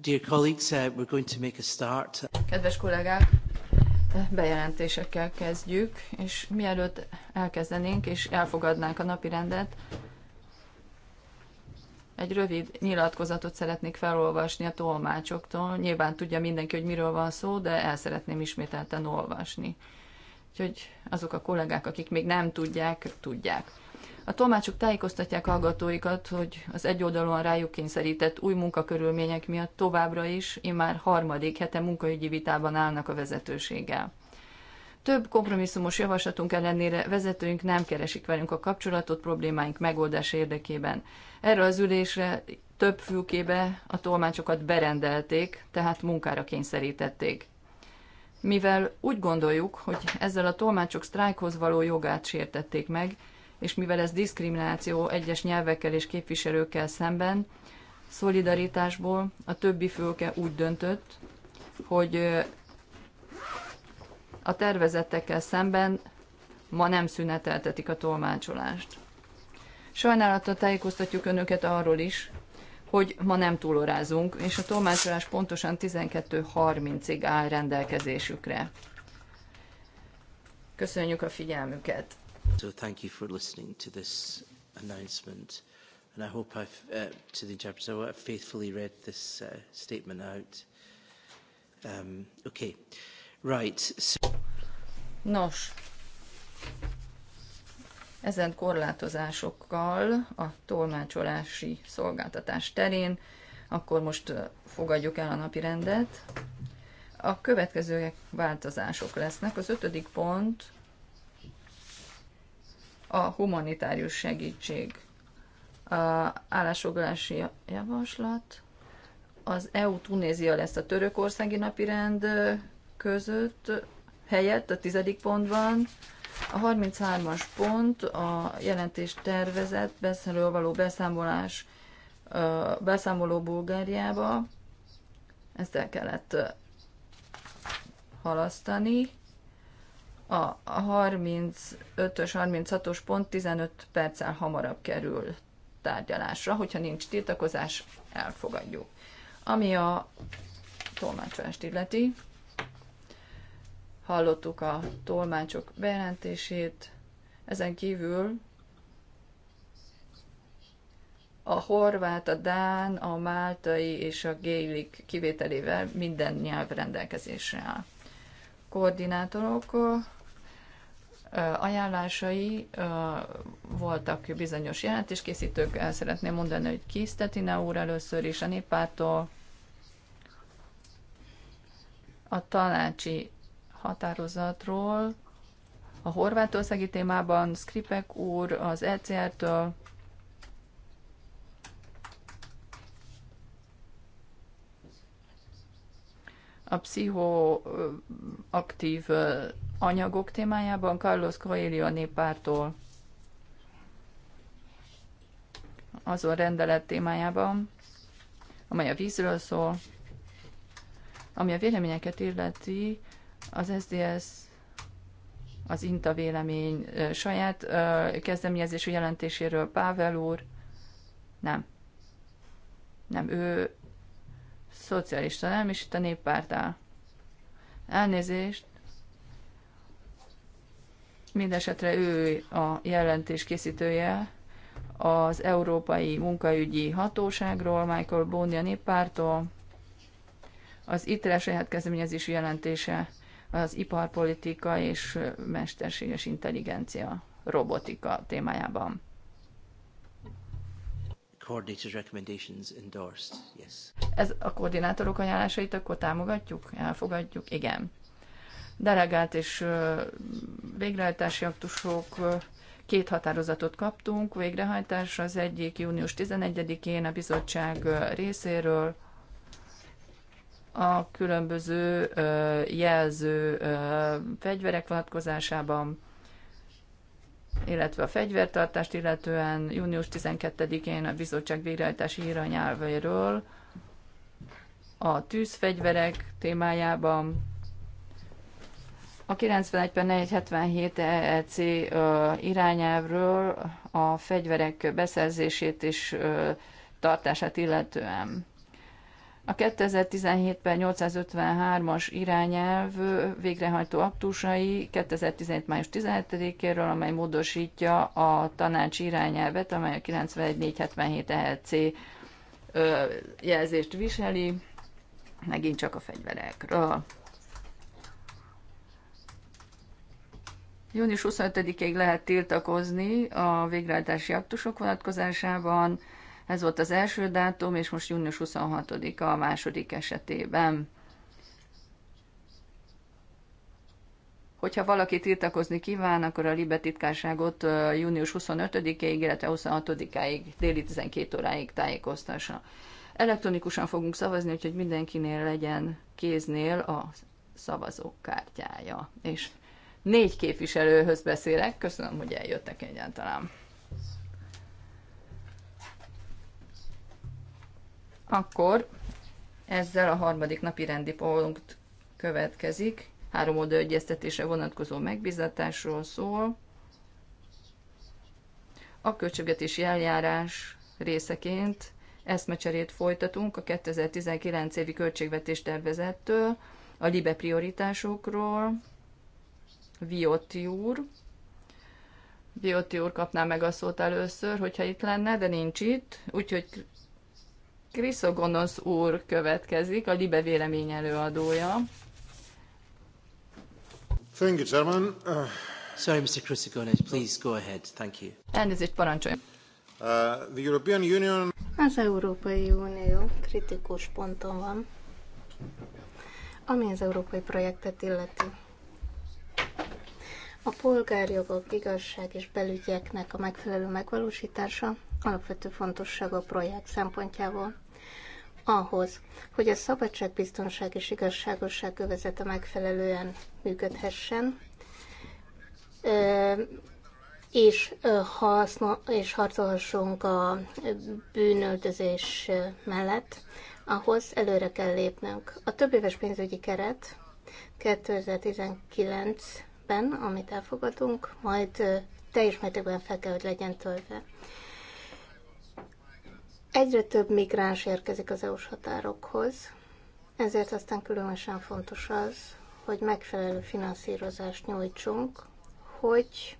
Dear colleagues, uh, we're going to make a start. Kedves kollégák, bejelentésekkel kezdjük, és mielőtt elkezdenénk és elfogadnánk a napi rendet, egy rövid nyilatkozatot szeretnék felolvasni a tolmácsoktól. Nyilván tudja mindenki, hogy miről van szó, de el szeretném ismételten olvasni. Úgyhogy azok a kollégák, akik még nem tudják, tudják. A tolmácsok tájékoztatják hallgatóikat, hogy az egyoldalúan rájuk kényszerített új munkakörülmények miatt továbbra is, immár harmadik hete munkaügyi vitában állnak a vezetőséggel. Több kompromisszumos javaslatunk ellenére vezetőink nem keresik velünk a kapcsolatot problémáink megoldás érdekében. Erre az ülésre több fülkébe a tolmácsokat berendelték, tehát munkára kényszerítették. Mivel úgy gondoljuk, hogy ezzel a tolmácsok sztrájkhoz való jogát sértették meg, és mivel ez diszkrimináció egyes nyelvekkel és képviselőkkel szemben, szolidaritásból a többi fülke úgy döntött, hogy a tervezettekkel szemben ma nem szüneteltetik a tolmácsolást. Sajnálattal tájékoztatjuk önöket arról is, hogy ma nem túlorázunk, és a tolmácsolás pontosan 12.30-ig áll rendelkezésükre. Köszönjük a figyelmüket! So thank you for listening to this announcement. And I hope I've, uh, to the interpreter, I've faithfully read this uh, statement out. Um, okay. Right. So... Nos, ezen korlátozásokkal a tolmácsolási szolgáltatás terén, akkor most uh, fogadjuk el a napi rendet. A következő változások lesznek. Az ötödik pont a humanitárius segítség a állásfoglalási javaslat. Az EU-Tunézia lesz a törökországi napirend között, helyett a tizedik pontban. A 33-as pont a jelentés tervezett beszerről való beszámolás beszámoló Bulgáriába. Ezt el kellett halasztani a 35-ös, 36-os pont 15 perccel hamarabb kerül tárgyalásra, hogyha nincs tiltakozás, elfogadjuk. Ami a tolmácsolást illeti, hallottuk a tolmácsok bejelentését, ezen kívül a horvát, a dán, a máltai és a gélik kivételével minden nyelv rendelkezésre áll. Koordinátorok ajánlásai voltak bizonyos jelentéskészítők. El szeretném mondani, hogy Kis Tetina úr először is a néppártól a tanácsi határozatról, a horvátországi témában Skripek úr az ECR-től, a pszichoaktív anyagok témájában Carlos Coelho a néppártól azon rendelet témájában, amely a vízről szól, ami a véleményeket illeti, az SDS, az INTA vélemény saját kezdeményezésű jelentéséről Pável úr, nem, nem, ő szocialista nem, is, itt a néppárt áll. Elnézést. Mindenesetre ő a jelentés készítője az Európai Munkaügyi Hatóságról, Michael Bondi a néppártól, az ITRE saját kezdeményezésű jelentése az iparpolitika és mesterséges intelligencia robotika témájában coordinators' recommendations endorsed. Yes. Ez a koordinátorok ajánlásait akkor támogatjuk? Elfogadjuk? Igen. Delegált és végrehajtási aktusok két határozatot kaptunk végrehajtásra, az egyik június 11-én a bizottság részéről a különböző jelző fegyverek vonatkozásában, illetve a fegyvertartást, illetően június 12-én a bizottság végrehajtási irányelvéről a tűzfegyverek témájában a 91.477 EC e irányelvről a fegyverek beszerzését és tartását illetően. A 2017-ben 853-as irányelv végrehajtó aktusai 2017. május 17-éről, amely módosítja a tanács irányelvet, amely a 91477 EHC jelzést viseli, megint csak a fegyverekről. Június 25-ig lehet tiltakozni a végrehajtási aktusok vonatkozásában, ez volt az első dátum, és most június 26-a a második esetében. Hogyha valaki tiltakozni kíván, akkor a Libe titkárságot június 25-ig, illetve 26 ig déli 12 óráig tájékoztassa. Elektronikusan fogunk szavazni, úgyhogy mindenkinél legyen kéznél a szavazókártyája. És négy képviselőhöz beszélek. Köszönöm, hogy eljöttek egyáltalán. Akkor ezzel a harmadik napi rendi pontunk következik. Három oldal egyeztetése vonatkozó megbizatásról szól. A költségvetési eljárás részeként eszmecserét folytatunk a 2019 évi költségvetés tervezettől, a LIBE prioritásokról, Vioti úr. Vioti úr kapná meg a szót először, hogyha itt lenne, de nincs itt, úgyhogy Kriszogonosz úr következik, a Libe vélemény előadója. Thank you, Chairman. Uh, Sorry, Mr. Chrysogonos, please go ahead. Thank you. Elnézést, parancsoljon. Uh, the European Union... Az Európai Unió kritikus ponton van, ami az európai projektet illeti. A polgárjogok, igazság és belügyeknek a megfelelő megvalósítása alapvető fontosság a projekt szempontjából. Ahhoz, hogy a biztonság és igazságosság övezete megfelelően működhessen, és, haszno- és harcolhassunk a bűnöldözés mellett, ahhoz előre kell lépnünk. A több éves pénzügyi keret 2019-ben, amit elfogadunk, majd teljes mértékben fel kell, hogy legyen töltve. Egyre több migráns érkezik az EU-s határokhoz, ezért aztán különösen fontos az, hogy megfelelő finanszírozást nyújtsunk, hogy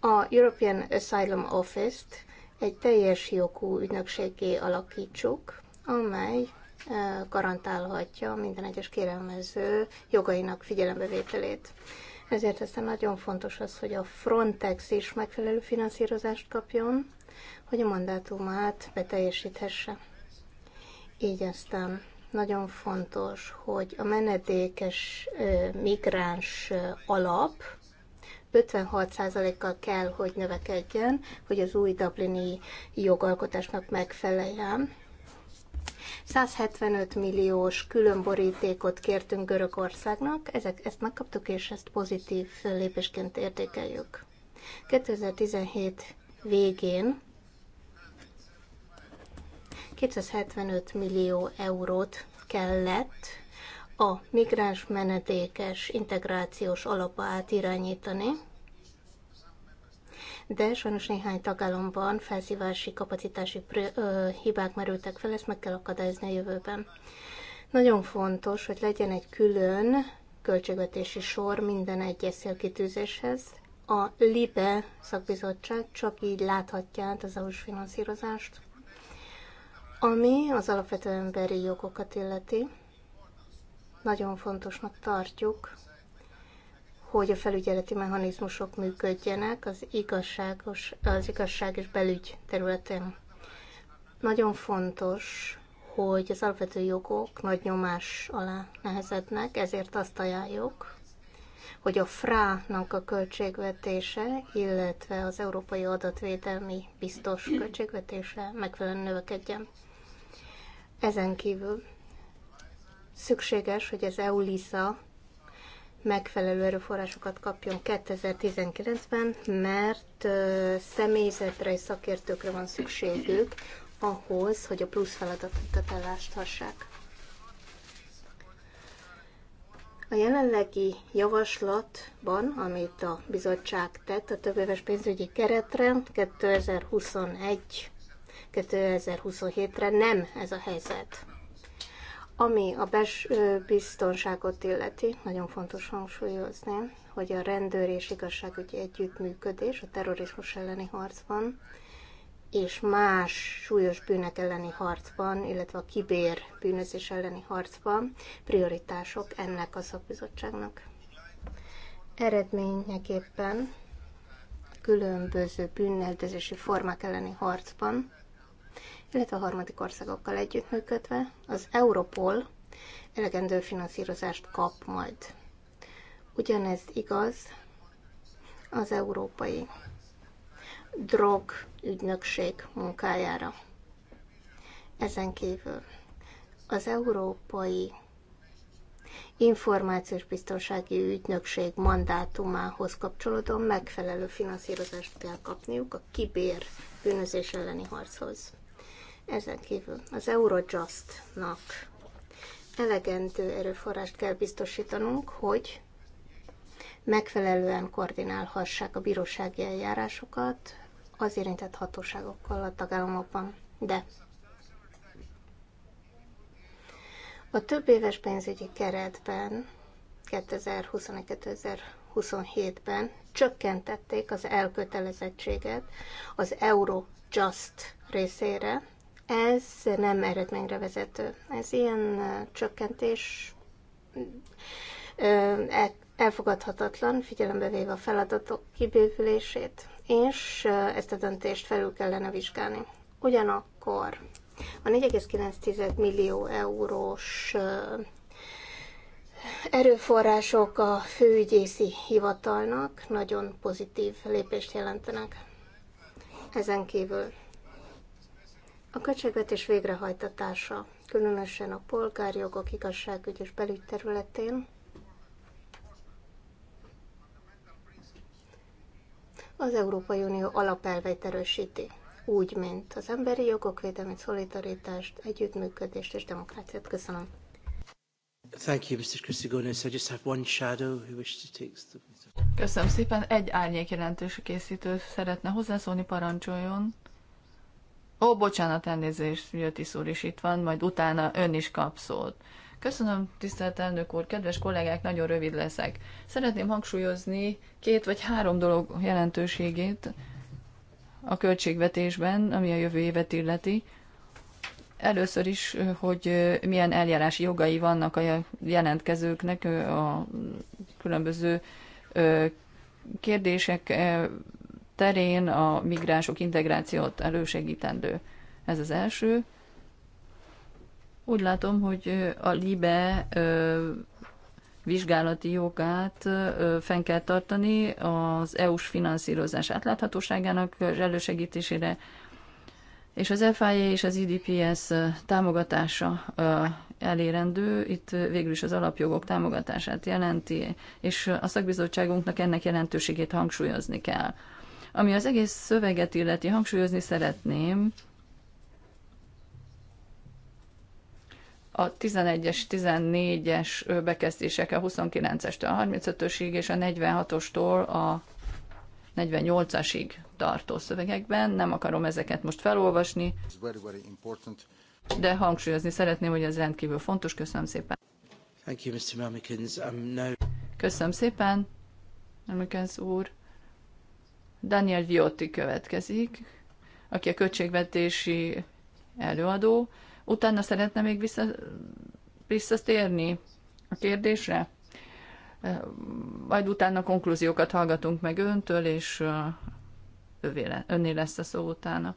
a European Asylum Office-t egy teljes jogú ügynökségé alakítsuk, amely eh, garantálhatja minden egyes kérelmező jogainak figyelembevételét. Ezért aztán nagyon fontos az, hogy a Frontex is megfelelő finanszírozást kapjon, hogy a mandátumát beteljesíthesse. Így aztán nagyon fontos, hogy a menedékes migráns alap 56%-kal kell, hogy növekedjen, hogy az új Dublini jogalkotásnak megfeleljen. 175 milliós különborítékot kértünk Görögországnak, ezek, ezt megkaptuk, és ezt pozitív lépésként értékeljük. 2017 végén 275 millió eurót kellett a migráns menedékes integrációs alapba átirányítani, de sajnos néhány tagállamban felszívási kapacitási hibák merültek fel, ezt meg kell akadályozni a jövőben. Nagyon fontos, hogy legyen egy külön költségvetési sor minden egyes szélkitűzéshez. A LIBE szakbizottság csak így láthatja át az EU-s finanszírozást. Ami az alapvető emberi jogokat illeti, nagyon fontosnak tartjuk, hogy a felügyeleti mechanizmusok működjenek az, igazságos, az igazság és belügy területén. Nagyon fontos, hogy az alapvető jogok nagy nyomás alá nehezednek, ezért azt ajánljuk, hogy a FRA-nak a költségvetése, illetve az Európai Adatvédelmi Biztos költségvetése megfelelően növekedjen. Ezen kívül szükséges, hogy az EU-LISA megfelelő erőforrásokat kapjon 2019-ben, mert személyzetre és szakértőkre van szükségük ahhoz, hogy a plusz feladatot ellásthassák. A jelenlegi javaslatban, amit a bizottság tett a többéves pénzügyi keretre 2021 2027-re nem ez a helyzet. Ami a belső biztonságot illeti, nagyon fontos hangsúlyozni, hogy a rendőr és igazságügyi együttműködés a terrorizmus elleni harcban és más súlyos bűnek elleni harcban, illetve a kibér bűnözés elleni harcban prioritások ennek a szakbizottságnak. Eredményeképpen különböző bűnöldözési formák elleni harcban illetve a harmadik országokkal együttműködve az Europol elegendő finanszírozást kap majd. Ugyanez igaz az Európai Drogügynökség munkájára. Ezen kívül az Európai Információs Biztonsági Ügynökség mandátumához kapcsolódóan megfelelő finanszírozást kell kapniuk a kibér bűnözés elleni harchoz. Ezen kívül az Eurojust-nak elegendő erőforrást kell biztosítanunk, hogy megfelelően koordinálhassák a bírósági eljárásokat az érintett hatóságokkal a tagállamokban. De a több éves pénzügyi keretben 2021-2027-ben csökkentették az elkötelezettséget az Eurojust részére, ez nem eredményre vezető. Ez ilyen csökkentés e-, elfogadhatatlan, figyelembe véve a feladatok kibővülését, és ezt a döntést felül kellene vizsgálni. Ugyanakkor a 4,9 millió eurós erőforrások a főügyészi hivatalnak nagyon pozitív lépést jelentenek. Ezen kívül a költségvetés végrehajtatása, különösen a polgárjogok igazságügy és belügy területén, az Európai Unió alapelveit erősíti, úgy, mint az emberi jogok védelmét, szolidaritást, együttműködést és demokráciát. Köszönöm. Thank you, Mr. Christigonis. I just have one shadow who wishes to take the... Köszönöm szépen. Egy árnyék jelentős készítő szeretne hozzászólni, parancsoljon. Ó, bocsánat, elnézést, Jötis úr is itt van, majd utána ön is kap szót. Köszönöm, tisztelt elnök úr, kedves kollégák, nagyon rövid leszek. Szeretném hangsúlyozni két vagy három dolog jelentőségét a költségvetésben, ami a jövő évet illeti. Először is, hogy milyen eljárási jogai vannak a jelentkezőknek a különböző kérdések terén a migránsok integrációt elősegítendő. Ez az első. Úgy látom, hogy a LIBE vizsgálati jogát fenn kell tartani az EU-s finanszírozás átláthatóságának elősegítésére, és az FIA és az IDPS e támogatása elérendő, itt végül is az alapjogok támogatását jelenti, és a szakbizottságunknak ennek jelentőségét hangsúlyozni kell. Ami az egész szöveget illeti, hangsúlyozni szeretném, a 11-es, 14-es bekezdések a 29-estől a 35-ösig és a 46-ostól a 48-asig tartó szövegekben. Nem akarom ezeket most felolvasni, de hangsúlyozni szeretném, hogy ez rendkívül fontos. Köszönöm szépen. Thank you, Mr. Um, Köszönöm szépen, Mamikins úr. Daniel Viotti következik, aki a költségvetési előadó. Utána szeretne még vissza, visszatérni a kérdésre? Majd utána konklúziókat hallgatunk meg öntől, és övéle, önné lesz a szó utána.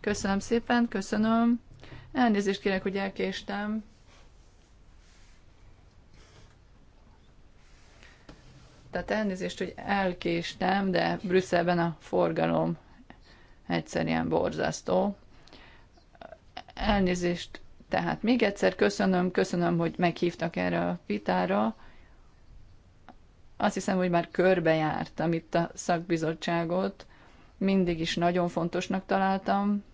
Köszönöm szépen, köszönöm. Elnézést kérek, hogy elkéstem. Tehát elnézést, hogy elkéstem, de Brüsszelben a forgalom egyszerűen borzasztó. Elnézést, tehát még egyszer köszönöm, köszönöm, hogy meghívtak erre a vitára. Azt hiszem, hogy már körbejártam itt a szakbizottságot. Mindig is nagyon fontosnak találtam,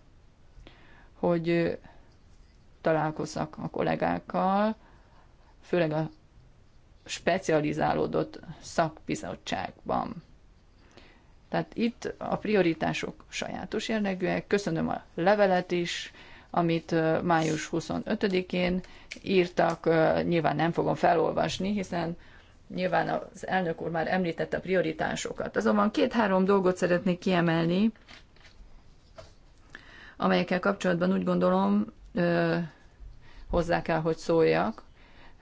hogy találkozzak a kollégákkal, főleg a specializálódott szakbizottságban. Tehát itt a prioritások sajátos jellegűek. Köszönöm a levelet is, amit május 25-én írtak. Nyilván nem fogom felolvasni, hiszen nyilván az elnök úr már említette a prioritásokat. Azonban két-három dolgot szeretnék kiemelni, amelyekkel kapcsolatban úgy gondolom hozzá kell, hogy szóljak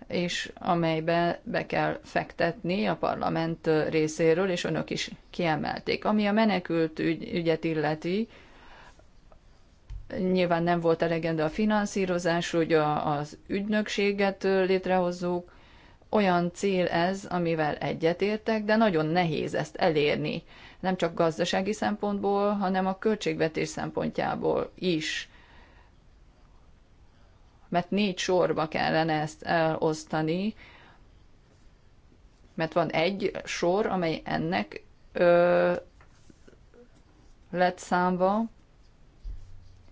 és amelybe be kell fektetni a parlament részéről, és önök is kiemelték. Ami a menekült ügy, ügyet illeti, nyilván nem volt elegendő a finanszírozás, hogy a, az ügynökséget létrehozzuk. Olyan cél ez, amivel egyetértek, de nagyon nehéz ezt elérni. Nem csak gazdasági szempontból, hanem a költségvetés szempontjából is mert négy sorba kellene ezt elosztani, mert van egy sor, amely ennek ö, lett számva,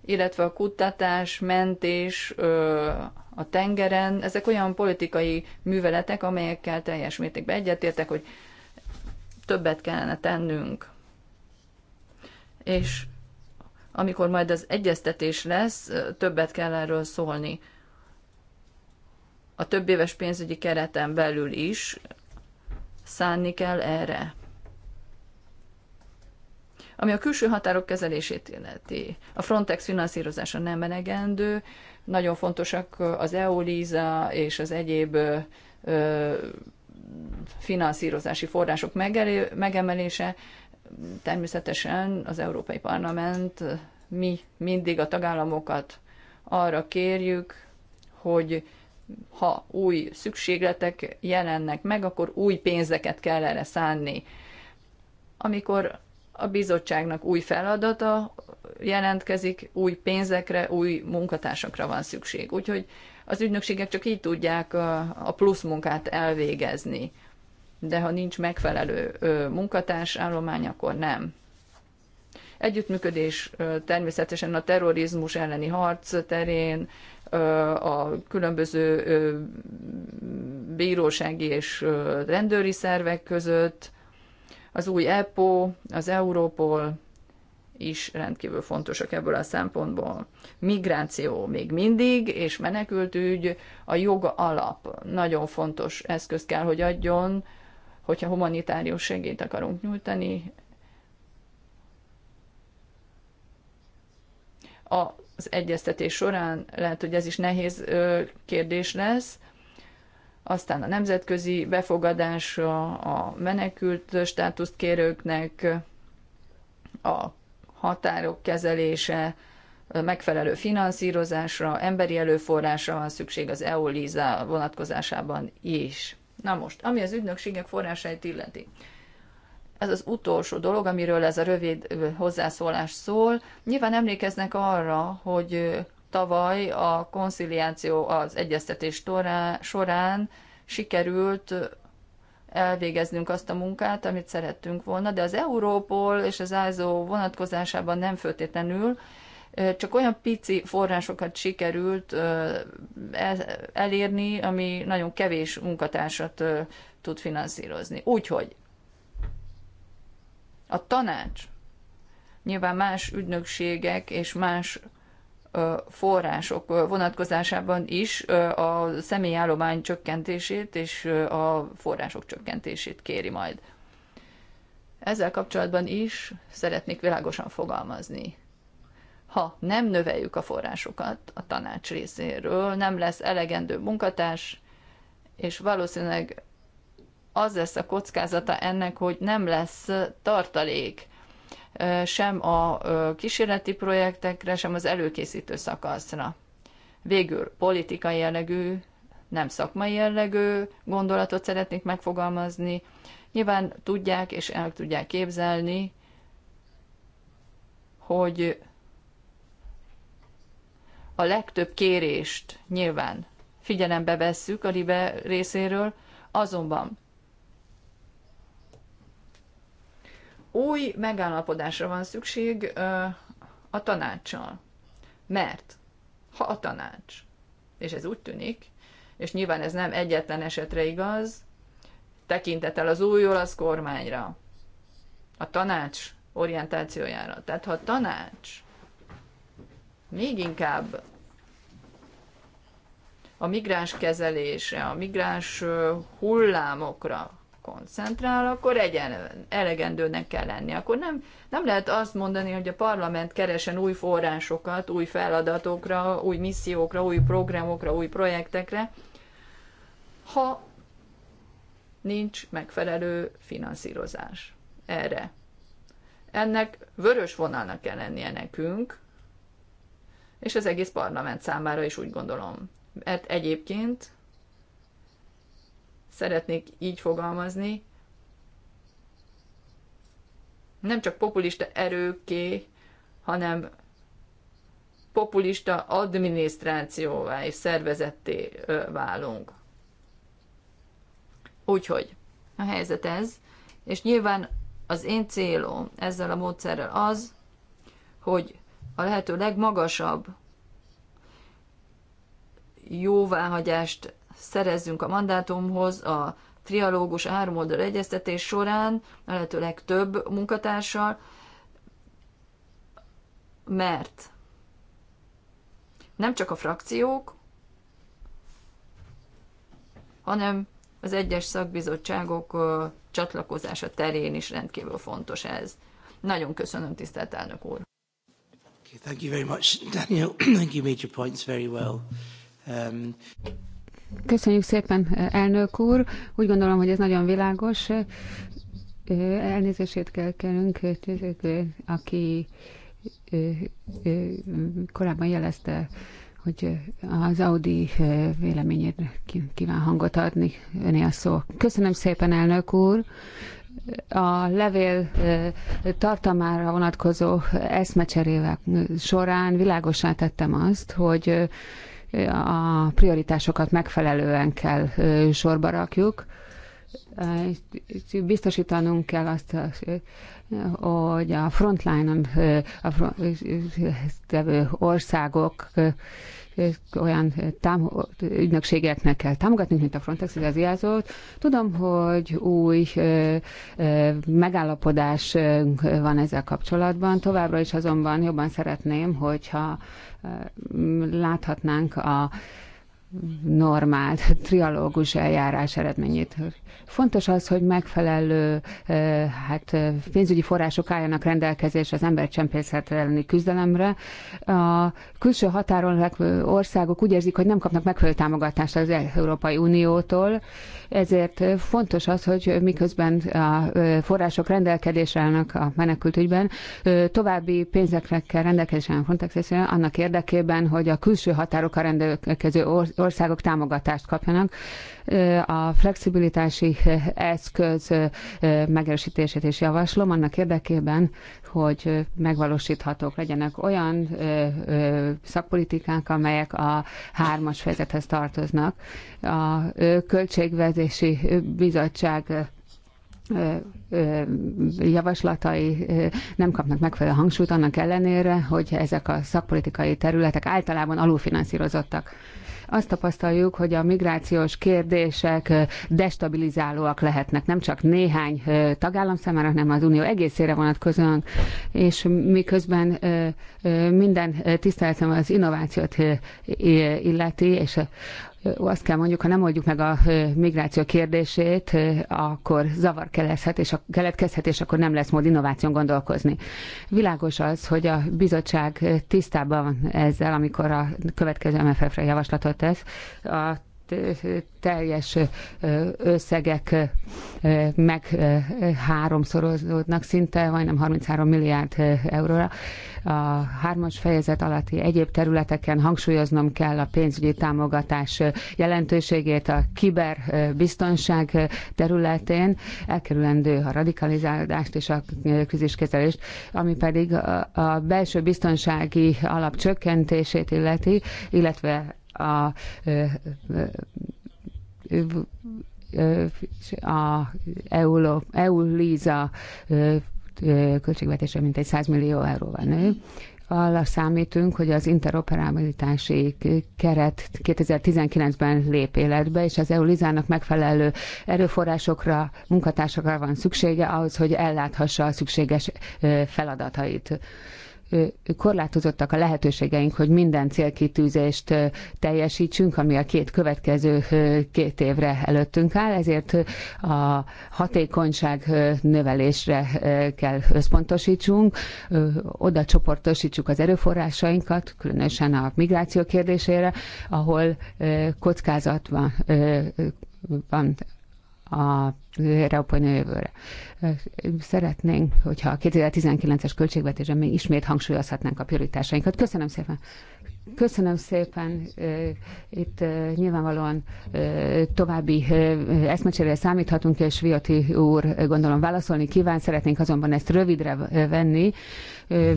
illetve a kutatás, mentés ö, a tengeren, ezek olyan politikai műveletek, amelyekkel teljes mértékben egyetértek, hogy többet kellene tennünk. És amikor majd az egyeztetés lesz, többet kell erről szólni. A több éves pénzügyi kereten belül is szánni kell erre. Ami a külső határok kezelését illeti, a Frontex finanszírozása nem elegendő, nagyon fontosak az EOLISA és az egyéb ö, finanszírozási források megemelése, természetesen az Európai Parlament mi mindig a tagállamokat arra kérjük, hogy ha új szükségletek jelennek meg, akkor új pénzeket kell erre szánni. Amikor a bizottságnak új feladata jelentkezik, új pénzekre, új munkatársakra van szükség. Úgyhogy az ügynökségek csak így tudják a plusz munkát elvégezni de ha nincs megfelelő munkatárs állomány, akkor nem. Együttműködés természetesen a terrorizmus elleni harc terén, a különböző bírósági és rendőri szervek között, az új EPO, az Európol is rendkívül fontosak ebből a szempontból. Migráció még mindig, és menekültügy a joga alap nagyon fontos eszköz kell, hogy adjon, hogyha humanitárius segélyt akarunk nyújtani, az egyeztetés során lehet, hogy ez is nehéz kérdés lesz, aztán a nemzetközi befogadás a menekült státuszt kérőknek, a határok kezelése, megfelelő finanszírozásra, emberi előforrásra van szükség az EOLIZA vonatkozásában is. Na most, ami az ügynökségek forrásait illeti. Ez az utolsó dolog, amiről ez a rövid hozzászólás szól. Nyilván emlékeznek arra, hogy tavaly a konciliáció az egyeztetés során sikerült elvégeznünk azt a munkát, amit szerettünk volna, de az Európol és az ISO vonatkozásában nem föltétlenül, csak olyan pici forrásokat sikerült elérni, ami nagyon kevés munkatársat tud finanszírozni. Úgyhogy a tanács nyilván más ügynökségek és más források vonatkozásában is a személyállomány csökkentését és a források csökkentését kéri majd. Ezzel kapcsolatban is szeretnék világosan fogalmazni ha nem növeljük a forrásokat a tanács részéről, nem lesz elegendő munkatárs, és valószínűleg az lesz a kockázata ennek, hogy nem lesz tartalék sem a kísérleti projektekre, sem az előkészítő szakaszra. Végül politikai jellegű, nem szakmai jellegű gondolatot szeretnék megfogalmazni. Nyilván tudják és el tudják képzelni, hogy a legtöbb kérést nyilván figyelembe vesszük a libe részéről, azonban új megállapodásra van szükség a tanácssal. Mert ha a tanács, és ez úgy tűnik, és nyilván ez nem egyetlen esetre igaz, tekintettel az új olasz kormányra, a tanács orientációjára. Tehát ha a tanács még inkább a migráns kezelésre, a migráns hullámokra koncentrál, akkor egyen, elegendőnek kell lenni. Akkor nem, nem lehet azt mondani, hogy a parlament keresen új forrásokat, új feladatokra, új missziókra, új programokra, új projektekre, ha nincs megfelelő finanszírozás erre. Ennek vörös vonalnak kell lennie nekünk, és az egész parlament számára is úgy gondolom mert egyébként szeretnék így fogalmazni, nem csak populista erőké, hanem populista adminisztrációvá és szervezetté válunk. Úgyhogy a helyzet ez, és nyilván az én célom ezzel a módszerrel az, hogy a lehető legmagasabb jóváhagyást szerezzünk a mandátumhoz a trialógus áromoldal egyeztetés során, a lehető legtöbb munkatársal, mert nem csak a frakciók, hanem az egyes szakbizottságok csatlakozása terén is rendkívül fontos ez. Nagyon köszönöm, tisztelt elnök úr! Okay, thank you very much, Daniel. I think you made your points very well. Um, Köszönjük szépen, elnök úr. Úgy gondolom, hogy ez nagyon világos. Elnézését kell kérnünk, aki korábban jelezte, hogy az Audi véleményét kíván hangot adni. Öné a szó. Köszönöm szépen, elnök úr a levél tartalmára vonatkozó eszmecserével során világosan tettem azt, hogy a prioritásokat megfelelően kell sorba rakjuk. Biztosítanunk kell azt, hogy a frontline-on a front, tevő országok olyan tám- ügynökségeknek kell támogatni, mint a Frontex, az iaszo Tudom, hogy új megállapodás van ezzel kapcsolatban, továbbra is azonban jobban szeretném, hogyha láthatnánk a normál trialógus eljárás eredményét. Fontos az, hogy megfelelő eh, hát, eh, pénzügyi források álljanak rendelkezésre az ember csempészet elleni küzdelemre. A külső határon országok úgy érzik, hogy nem kapnak megfelelő támogatást az Európai Uniótól, ezért fontos az, hogy miközben a források rendelkezésre állnak a menekültügyben, további pénzekre kell rendelkezésre állni Frontex annak érdekében, hogy a külső határokkal rendelkező országok támogatást kapjanak, a flexibilitási eszköz megerősítését is javaslom annak érdekében, hogy megvalósíthatók legyenek olyan szakpolitikák, amelyek a hármas fejezethez tartoznak. A Költségvezési Bizottság javaslatai nem kapnak megfelelő hangsúlyt annak ellenére, hogy ezek a szakpolitikai területek általában alulfinanszírozottak. Azt tapasztaljuk, hogy a migrációs kérdések destabilizálóak lehetnek, nem csak néhány tagállam számára, hanem az Unió egészére vonatkozóan, és miközben minden tiszteletem az innovációt illeti, és azt kell mondjuk, ha nem oldjuk meg a migráció kérdését, akkor zavar keletkezhet, és, a, keletkezhet, és akkor nem lesz mód innováción gondolkozni. Világos az, hogy a bizottság tisztában van ezzel, amikor a következő MFF-re javaslatot tesz. A teljes összegek meg háromszorozódnak szinte, majdnem 33 milliárd euróra, a hármas fejezet alatti egyéb területeken hangsúlyoznom kell a pénzügyi támogatás jelentőségét a kiberbiztonság területén, elkerülendő a radikalizálást és a kríziskezelést, ami pedig a belső biztonsági alap csökkentését illeti, illetve a a EU-LISA költségvetésre mintegy 100 millió euróval nő. Alla számítunk, hogy az interoperabilitási keret 2019-ben lép életbe, és az EU-lizának megfelelő erőforrásokra, munkatársakra van szüksége ahhoz, hogy elláthassa a szükséges feladatait korlátozottak a lehetőségeink, hogy minden célkitűzést teljesítsünk, ami a két következő két évre előttünk áll, ezért a hatékonyság növelésre kell összpontosítsunk, oda csoportosítsuk az erőforrásainkat, különösen a migráció kérdésére, ahol kockázat van, van a Európai jövőre. Szeretnénk, hogyha a 2019-es költségvetésben még ismét hangsúlyozhatnánk a prioritásainkat. Köszönöm szépen! Köszönöm szépen. Itt nyilvánvalóan további eszmecserére számíthatunk, és Viati úr gondolom válaszolni kíván. Szeretnénk azonban ezt rövidre venni,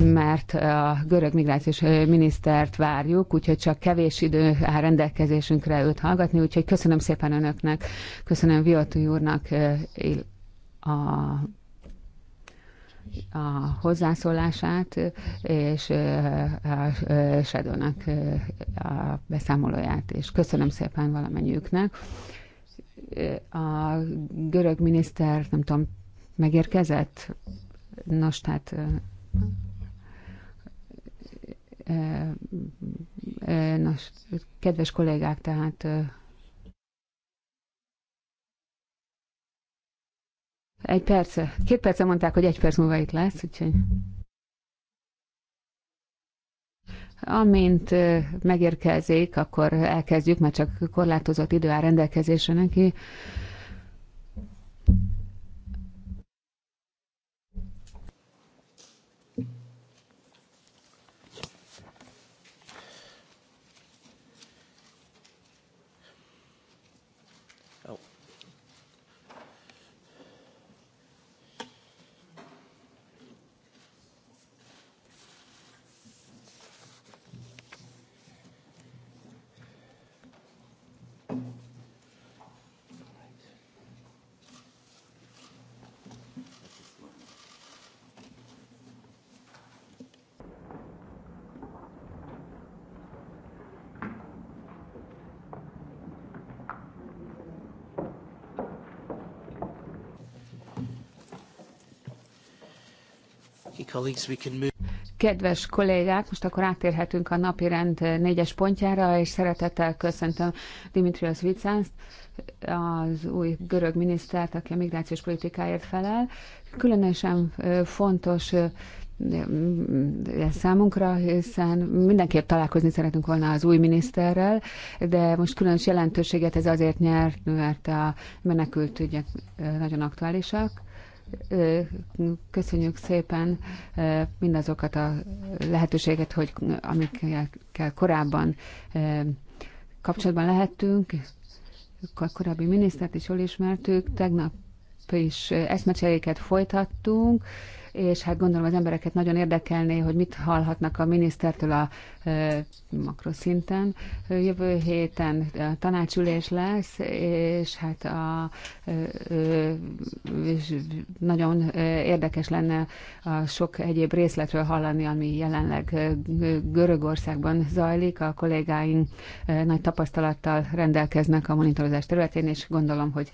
mert a görög migrációs minisztert várjuk, úgyhogy csak kevés idő áll rendelkezésünkre őt hallgatni, úgyhogy köszönöm szépen önöknek, köszönöm Viati úrnak a a hozzászólását és a Sedónak a beszámolóját, és köszönöm szépen valamennyiüknek. A görög miniszter, nem tudom, megérkezett? Nos, tehát nos, kedves kollégák, tehát Egy perc. Két perce mondták, hogy egy perc múlva itt lesz, úgyhogy... Amint megérkezik, akkor elkezdjük, mert csak korlátozott idő áll rendelkezésre neki. Kedves kollégák, most akkor átérhetünk a napi rend négyes pontjára, és szeretettel köszöntöm Dimitrios Vicánzt, az új görög minisztert, aki a migrációs politikáért felel. Különösen fontos ez számunkra, hiszen mindenképp találkozni szeretünk volna az új miniszterrel, de most különös jelentőséget ez azért nyert, mert a menekült ügyek nagyon aktuálisak. Köszönjük szépen mindazokat a lehetőséget, hogy amikkel korábban kapcsolatban lehettünk, korábbi minisztert is jól ismertük, tegnap is eszmecseréket folytattunk, és hát gondolom az embereket nagyon érdekelné, hogy mit hallhatnak a minisztertől a makroszinten. Jövő héten tanácsülés lesz, és hát a, és nagyon érdekes lenne a sok egyéb részletről hallani, ami jelenleg Görögországban zajlik. A kollégáink nagy tapasztalattal rendelkeznek a monitorozás területén, és gondolom, hogy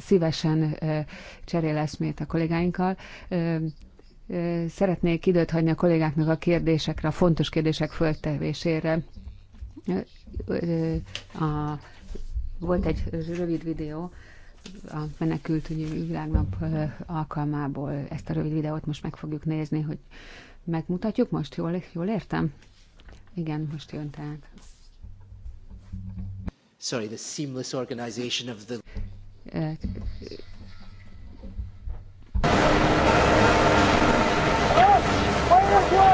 szívesen cserél eszmét a kollégáinkkal. Szeretnék időt hagyni a kollégáknak a kérdésekre, a fontos kérdések föltevésére. A, volt egy rövid videó a menekült világnap alkalmából. Ezt a rövid videót most meg fogjuk nézni, hogy megmutatjuk most. Jól, jól értem? Igen, most jön tehát. Sorry, the seamless organization of the 土俵。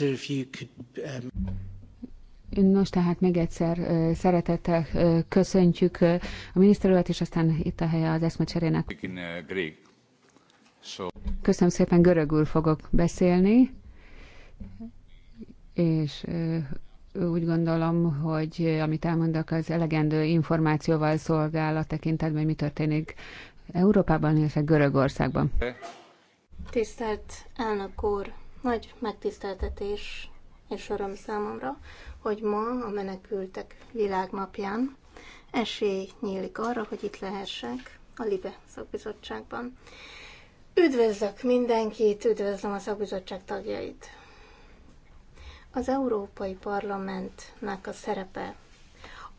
Um, Nos, tehát még egyszer szeretettel köszöntjük a miniszterület, és aztán itt a helye az eszmecserének. Köszönöm szépen, görögül fogok beszélni, és úgy gondolom, hogy amit elmondok, az elegendő információval szolgál a tekintetben, hogy mi történik Európában, illetve Görögországban. Tisztelt elnök úr, nagy megtiszteltetés és öröm számomra, hogy ma a menekültek világnapján esély nyílik arra, hogy itt lehessek a LIBE szakbizottságban. Üdvözlök mindenkit, üdvözlöm a szakbizottság tagjait. Az Európai Parlamentnek a szerepe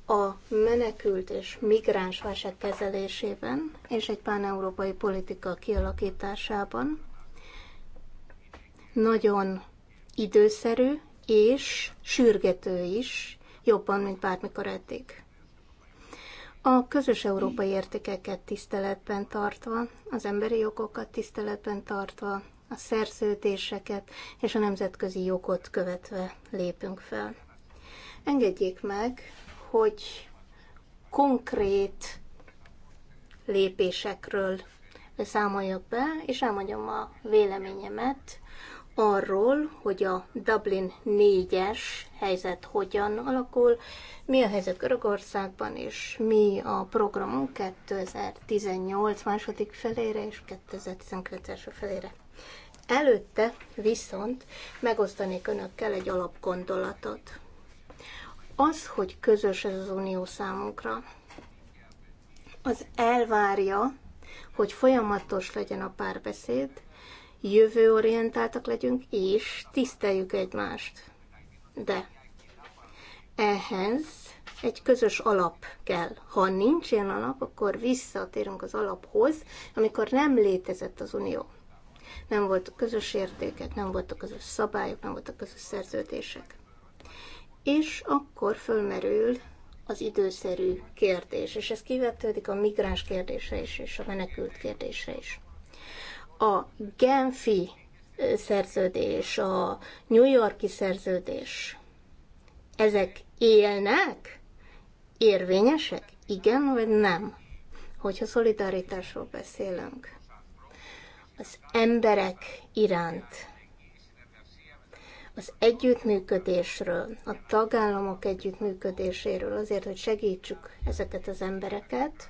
a menekült és migráns válság kezelésében és egy pán-európai politika kialakításában nagyon időszerű és sürgető is, jobban, mint bármikor eddig. A közös európai értékeket tiszteletben tartva, az emberi jogokat tiszteletben tartva, a szerződéseket és a nemzetközi jogot követve lépünk fel. Engedjék meg, hogy konkrét lépésekről számoljak be, és elmondjam a véleményemet arról, hogy a Dublin 4-es helyzet hogyan alakul, mi a helyzet Görögországban, és mi a programunk 2018 második felére és 2019 első felére. Előtte viszont megosztanék önökkel egy alapgondolatot. Az, hogy közös ez az unió számunkra, az elvárja, hogy folyamatos legyen a párbeszéd, jövőorientáltak legyünk, és tiszteljük egymást. De ehhez egy közös alap kell. Ha nincs ilyen alap, akkor visszatérünk az alaphoz, amikor nem létezett az unió. Nem volt közös értékek, nem voltak közös szabályok, nem voltak közös szerződések. És akkor fölmerül az időszerű kérdés, és ez kivetődik a migráns kérdése is, és a menekült kérdése is. A Genfi szerződés, a New Yorki szerződés, ezek élnek? Érvényesek? Igen vagy nem? Hogyha szolidaritásról beszélünk. Az emberek iránt, az együttműködésről, a tagállamok együttműködéséről, azért, hogy segítsük ezeket az embereket,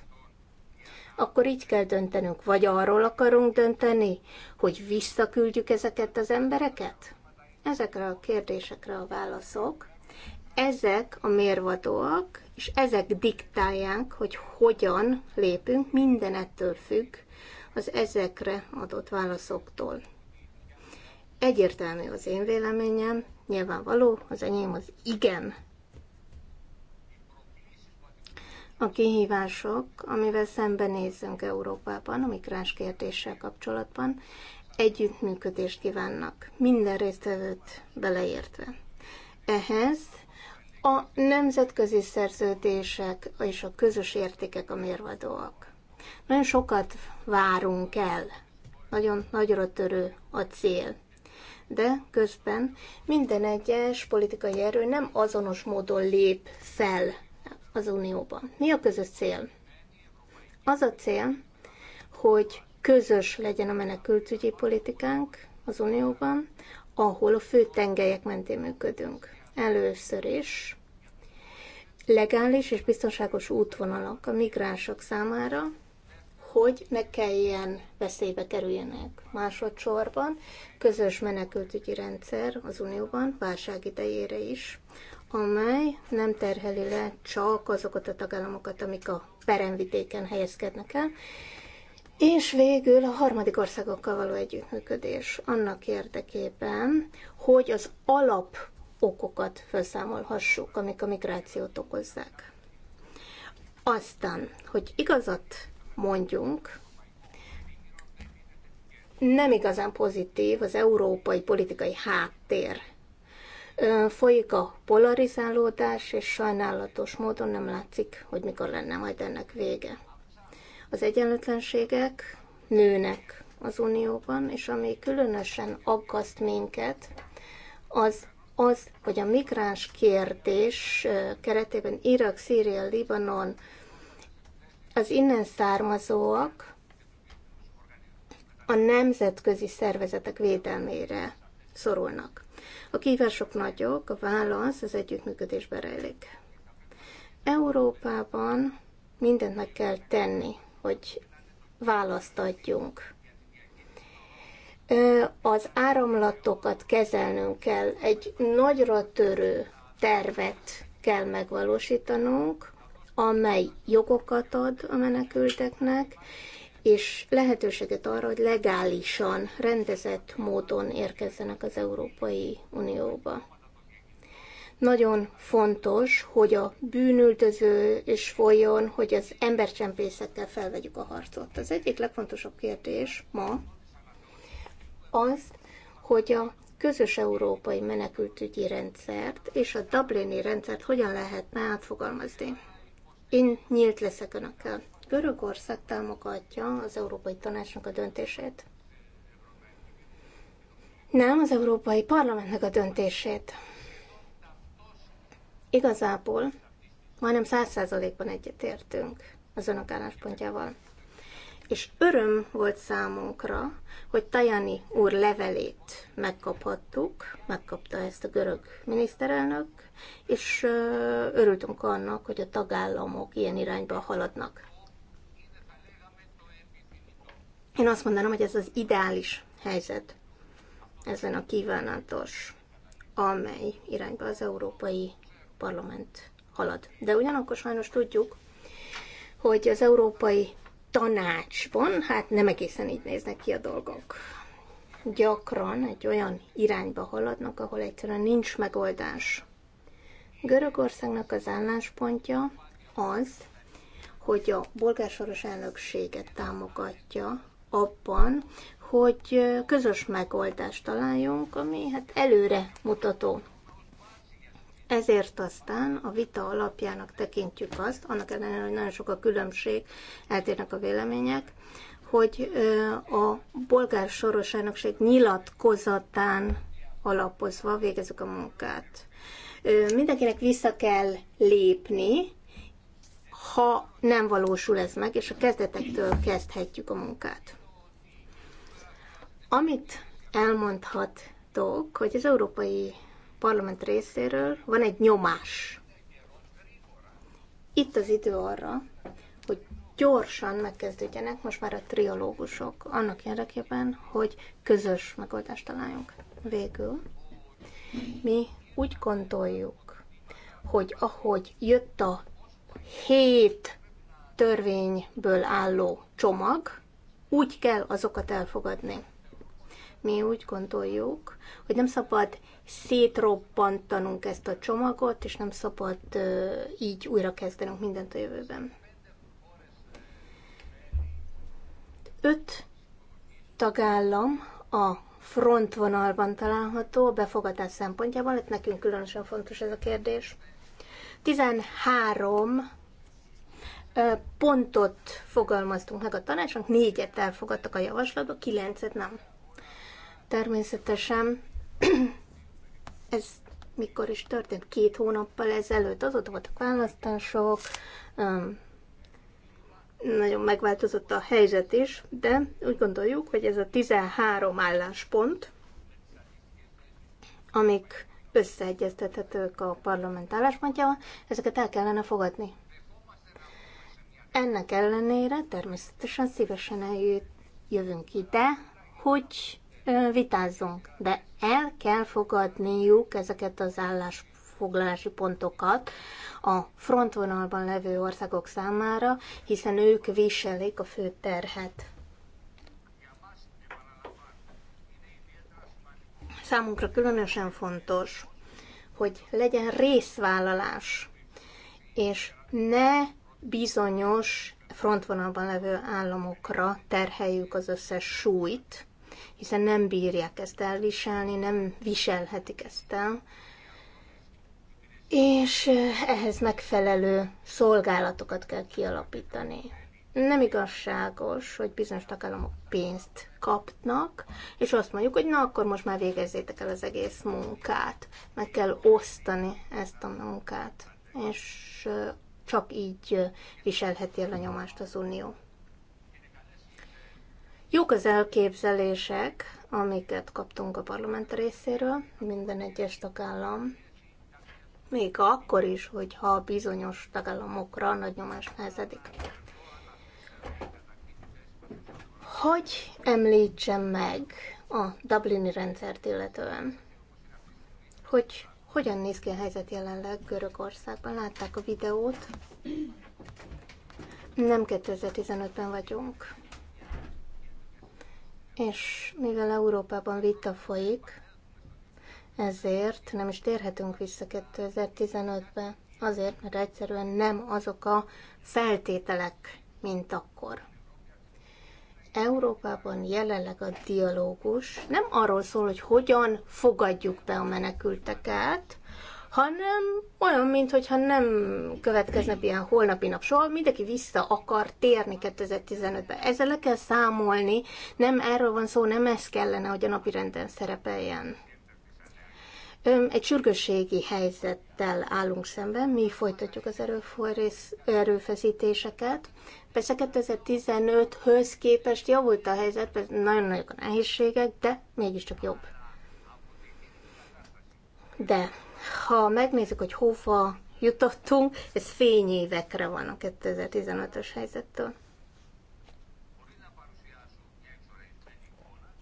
akkor így kell döntenünk. Vagy arról akarunk dönteni, hogy visszaküldjük ezeket az embereket? Ezekre a kérdésekre a válaszok. Ezek a mérvadóak, és ezek diktálják, hogy hogyan lépünk, minden ettől függ az ezekre adott válaszoktól. Egyértelmű az én véleményem, nyilvánvaló, az enyém az igen a kihívások, amivel szembenézünk Európában a migráns kérdéssel kapcsolatban, együttműködést kívánnak, minden résztvevőt beleértve. Ehhez a nemzetközi szerződések és a közös értékek a mérvadóak. Nagyon sokat várunk el, nagyon nagyra törő a cél. De közben minden egyes politikai erő nem azonos módon lép fel az Unióban. Mi a közös cél? Az a cél, hogy közös legyen a menekültügyi politikánk az Unióban, ahol a fő tengelyek mentén működünk. Először is legális és biztonságos útvonalak a migránsok számára, hogy ne kelljen veszélybe kerüljenek. Másodszorban közös menekültügyi rendszer az Unióban, válság idejére is, amely nem terheli le csak azokat a tagállamokat, amik a peremvidéken helyezkednek el, és végül a harmadik országokkal való együttműködés annak érdekében, hogy az alap okokat felszámolhassuk, amik a migrációt okozzák. Aztán, hogy igazat mondjunk, nem igazán pozitív az európai politikai háttér folyik a polarizálódás, és sajnálatos módon nem látszik, hogy mikor lenne majd ennek vége. Az egyenlőtlenségek nőnek az Unióban, és ami különösen aggaszt minket, az az, hogy a migráns kérdés keretében Irak, Szíria, Libanon, az innen származóak a nemzetközi szervezetek védelmére szorulnak. A kívások nagyok, a válasz az együttműködésbe rejlik. Európában mindent meg kell tenni, hogy választ adjunk. Az áramlatokat kezelnünk kell, egy nagyra törő tervet kell megvalósítanunk, amely jogokat ad a menekülteknek, és lehetőséget arra, hogy legálisan, rendezett módon érkezzenek az Európai Unióba. Nagyon fontos, hogy a bűnüldöző is folyjon, hogy az embercsempészekkel felvegyük a harcot. Az egyik legfontosabb kérdés ma az, hogy a közös európai menekültügyi rendszert és a Dublini rendszert hogyan lehetne átfogalmazni. Én nyílt leszek önökkel. Görögország támogatja az Európai Tanácsnak a döntését. Nem, az Európai Parlamentnek a döntését. Igazából majdnem száz százalékban egyetértünk az önök álláspontjával. És öröm volt számunkra, hogy Tajani úr levelét megkaphattuk, megkapta ezt a görög miniszterelnök, és örültünk annak, hogy a tagállamok ilyen irányba haladnak. Én azt mondanám, hogy ez az ideális helyzet ezen a kívánatos, amely irányba az Európai Parlament halad. De ugyanakkor sajnos tudjuk, hogy az Európai Tanácsban, hát nem egészen így néznek ki a dolgok. Gyakran egy olyan irányba haladnak, ahol egyszerűen nincs megoldás. Görögországnak az álláspontja az, hogy a bolgársoros elnökséget támogatja, abban, hogy közös megoldást találjunk, ami hát előre mutató. Ezért aztán a vita alapjának tekintjük azt, annak ellenére, hogy nagyon sok a különbség, eltérnek a vélemények, hogy a bolgár soros elnökség nyilatkozatán alapozva végezzük a munkát. Mindenkinek vissza kell lépni, ha nem valósul ez meg, és a kezdetektől kezdhetjük a munkát. Amit elmondhatok, hogy az Európai Parlament részéről van egy nyomás. Itt az idő arra, hogy gyorsan megkezdődjenek most már a triológusok annak érdekében, hogy közös megoldást találjunk. Végül mi úgy gondoljuk, hogy ahogy jött a hét törvényből álló csomag, úgy kell azokat elfogadni mi úgy gondoljuk, hogy nem szabad szétroppantanunk ezt a csomagot, és nem szabad így újra kezdenünk mindent a jövőben. Öt tagállam a frontvonalban található a befogadás szempontjából, itt nekünk különösen fontos ez a kérdés. 13 pontot fogalmaztunk meg a tanácsnak, négyet elfogadtak a javaslatok, kilencet nem. Természetesen ez mikor is történt, két hónappal ezelőtt, azóta voltak választások, nagyon megváltozott a helyzet is, de úgy gondoljuk, hogy ez a 13 álláspont, amik összeegyeztethetők a parlament álláspontjával, ezeket el kellene fogadni. Ennek ellenére természetesen szívesen eljövünk ide, hogy vitázzunk, de el kell fogadniuk ezeket az állásfoglalási pontokat a frontvonalban levő országok számára, hiszen ők viselik a fő terhet. Számunkra különösen fontos, hogy legyen részvállalás, és ne bizonyos frontvonalban levő államokra terheljük az összes súlyt, hiszen nem bírják ezt elviselni, nem viselhetik ezt el, és ehhez megfelelő szolgálatokat kell kialapítani. Nem igazságos, hogy bizonyos tagállamok pénzt kapnak, és azt mondjuk, hogy na akkor most már végezzétek el az egész munkát. Meg kell osztani ezt a munkát, és csak így viselheti el a nyomást az Unió. Jók az elképzelések, amiket kaptunk a parlament részéről, minden egyes tagállam, még akkor is, hogyha bizonyos tagállamokra nagy nyomás nehezedik. Hogy említsem meg a Dublini rendszert illetően, hogy hogyan néz ki a helyzet jelenleg Görögországban? Látták a videót? Nem 2015-ben vagyunk. És mivel Európában vita folyik, ezért nem is térhetünk vissza 2015-be, azért, mert egyszerűen nem azok a feltételek, mint akkor. Európában jelenleg a dialógus nem arról szól, hogy hogyan fogadjuk be a menekülteket, hanem olyan, mintha nem következne ilyen holnapi nap soha, mindenki vissza akar térni 2015 ben Ezzel le kell számolni, nem erről van szó, nem ez kellene, hogy a napi renden szerepeljen. Egy sürgősségi helyzettel állunk szemben, mi folytatjuk az erőfeszítéseket. Persze 2015-höz képest javult a helyzet, persze nagyon nagyok a nehézségek, de mégiscsak jobb. De ha megnézzük, hogy hova jutottunk, ez évekre van a 2015-ös helyzettől.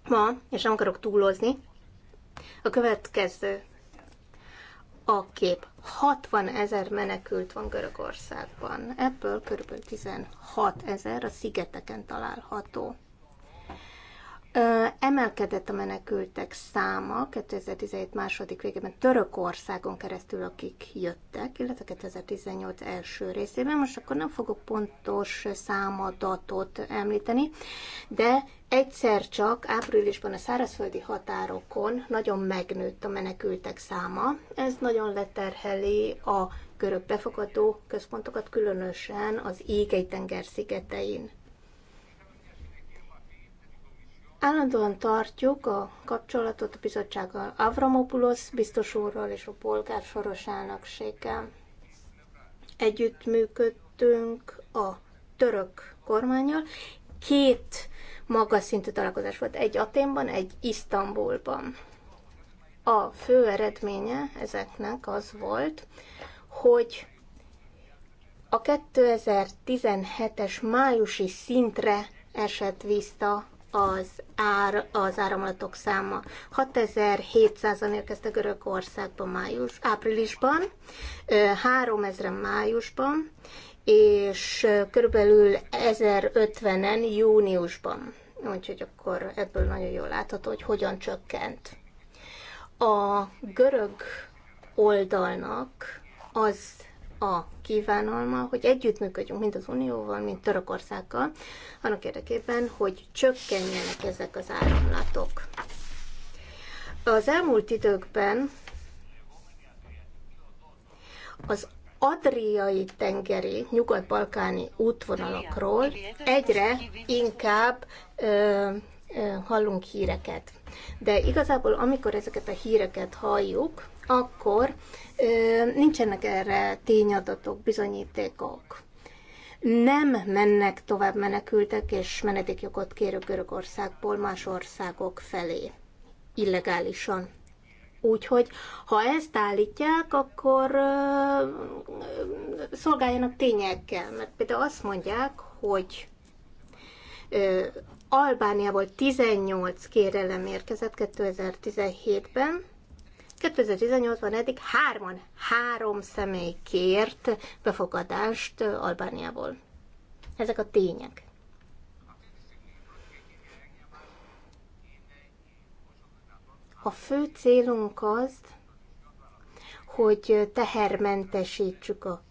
Ma, és nem akarok túlozni, a következő a kép. 60 ezer menekült van Görögországban, ebből kb. 16 ezer a szigeteken található emelkedett a menekültek száma 2017 második végében Törökországon keresztül, akik jöttek, illetve 2018 első részében. Most akkor nem fogok pontos számadatot említeni, de egyszer csak áprilisban a szárazföldi határokon nagyon megnőtt a menekültek száma. Ez nagyon leterheli a görög befogadó központokat, különösen az Égei-tenger szigetein Állandóan tartjuk a kapcsolatot a bizottsággal Avramopoulos biztos úrral és a polgár soros elnökséggel. Együttműködtünk a török kormányjal. Két magas szintű találkozás volt, egy Aténban, egy Isztambulban. A fő eredménye ezeknek az volt, hogy a 2017-es májusi szintre esett vissza az, ár, az áramlatok száma. 6700-an érkeztek Görögországban május, áprilisban, 3000-en májusban, és körülbelül 1050-en júniusban. Úgyhogy akkor ebből nagyon jól látható, hogy hogyan csökkent. A görög oldalnak az a kívánalma, hogy együttműködjünk mind az Unióval, mind Törökországgal, annak érdekében, hogy csökkenjenek ezek az áramlatok. Az elmúlt időkben az Adriai tengeri, nyugat-balkáni útvonalakról egyre inkább ö, hallunk híreket. De igazából, amikor ezeket a híreket halljuk, akkor nincsenek erre tényadatok, bizonyítékok. Nem mennek tovább menekültek és menedékjogot kérő Görögországból más országok felé illegálisan. Úgyhogy, ha ezt állítják, akkor ö, ö, szolgáljanak tényekkel. Mert például azt mondják, hogy ö, Albániából 18 kérelem érkezett 2017-ben, 2018-ban eddig hárman, három személy kért befogadást Albániából. Ezek a tények. A fő célunk az, hogy tehermentesítsük a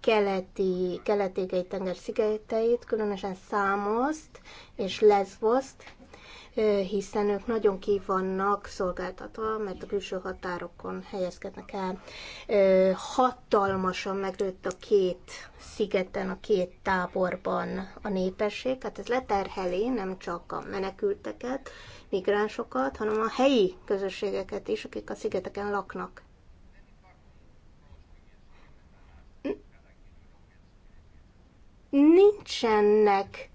keleti, keleti tenger szigeteit, különösen Számoszt és Leszvoszt, hiszen ők nagyon ki vannak szolgáltatva, mert a külső határokon helyezkednek el. Hatalmasan megnőtt a két szigeten, a két táborban a népesség, hát ez leterheli nem csak a menekülteket, migránsokat, hanem a helyi közösségeket is, akik a szigeteken laknak. Nincsenek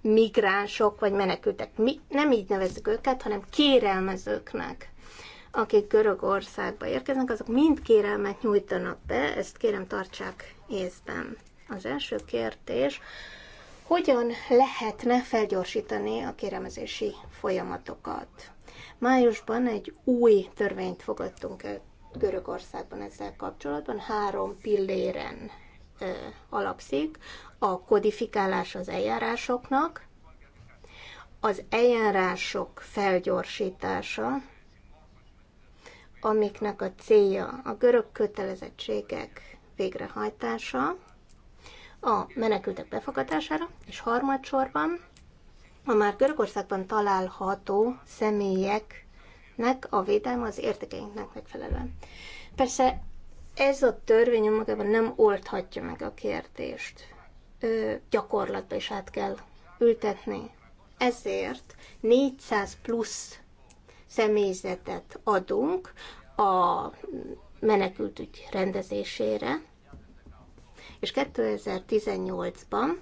migránsok vagy menekültek. Mi nem így nevezzük őket, hanem kérelmezőknek. Akik Görögországba érkeznek, azok mind kérelmet nyújtanak be, ezt kérem tartsák észben. Az első kérdés, hogyan lehetne felgyorsítani a kérelmezési folyamatokat? Májusban egy új törvényt fogadtunk el Görögországban ezzel kapcsolatban, három pilléren ö, alapszik a kodifikálás az eljárásoknak, az eljárások felgyorsítása, amiknek a célja a görög kötelezettségek végrehajtása, a menekültek befogadására, és harmadsorban a már Görögországban található személyeknek a védelme az értékeinknek megfelelően. Persze ez a törvény önmagában nem oldhatja meg a kérdést gyakorlatba is át kell ültetni. Ezért 400 plusz személyzetet adunk a menekültügy rendezésére, és 2018-ban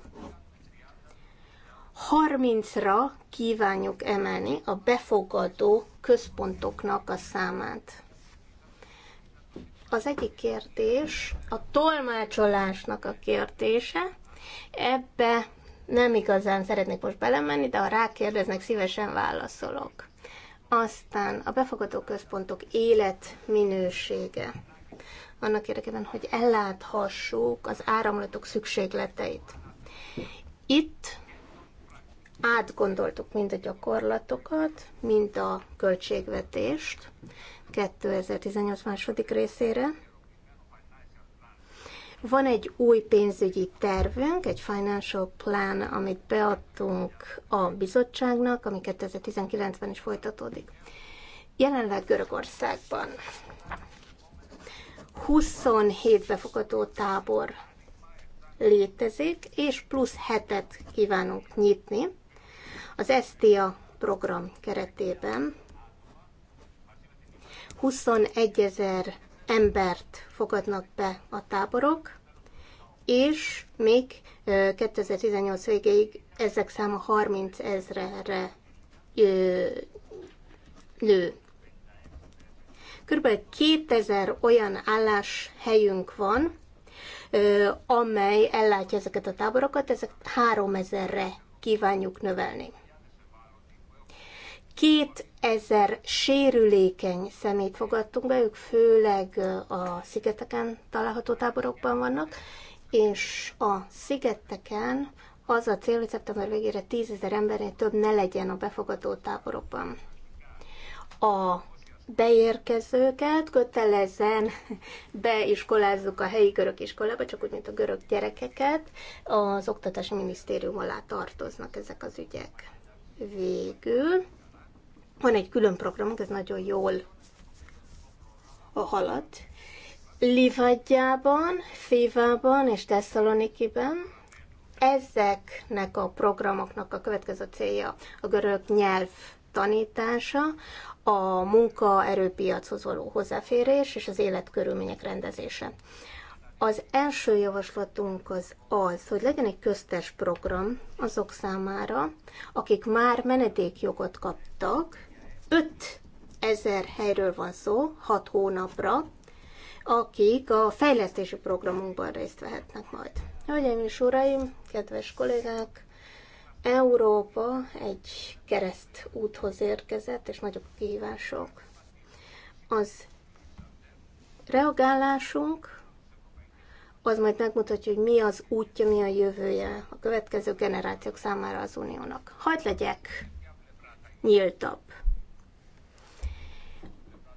30-ra kívánjuk emelni a befogadó központoknak a számát. Az egyik kérdés a tolmácsolásnak a kérdése. Ebbe nem igazán szeretnék most belemenni, de ha rákérdeznek, szívesen válaszolok. Aztán a befogadó központok életminősége. Annak érdekében, hogy elláthassuk az áramlatok szükségleteit. Itt átgondoltuk mind a gyakorlatokat, mind a költségvetést 2018 második részére, van egy új pénzügyi tervünk, egy financial plan, amit beadtunk a bizottságnak, ami 2019-ben is folytatódik. Jelenleg Görögországban 27 befogadó tábor létezik, és plusz hetet kívánunk nyitni. Az STA program keretében 21 ezer embert fogadnak be a táborok, és még 2018 végéig ezek száma 30 ezerre nő. Körülbelül 2000 olyan álláshelyünk van, amely ellátja ezeket a táborokat, ezek 3000-re kívánjuk növelni. Két ezer sérülékeny szemét fogadtunk be, ők főleg a szigeteken található táborokban vannak, és a szigeteken az a cél, hogy szeptember végére tízezer embernél több ne legyen a befogadó táborokban. A beérkezőket kötelezen beiskolázzuk a helyi görög iskolába, csak úgy, mint a görög gyerekeket. Az Oktatási Minisztérium alá tartoznak ezek az ügyek. Végül van egy külön programunk, ez nagyon jól a halad. Livadjában, Fívában és Tesszalonikiben ezeknek a programoknak a következő célja a görög nyelv tanítása, a munkaerőpiachoz való hozzáférés és az életkörülmények rendezése. Az első javaslatunk az az, hogy legyen egy köztes program azok számára, akik már menedékjogot kaptak, 5000 helyről van szó, 6 hónapra, akik a fejlesztési programunkban részt vehetnek majd. Hölgyeim és uraim, kedves kollégák, Európa egy kereszt úthoz érkezett, és nagyobb kihívások. Az reagálásunk az majd megmutatja, hogy mi az útja, mi a jövője a következő generációk számára az uniónak. Hagy legyek nyíltabb.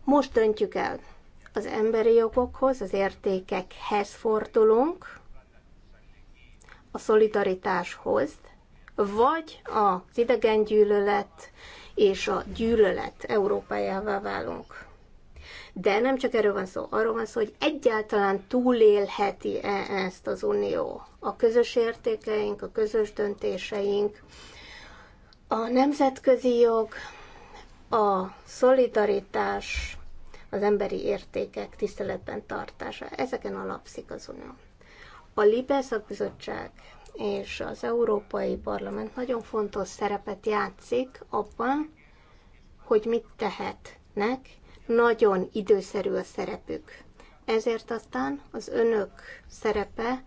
Most döntjük el. Az emberi jogokhoz, az értékekhez fordulunk, a szolidaritáshoz, vagy az idegengyűlölet és a gyűlölet Európájává válunk. De nem csak erről van szó, arról van szó, hogy egyáltalán túlélheti -e ezt az Unió. A közös értékeink, a közös döntéseink, a nemzetközi jog, a szolidaritás, az emberi értékek tiszteletben tartása. Ezeken alapszik az Unió. A Libe szakbizottság és az Európai Parlament nagyon fontos szerepet játszik abban, hogy mit tehetnek. Nagyon időszerű a szerepük. Ezért aztán az önök szerepe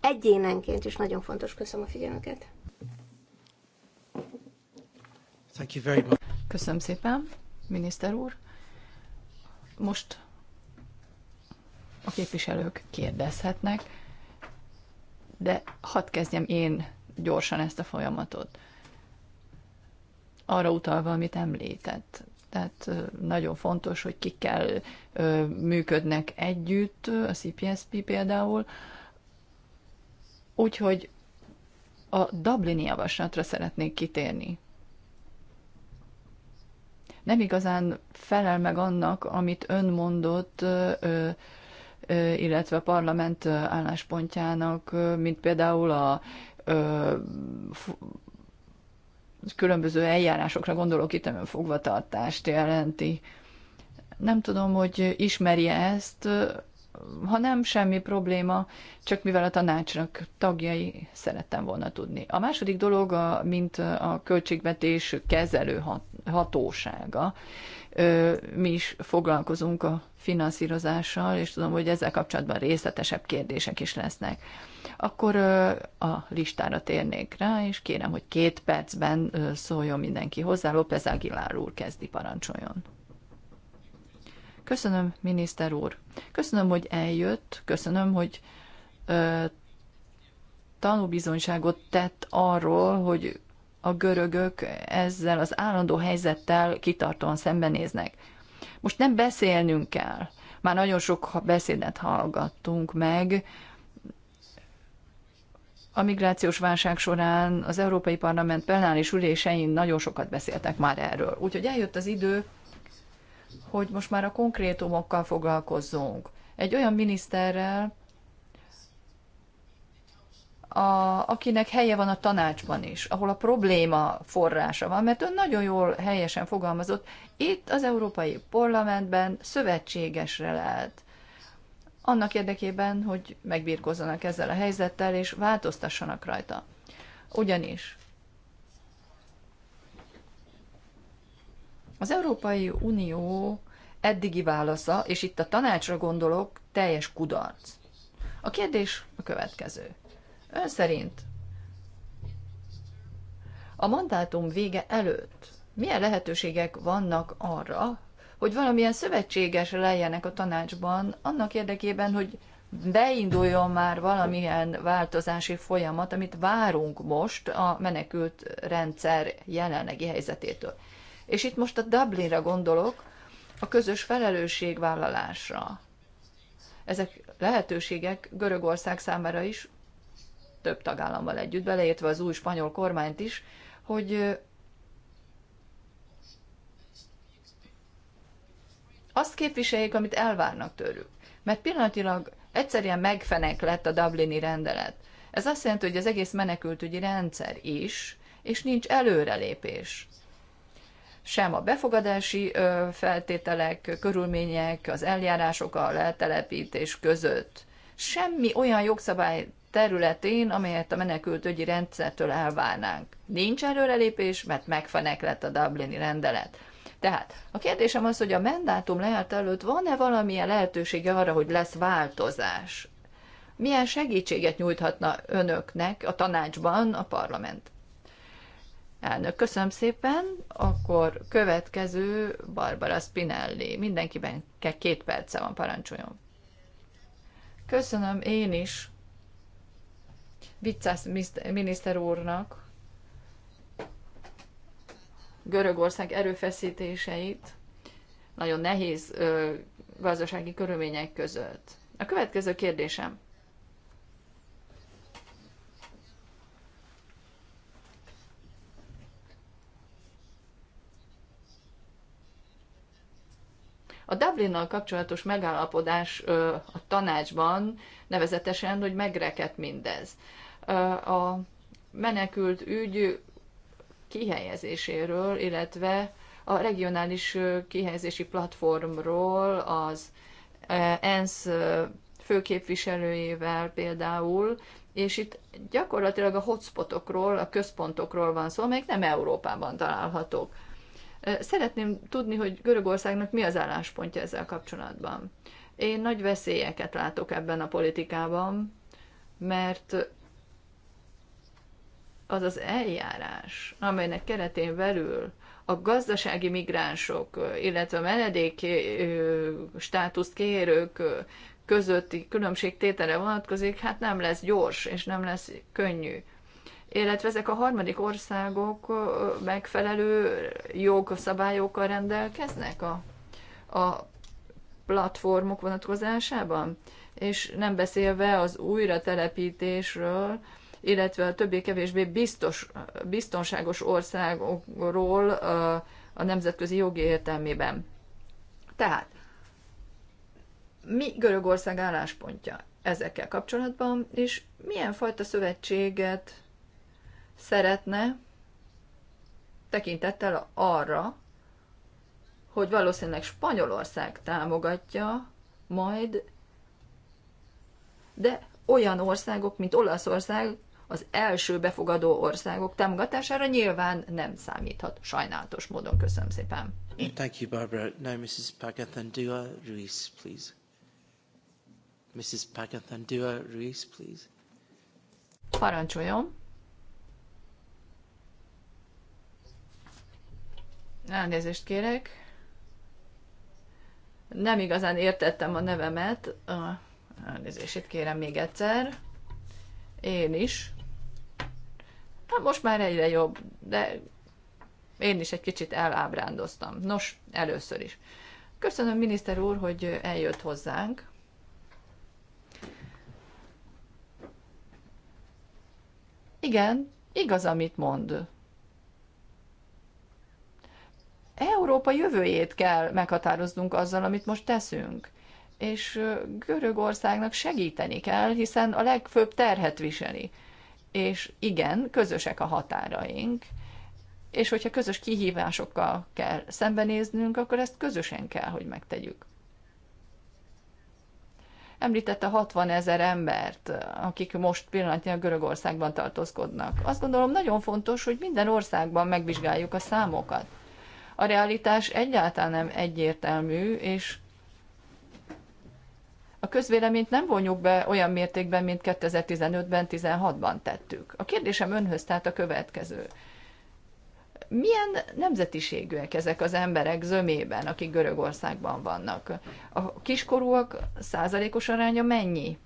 egyénenként is nagyon fontos. Köszönöm a figyelmüket. Köszönöm szépen, miniszter úr. Most a képviselők kérdezhetnek, de hadd kezdjem én gyorsan ezt a folyamatot. Arra utalva, amit említett. Tehát nagyon fontos, hogy kikkel működnek együtt, a CPSP például. Úgyhogy a Dublini javaslatra szeretnék kitérni nem igazán felel meg annak, amit ön mondott, illetve a parlament álláspontjának, mint például a különböző eljárásokra gondolok itt, nem fogvatartást jelenti. Nem tudom, hogy ismeri ezt, ha nem semmi probléma, csak mivel a tanácsnak tagjai szerettem volna tudni. A második dolog, a, mint a költségvetés kezelő hat, hatósága, mi is foglalkozunk a finanszírozással, és tudom, hogy ezzel kapcsolatban részletesebb kérdések is lesznek. Akkor a listára térnék rá, és kérem, hogy két percben szóljon mindenki hozzá. López Aguilar úr kezdi, parancsoljon. Köszönöm, miniszter úr. Köszönöm, hogy eljött, köszönöm, hogy ö, tanúbizonyságot tett arról, hogy a görögök ezzel az állandó helyzettel kitartóan szembenéznek. Most nem beszélnünk kell. Már nagyon sok beszédet hallgattunk meg. A migrációs válság során az Európai Parlament plenáris ülésein nagyon sokat beszéltek már erről. Úgyhogy eljött az idő, hogy most már a konkrétumokkal foglalkozzunk. Egy olyan miniszterrel, a, akinek helye van a tanácsban is, ahol a probléma forrása van, mert ön nagyon jól helyesen fogalmazott, itt az Európai Parlamentben szövetségesre lehet. Annak érdekében, hogy megbírkozzanak ezzel a helyzettel, és változtassanak rajta. Ugyanis Az Európai Unió eddigi válasza, és itt a tanácsra gondolok, teljes kudarc. A kérdés a következő. Ön szerint a mandátum vége előtt milyen lehetőségek vannak arra, hogy valamilyen szövetséges lejjenek a tanácsban, annak érdekében, hogy beinduljon már valamilyen változási folyamat, amit várunk most a menekült rendszer jelenlegi helyzetétől és itt most a Dublinra gondolok, a közös felelősségvállalásra. Ezek lehetőségek Görögország számára is, több tagállammal együtt, beleértve az új spanyol kormányt is, hogy azt képviseljék, amit elvárnak tőlük. Mert pillanatilag egyszerűen megfenek lett a Dublini rendelet. Ez azt jelenti, hogy az egész menekültügyi rendszer is, és nincs előrelépés sem a befogadási feltételek, körülmények, az eljárások a letelepítés között. Semmi olyan jogszabály területén, amelyet a ögyi rendszertől elvárnánk. Nincs előrelépés, mert megfenek lett a Dublini rendelet. Tehát a kérdésem az, hogy a mandátum lejárt előtt van-e valamilyen lehetősége arra, hogy lesz változás? Milyen segítséget nyújthatna önöknek a tanácsban a parlament? Elnök, köszönöm szépen. Akkor következő Barbara Spinelli. Mindenkiben két perce van, parancsoljon. Köszönöm én is Viccász miniszter úrnak Görögország erőfeszítéseit nagyon nehéz ö, gazdasági körülmények között. A következő kérdésem. A Dublinnal kapcsolatos megállapodás a tanácsban nevezetesen, hogy megreket mindez. A menekült ügy kihelyezéséről, illetve a regionális kihelyezési platformról, az ENSZ főképviselőjével például, és itt gyakorlatilag a hotspotokról, a központokról van szó, amelyek nem Európában találhatók. Szeretném tudni, hogy Görögországnak mi az álláspontja ezzel kapcsolatban. Én nagy veszélyeket látok ebben a politikában, mert az az eljárás, amelynek keretén belül a gazdasági migránsok, illetve a menedék státuszt kérők közötti különbségtétele vonatkozik, hát nem lesz gyors és nem lesz könnyű illetve ezek a harmadik országok megfelelő jogszabályokkal rendelkeznek a, a platformok vonatkozásában, és nem beszélve az újratelepítésről, illetve a többé-kevésbé biztos, biztonságos országokról a nemzetközi jogi értelmében. Tehát, mi Görögország álláspontja ezekkel kapcsolatban, és milyen fajta szövetséget szeretne tekintettel arra, hogy valószínűleg Spanyolország támogatja majd, de olyan országok, mint Olaszország, az első befogadó országok támogatására nyilván nem számíthat. Sajnálatos módon köszönöm szépen. Thank you, Barbara. Now Mrs. Pagathandua Ruiz, please. Mrs. Pagathandua Ruiz, please. Parancsoljon. Elnézést kérek. Nem igazán értettem a nevemet. Elnézését kérem még egyszer. Én is. Na hát most már egyre jobb, de én is egy kicsit elábrándoztam. Nos, először is. Köszönöm, miniszter úr, hogy eljött hozzánk. Igen, igaz, amit mond. Európa jövőjét kell meghatároznunk azzal, amit most teszünk. És Görögországnak segíteni kell, hiszen a legfőbb terhet viseli. És igen, közösek a határaink, és hogyha közös kihívásokkal kell szembenéznünk, akkor ezt közösen kell, hogy megtegyük. Említette 60 ezer embert, akik most pillanatnyilag Görögországban tartózkodnak. Azt gondolom nagyon fontos, hogy minden országban megvizsgáljuk a számokat a realitás egyáltalán nem egyértelmű, és a közvéleményt nem vonjuk be olyan mértékben, mint 2015-ben, 16-ban tettük. A kérdésem önhöz tehát a következő. Milyen nemzetiségűek ezek az emberek zömében, akik Görögországban vannak? A kiskorúak százalékos aránya mennyi?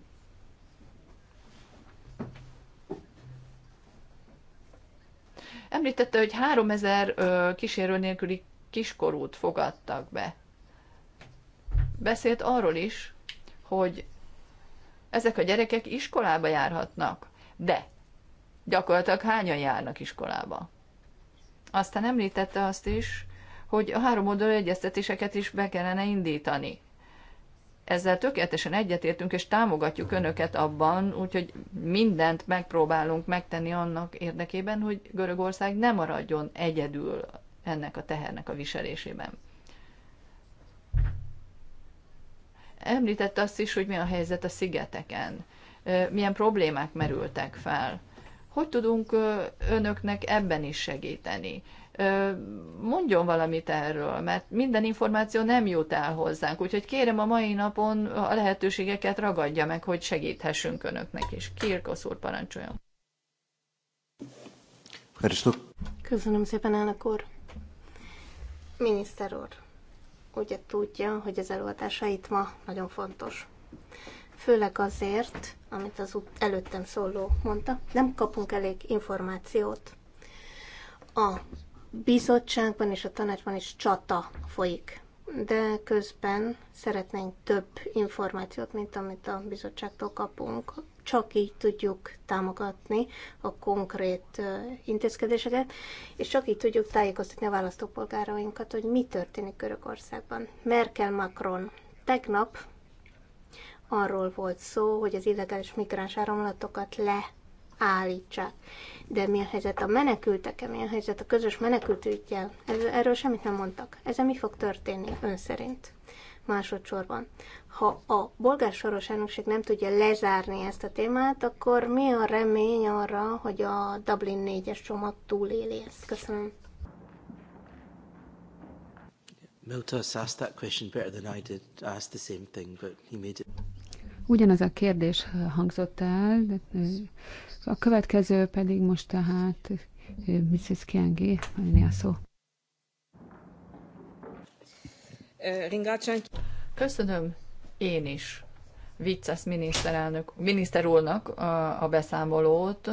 Említette, hogy 3000 kísérő nélküli kiskorút fogadtak be. Beszélt arról is, hogy ezek a gyerekek iskolába járhatnak, de gyakorlatilag hányan járnak iskolába? Aztán említette azt is, hogy a három oldalú egyeztetéseket is be kellene indítani ezzel tökéletesen egyetértünk, és támogatjuk önöket abban, úgyhogy mindent megpróbálunk megtenni annak érdekében, hogy Görögország ne maradjon egyedül ennek a tehernek a viselésében. Említette azt is, hogy mi a helyzet a szigeteken, milyen problémák merültek fel. Hogy tudunk önöknek ebben is segíteni? mondjon valamit erről, mert minden információ nem jut el hozzánk, úgyhogy kérem a mai napon a lehetőségeket ragadja meg, hogy segíthessünk Önöknek is. Kirkosz úr, parancsoljon! Köszönöm szépen, elnök úr! Miniszter úr, ugye tudja, hogy az előadása itt ma nagyon fontos. Főleg azért, amit az előttem szóló mondta, nem kapunk elég információt a bizottságban és a tanácsban is csata folyik, de közben szeretnénk több információt, mint amit a bizottságtól kapunk. Csak így tudjuk támogatni a konkrét intézkedéseket, és csak így tudjuk tájékoztatni a választópolgárainkat, hogy mi történik Görögországban. Merkel Macron tegnap arról volt szó, hogy az illegális migráns áramlatokat le állítsák. De mi a helyzet a menekültek, mi a helyzet a közös menekültügyjel? Erről semmit nem mondtak. Ezzel mi fog történni ön szerint? Másodszorban, ha a bolgár soros elnökség nem tudja lezárni ezt a témát, akkor mi a remény arra, hogy a Dublin 4-es csomag túléli ezt? Köszönöm. asked that question better than I did. asked the same thing, but he made it. Ugyanaz a kérdés hangzott el, a következő pedig most tehát Mrs. Kiangi, a szó. Köszönöm én is Vicces miniszterelnök, miniszter úrnak a beszámolót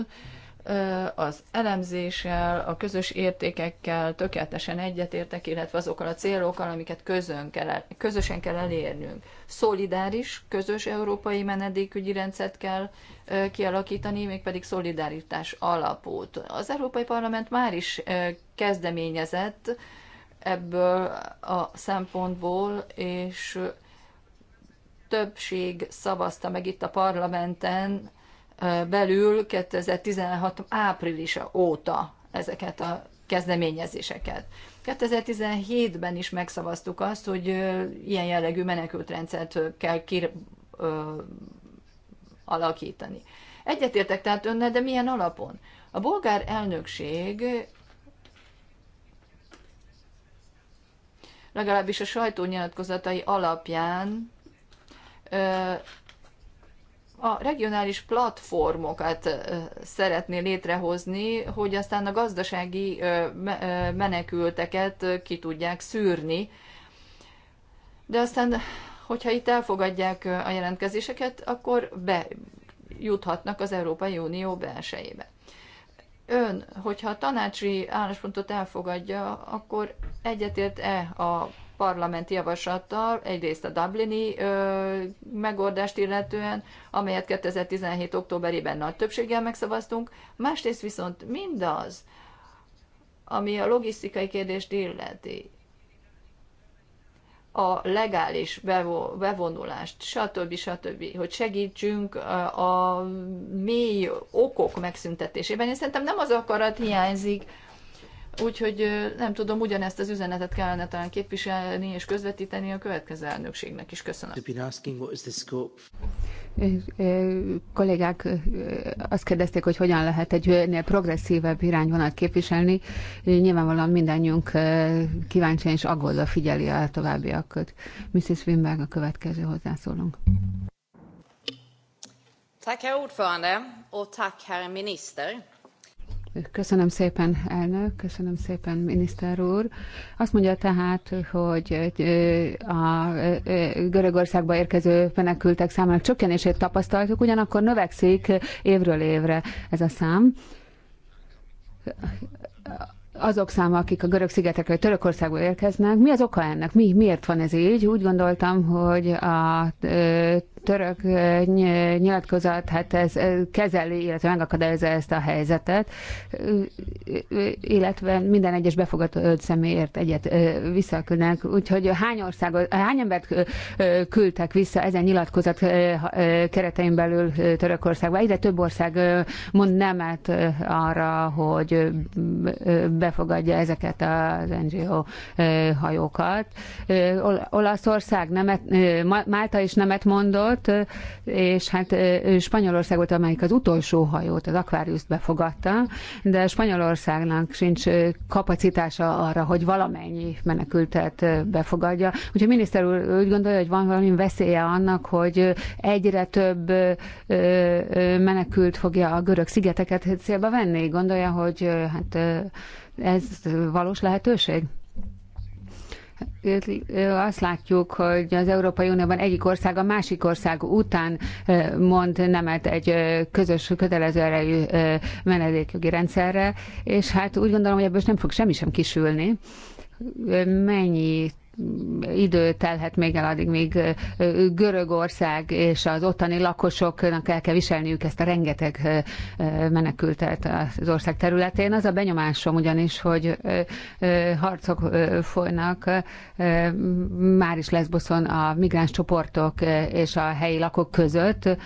az elemzéssel, a közös értékekkel tökéletesen egyetértek, illetve azokkal a célokkal, amiket közön kell, közösen kell elérnünk. Szolidáris, közös európai menedékügyi rendszert kell kialakítani, mégpedig szolidaritás alapút. Az Európai Parlament már is kezdeményezett ebből a szempontból, és többség szavazta meg itt a parlamenten belül 2016 áprilisa óta ezeket a kezdeményezéseket. 2017-ben is megszavaztuk azt, hogy ilyen jellegű menekültrendszert kell kir, ö, alakítani. Egyetértek tehát önne, de milyen alapon? A bolgár elnökség legalábbis a sajtónyilatkozatai alapján ö, a regionális platformokat szeretné létrehozni, hogy aztán a gazdasági menekülteket ki tudják szűrni. De aztán, hogyha itt elfogadják a jelentkezéseket, akkor bejuthatnak az Európai Unió belsejébe. Ön, hogyha a tanácsi álláspontot elfogadja, akkor egyetért-e a parlament javaslattal, egyrészt a Dublini ö, megoldást illetően, amelyet 2017. októberében nagy többséggel megszavaztunk, másrészt viszont mindaz, ami a logisztikai kérdést illeti, a legális bevonulást, stb. stb., hogy segítsünk a mély okok megszüntetésében. Én szerintem nem az akarat hiányzik, Úgyhogy nem tudom, ugyanezt az üzenetet kellene talán képviselni és közvetíteni a következő elnökségnek is. Köszönöm. Kollégák azt kérdezték, hogy hogyan lehet egy ennél progresszívebb irányvonalat képviselni. Nyilvánvalóan mindannyiunk kíváncsi és aggódva figyeli a továbbiakat. Mrs. Wimberg a következő hozzászólunk. Tack herr ordförande och tack herr minister. Köszönöm szépen, elnök, köszönöm szépen, miniszter úr. Azt mondja tehát, hogy a Görögországba érkező menekültek számának csökkenését tapasztaltuk, ugyanakkor növekszik évről évre ez a szám azok száma, akik a görög szigetekre, vagy Törökországba érkeznek. Mi az oka ennek? Mi, miért van ez így? Úgy gondoltam, hogy a török nyilatkozat hát ez kezeli, illetve megakadályozza ezt a helyzetet, illetve minden egyes befogadott személyért egyet visszaküldnek. Úgyhogy hány országot, hány embert küldtek vissza ezen nyilatkozat keretein belül Törökországba? Egyre több ország mond nemet arra, hogy befogadja ezeket az NGO hajókat. Olaszország nemet, Málta is nemet mondott, volt, és hát Spanyolországot, amelyik az utolsó hajót, az aquarius befogadta, de Spanyolországnak sincs kapacitása arra, hogy valamennyi menekültet befogadja. Úgyhogy miniszter úr úgy gondolja, hogy van valami veszélye annak, hogy egyre több menekült fogja a görög szigeteket célba venni? Gondolja, hogy hát ez valós lehetőség? azt látjuk, hogy az Európai Unióban egyik ország a másik ország után mond nemet egy közös kötelező erejű menedékjogi rendszerre, és hát úgy gondolom, hogy ebből nem fog semmi sem kisülni. Mennyit idő telhet még el addig, még Görögország és az ottani lakosoknak el kell viselniük ezt a rengeteg menekültet az ország területén. Az a benyomásom ugyanis, hogy harcok folynak, már is lesz boszon a migráns csoportok és a helyi lakók között,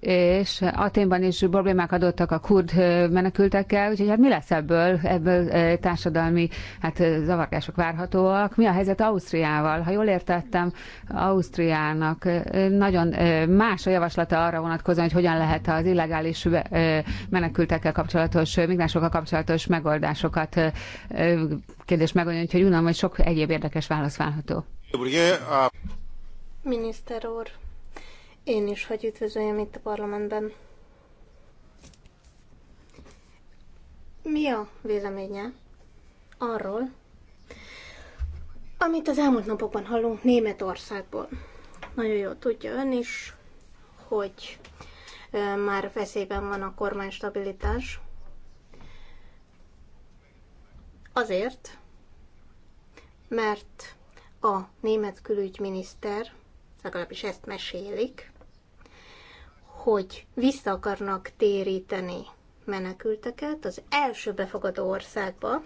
és Aténban is problémák adottak a kurd menekültekkel, úgyhogy hát mi lesz ebből, ebből társadalmi hát zavargások várhatóak. Mi a helyzet Ausztriával? Ha jól értettem, Ausztriának nagyon más a javaslata arra vonatkozóan, hogy hogyan lehet az illegális menekültekkel kapcsolatos, migránsokkal kapcsolatos megoldásokat kérdés megoldani, úgyhogy unalom, hogy sok egyéb érdekes válasz várható. Miniszter úr, én is, hogy üdvözöljem itt a parlamentben. Mi a véleménye arról, amit az elmúlt napokban hallunk Németországból? Nagyon jól tudja ön is, hogy már veszélyben van a kormány stabilitás. Azért, mert a német külügyminiszter, legalábbis ezt mesélik, hogy vissza akarnak téríteni menekülteket az első befogadó országba,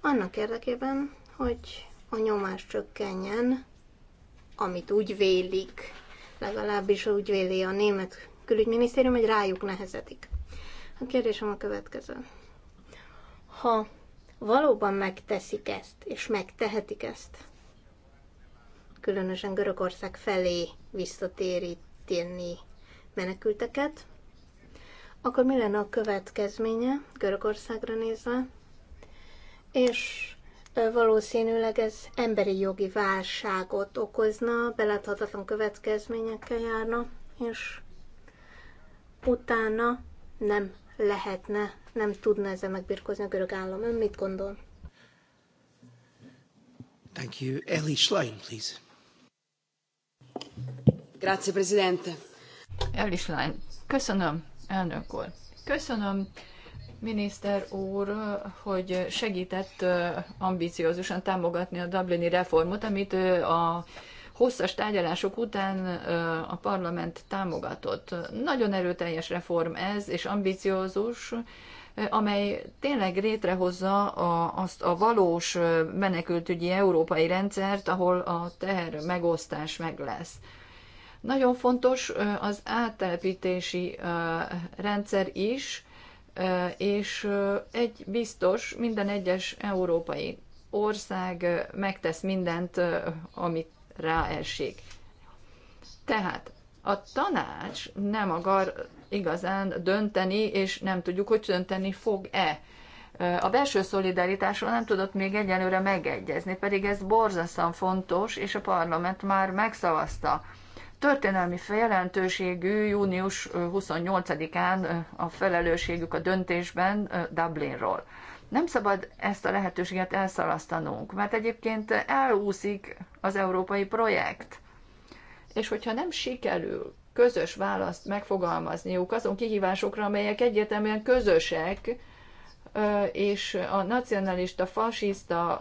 annak érdekében, hogy a nyomás csökkenjen, amit úgy vélik, legalábbis úgy véli a német külügyminisztérium, hogy rájuk nehezedik. A kérdésem a következő. Ha valóban megteszik ezt, és megtehetik ezt, különösen Görögország felé visszatéríteni menekülteket, akkor mi lenne a következménye Görögországra nézve? És valószínűleg ez emberi jogi válságot okozna, beláthatatlan következményekkel járna, és utána nem lehetne, nem tudna ezzel megbirkózni a görög állam. Ön mit gondol? Thank you. Ellie Schlein, please. Grazie, Presidente el is lány. Köszönöm, elnök úr. Köszönöm, miniszter úr, hogy segített ambiciózusan támogatni a Dublini reformot, amit a hosszas tárgyalások után a parlament támogatott. Nagyon erőteljes reform ez, és ambiciózus, amely tényleg rétrehozza a, azt a valós menekültügyi európai rendszert, ahol a teher megosztás meg lesz. Nagyon fontos az áttelepítési rendszer is, és egy biztos, minden egyes európai ország megtesz mindent, amit ráesik. Tehát a tanács nem akar igazán dönteni, és nem tudjuk, hogy dönteni fog-e. A belső szolidaritásról nem tudott még egyelőre megegyezni, pedig ez borzasztóan fontos, és a parlament már megszavazta történelmi feljelentőségű június 28-án a felelősségük a döntésben Dublinról. Nem szabad ezt a lehetőséget elszalasztanunk, mert egyébként elúszik az európai projekt. És hogyha nem sikerül közös választ megfogalmazniuk azon kihívásokra, amelyek egyértelműen közösek, és a nacionalista, fasiszta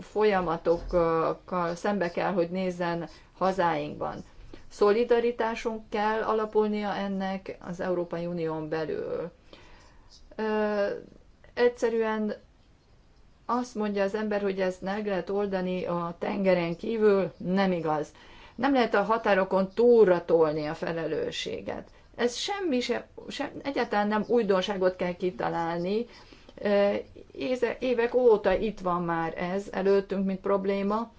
folyamatokkal szembe kell, hogy nézzen hazáinkban. Szolidaritáson kell alapulnia ennek az Európai Unión belül. Egyszerűen azt mondja az ember, hogy ezt meg lehet oldani a tengeren kívül, nem igaz. Nem lehet a határokon túlra tolni a felelősséget. Ez semmi sem, sem egyáltalán nem újdonságot kell kitalálni. Évek óta itt van már ez előttünk, mint probléma.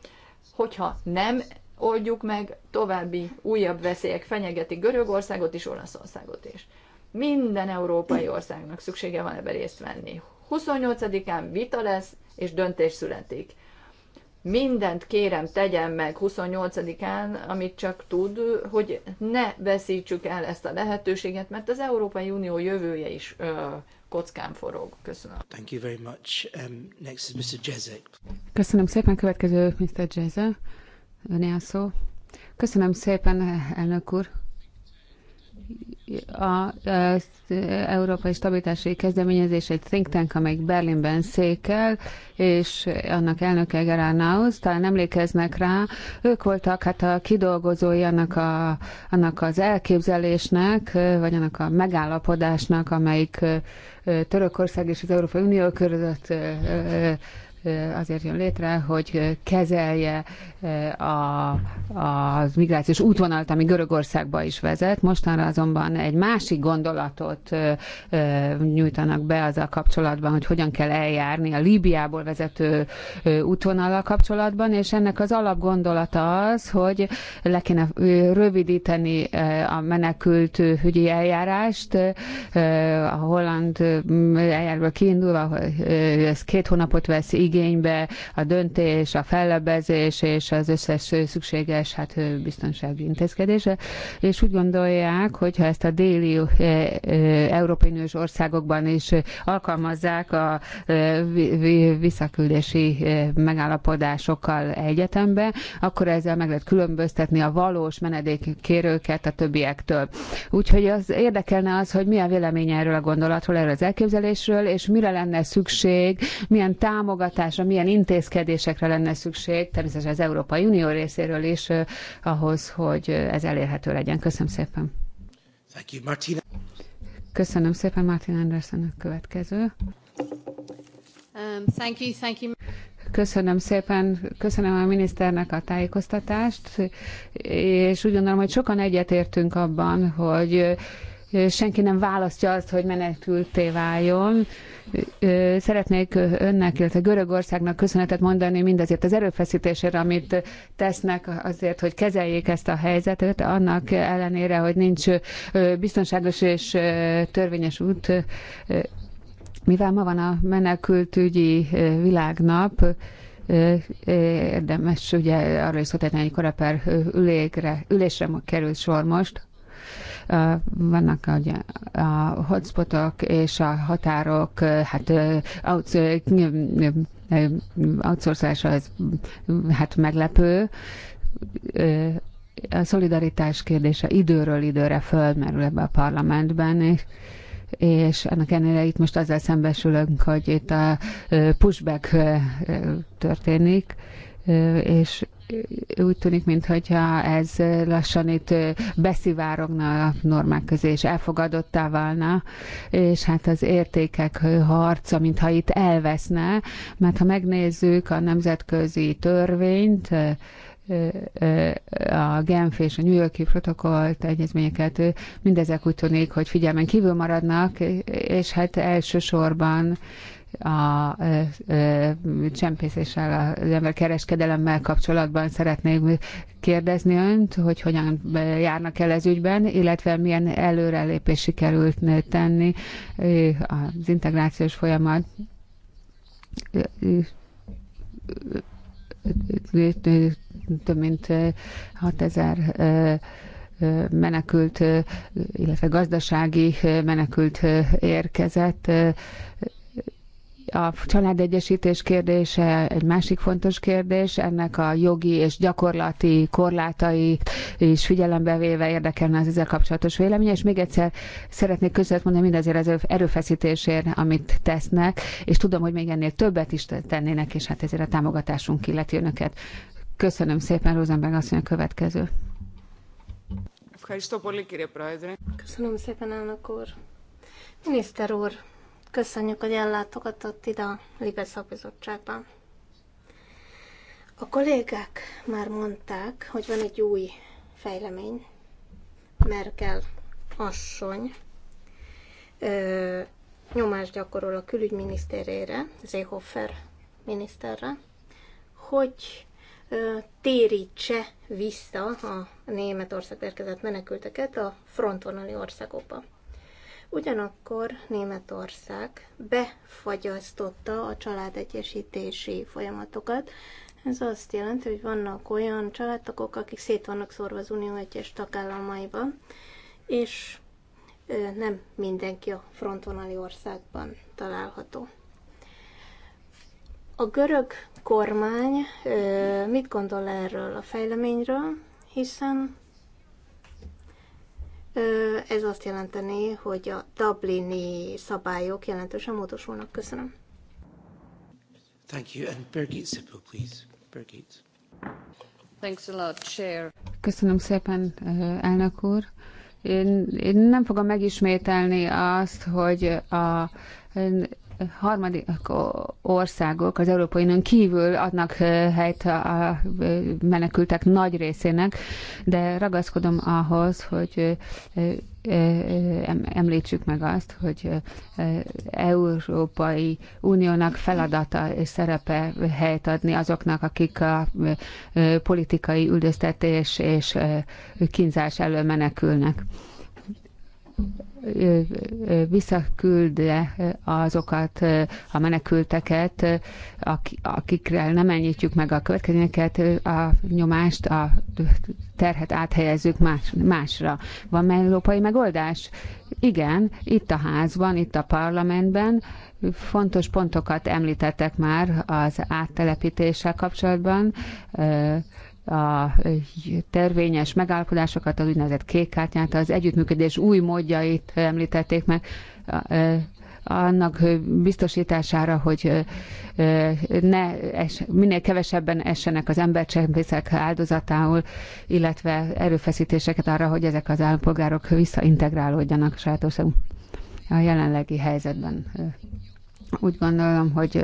Hogyha nem oldjuk meg, további újabb veszélyek fenyegetik Görögországot és Olaszországot is. Minden európai országnak szüksége van ebbe részt venni. 28-án vita lesz, és döntés születik. Mindent kérem, tegyen meg 28-án, amit csak tud, hogy ne veszítsük el ezt a lehetőséget, mert az Európai Unió jövője is ö, kockán forog. Köszönöm. Thank you very much. Um, next is Mr. Jezek. Köszönöm szépen, következő Mr. Jezek. Öné szó. Köszönöm szépen, elnök úr. Az Európai Stabilitási Kezdeményezés egy think tank, amely Berlinben székel, és annak elnöke Gerard Naus, talán emlékeznek rá, ők voltak hát a kidolgozói annak, a, annak az elképzelésnek, vagy annak a megállapodásnak, amelyik Törökország és az Európai Unió között azért jön létre, hogy kezelje eh, a, az migrációs útvonalat, ami Görögországba is vezet. Mostanra azonban egy másik gondolatot eh, eh, nyújtanak be a kapcsolatban, hogy hogyan kell eljárni a Líbiából vezető útvonallal kapcsolatban, és ennek az alapgondolata az, hogy le kéne rövidíteni a menekült hügyi eljárást, a holland eljárásból kiindulva, ez két hónapot vesz igénybe a döntés, a fellebezés és az összes szükséges hát, biztonsági intézkedése, és úgy gondolják, hogy ha ezt a déli Európai Uniós országokban is alkalmazzák a visszaküldési megállapodásokkal egyetembe, akkor ezzel meg lehet különböztetni a valós menedékkérőket a többiektől. Úgyhogy az érdekelne az, hogy milyen vélemény erről a gondolatról, erről az elképzelésről, és mire lenne szükség, milyen támogatás támogatásra, milyen intézkedésekre lenne szükség, természetesen az Európai Unió részéről is, ahhoz, hogy ez elérhető legyen. Köszönöm szépen. Thank you, Martina. Köszönöm szépen Martin Anderson a következő. Um, thank you, thank you. Köszönöm szépen, köszönöm a miniszternek a tájékoztatást, és úgy gondolom, hogy sokan egyetértünk abban, hogy senki nem választja azt, hogy menekülté váljon, szeretnék önnek, illetve Görögországnak köszönetet mondani mindazért az erőfeszítésére, amit tesznek azért, hogy kezeljék ezt a helyzetet, annak ellenére, hogy nincs biztonságos és törvényes út. Mivel ma van a menekültügyi világnap, érdemes ugye arra is szólítani, hogy koreper ülésre került sor most, vannak ugye, a hotspotok és a határok, hát outsourcás az hát meglepő, a szolidaritás kérdése időről időre fölmerül ebbe a parlamentben, és és ennek ellenére itt most azzal szembesülünk, hogy itt a pushback történik, és úgy tűnik, mintha ez lassan itt beszivárogna a normák közé, és elfogadottá válna, és hát az értékek harca, mintha itt elveszne, mert ha megnézzük a nemzetközi törvényt, a Genf és a New Yorki protokollt, egyezményeket, mindezek úgy tűnik, hogy figyelmen kívül maradnak, és hát elsősorban a csempészéssel, az emberkereskedelemmel kapcsolatban szeretnék kérdezni önt, hogy hogyan járnak el ez ügyben, illetve milyen előrelépés sikerült tenni az integrációs folyamat több mint 6000 menekült, illetve gazdasági menekült érkezett a családegyesítés kérdése egy másik fontos kérdés, ennek a jogi és gyakorlati korlátai is figyelembe véve érdekelne az ezzel kapcsolatos vélemény és még egyszer szeretnék köszönet mondani mindazért az erőfeszítésért, amit tesznek, és tudom, hogy még ennél többet is tennének, és hát ezért a támogatásunk illeti önöket. Köszönöm szépen, Rosenberg asszony, a következő. Köszönöm szépen, elnök úr. Miniszter úr, Köszönjük, hogy ellátogatott ide a Liga szakbizottságban. A kollégák már mondták, hogy van egy új fejlemény. Merkel asszony ö, nyomást gyakorol a külügyminisztérére, Zéhofer miniszterre, hogy ö, térítse vissza a Németország érkezett menekülteket a frontvonali országokba. Ugyanakkor Németország befagyasztotta a családegyesítési folyamatokat. Ez azt jelenti, hogy vannak olyan családtagok, akik szét vannak szorva az Unió egyes tagállamaiban, és nem mindenki a frontvonali országban található. A görög kormány mit gondol erről a fejleményről, hiszen ez azt jelenteni, hogy a Dublini szabályok jelentősen módosulnak. Köszönöm. Thank you. And Birgit Zippel, please. Birgit. Thanks a lot, Chair. Köszönöm szépen, elnök úr. Én, én nem fogom megismételni azt, hogy a harmadik országok az Európai Unión kívül adnak helyt a menekültek nagy részének, de ragaszkodom ahhoz, hogy említsük meg azt, hogy Európai Uniónak feladata és szerepe helyt adni azoknak, akik a politikai üldöztetés és kínzás elől menekülnek visszaküldje azokat a menekülteket, akikre nem enyítjük meg a következményeket, a nyomást, a terhet áthelyezzük más, másra. Van európai megoldás? Igen, itt a házban, itt a parlamentben fontos pontokat említettek már az áttelepítéssel kapcsolatban, a tervényes megállapodásokat, az úgynevezett kék kártyát, az együttműködés új módjait említették meg annak biztosítására, hogy ne es, minél kevesebben essenek az embercsempészek áldozatául, illetve erőfeszítéseket arra, hogy ezek az állampolgárok visszaintegrálódjanak saját a jelenlegi helyzetben úgy gondolom, hogy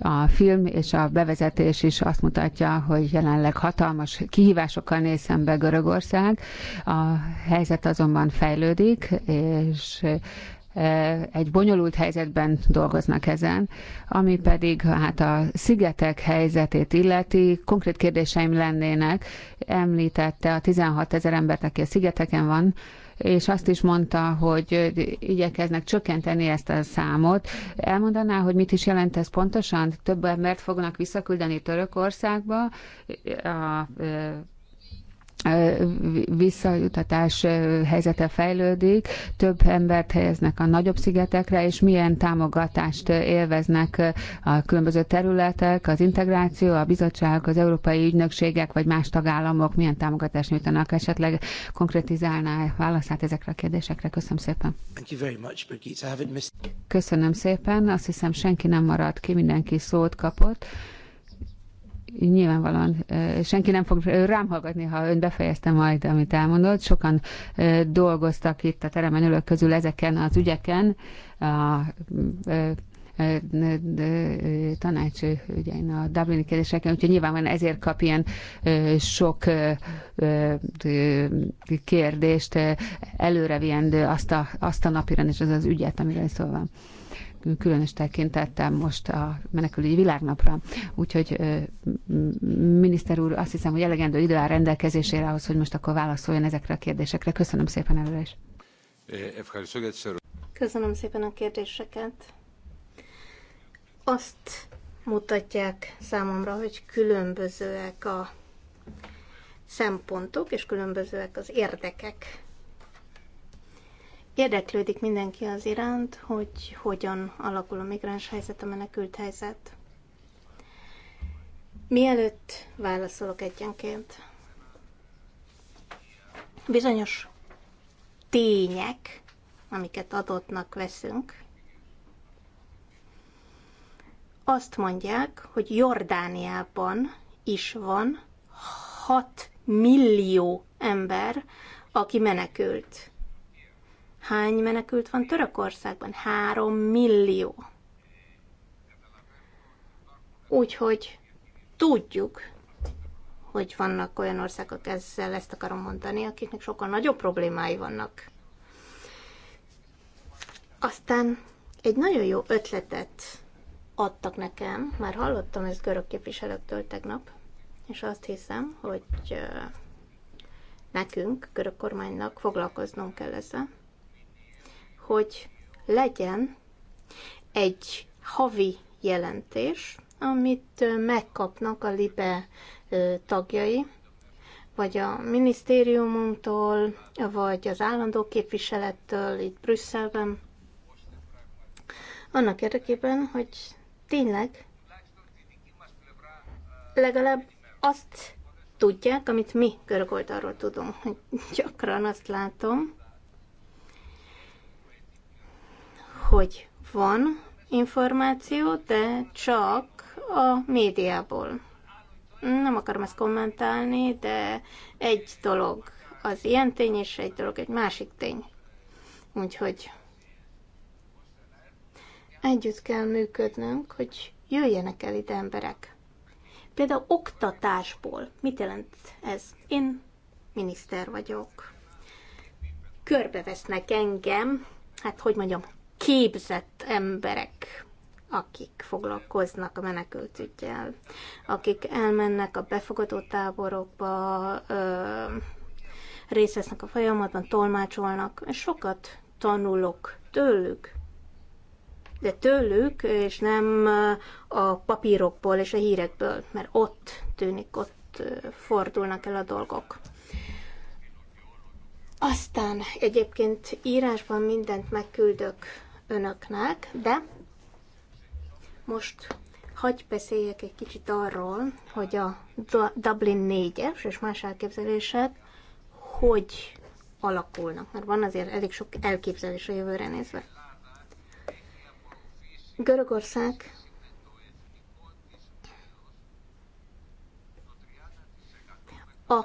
a film és a bevezetés is azt mutatja, hogy jelenleg hatalmas kihívásokkal néz szembe Görögország. A helyzet azonban fejlődik, és egy bonyolult helyzetben dolgoznak ezen, ami pedig hát a szigetek helyzetét illeti. Konkrét kérdéseim lennének. Említette a 16 ezer embert, aki a szigeteken van, és azt is mondta, hogy igyekeznek csökkenteni ezt a számot. Elmondaná, hogy mit is jelent ez pontosan? Több embert fognak visszaküldeni Törökországba a visszajutatás helyzete fejlődik, több embert helyeznek a nagyobb szigetekre, és milyen támogatást élveznek a különböző területek, az integráció, a bizottság, az európai ügynökségek, vagy más tagállamok milyen támogatást nyújtanak, esetleg konkrétizálná válaszát ezekre a kérdésekre. Köszönöm szépen. Köszönöm szépen, azt hiszem senki nem maradt ki, mindenki szót kapott nyilvánvalóan senki nem fog rám hallgatni, ha ön befejezte majd, amit elmondott. Sokan dolgoztak itt a teremen ülők közül ezeken az ügyeken, a tanács ügyein, a Dublini kérdéseken, úgyhogy nyilvánvalóan ezért kap ilyen sok kérdést, előreviendő azt a, azt a napirend és az az ügyet, amiről szó van különös tekintettel most a menekülügyi világnapra. Úgyhogy miniszter úr, azt hiszem, hogy elegendő idő áll rendelkezésére ahhoz, hogy most akkor válaszoljon ezekre a kérdésekre. Köszönöm szépen előre is. Köszönöm szépen a kérdéseket. Azt mutatják számomra, hogy különbözőek a szempontok, és különbözőek az érdekek Érdeklődik mindenki az iránt, hogy hogyan alakul a migráns helyzet, a menekült helyzet. Mielőtt válaszolok egyenként, bizonyos tények, amiket adottnak veszünk, azt mondják, hogy Jordániában is van 6 millió ember, aki menekült. Hány menekült van Törökországban? Három millió. Úgyhogy tudjuk, hogy vannak olyan országok, ezzel ezt akarom mondani, akiknek sokkal nagyobb problémái vannak. Aztán egy nagyon jó ötletet adtak nekem, már hallottam ezt görög képviselőktől tegnap, és azt hiszem, hogy nekünk, görög kormánynak foglalkoznunk kell ezzel hogy legyen egy havi jelentés, amit megkapnak a LIBE tagjai, vagy a minisztériumunktól, vagy az állandó képviselettől itt Brüsszelben, annak érdekében, hogy tényleg legalább azt tudják, amit mi görög oldalról tudunk. Gyakran azt látom, hogy van információ, de csak a médiából. Nem akarom ezt kommentálni, de egy dolog az ilyen tény, és egy dolog egy másik tény. Úgyhogy együtt kell működnünk, hogy jöjjenek el ide emberek. Például oktatásból. Mit jelent ez? Én miniszter vagyok. Körbevesznek engem, hát hogy mondjam, képzett emberek, akik foglalkoznak a ügyel, akik elmennek a befogadó táborokba, részt vesznek a folyamatban, tolmácsolnak, és sokat tanulok tőlük, de tőlük, és nem a papírokból és a hírekből, mert ott tűnik, ott fordulnak el a dolgok. Aztán egyébként írásban mindent megküldök önöknek, de most hagy beszéljek egy kicsit arról, hogy a Dublin 4-es és más elképzelések hogy alakulnak, mert van azért elég sok elképzelés a jövőre nézve. Görögország a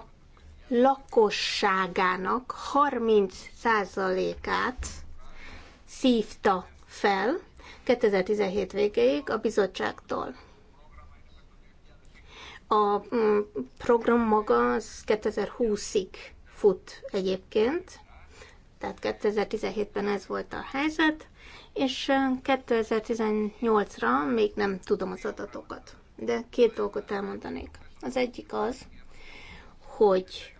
lakosságának 30%-át szívta fel 2017 végéig a bizottságtól. A mm, program maga az 2020-ig fut egyébként, tehát 2017-ben ez volt a helyzet, és 2018-ra még nem tudom az adatokat, de két dolgot elmondanék. Az egyik az, hogy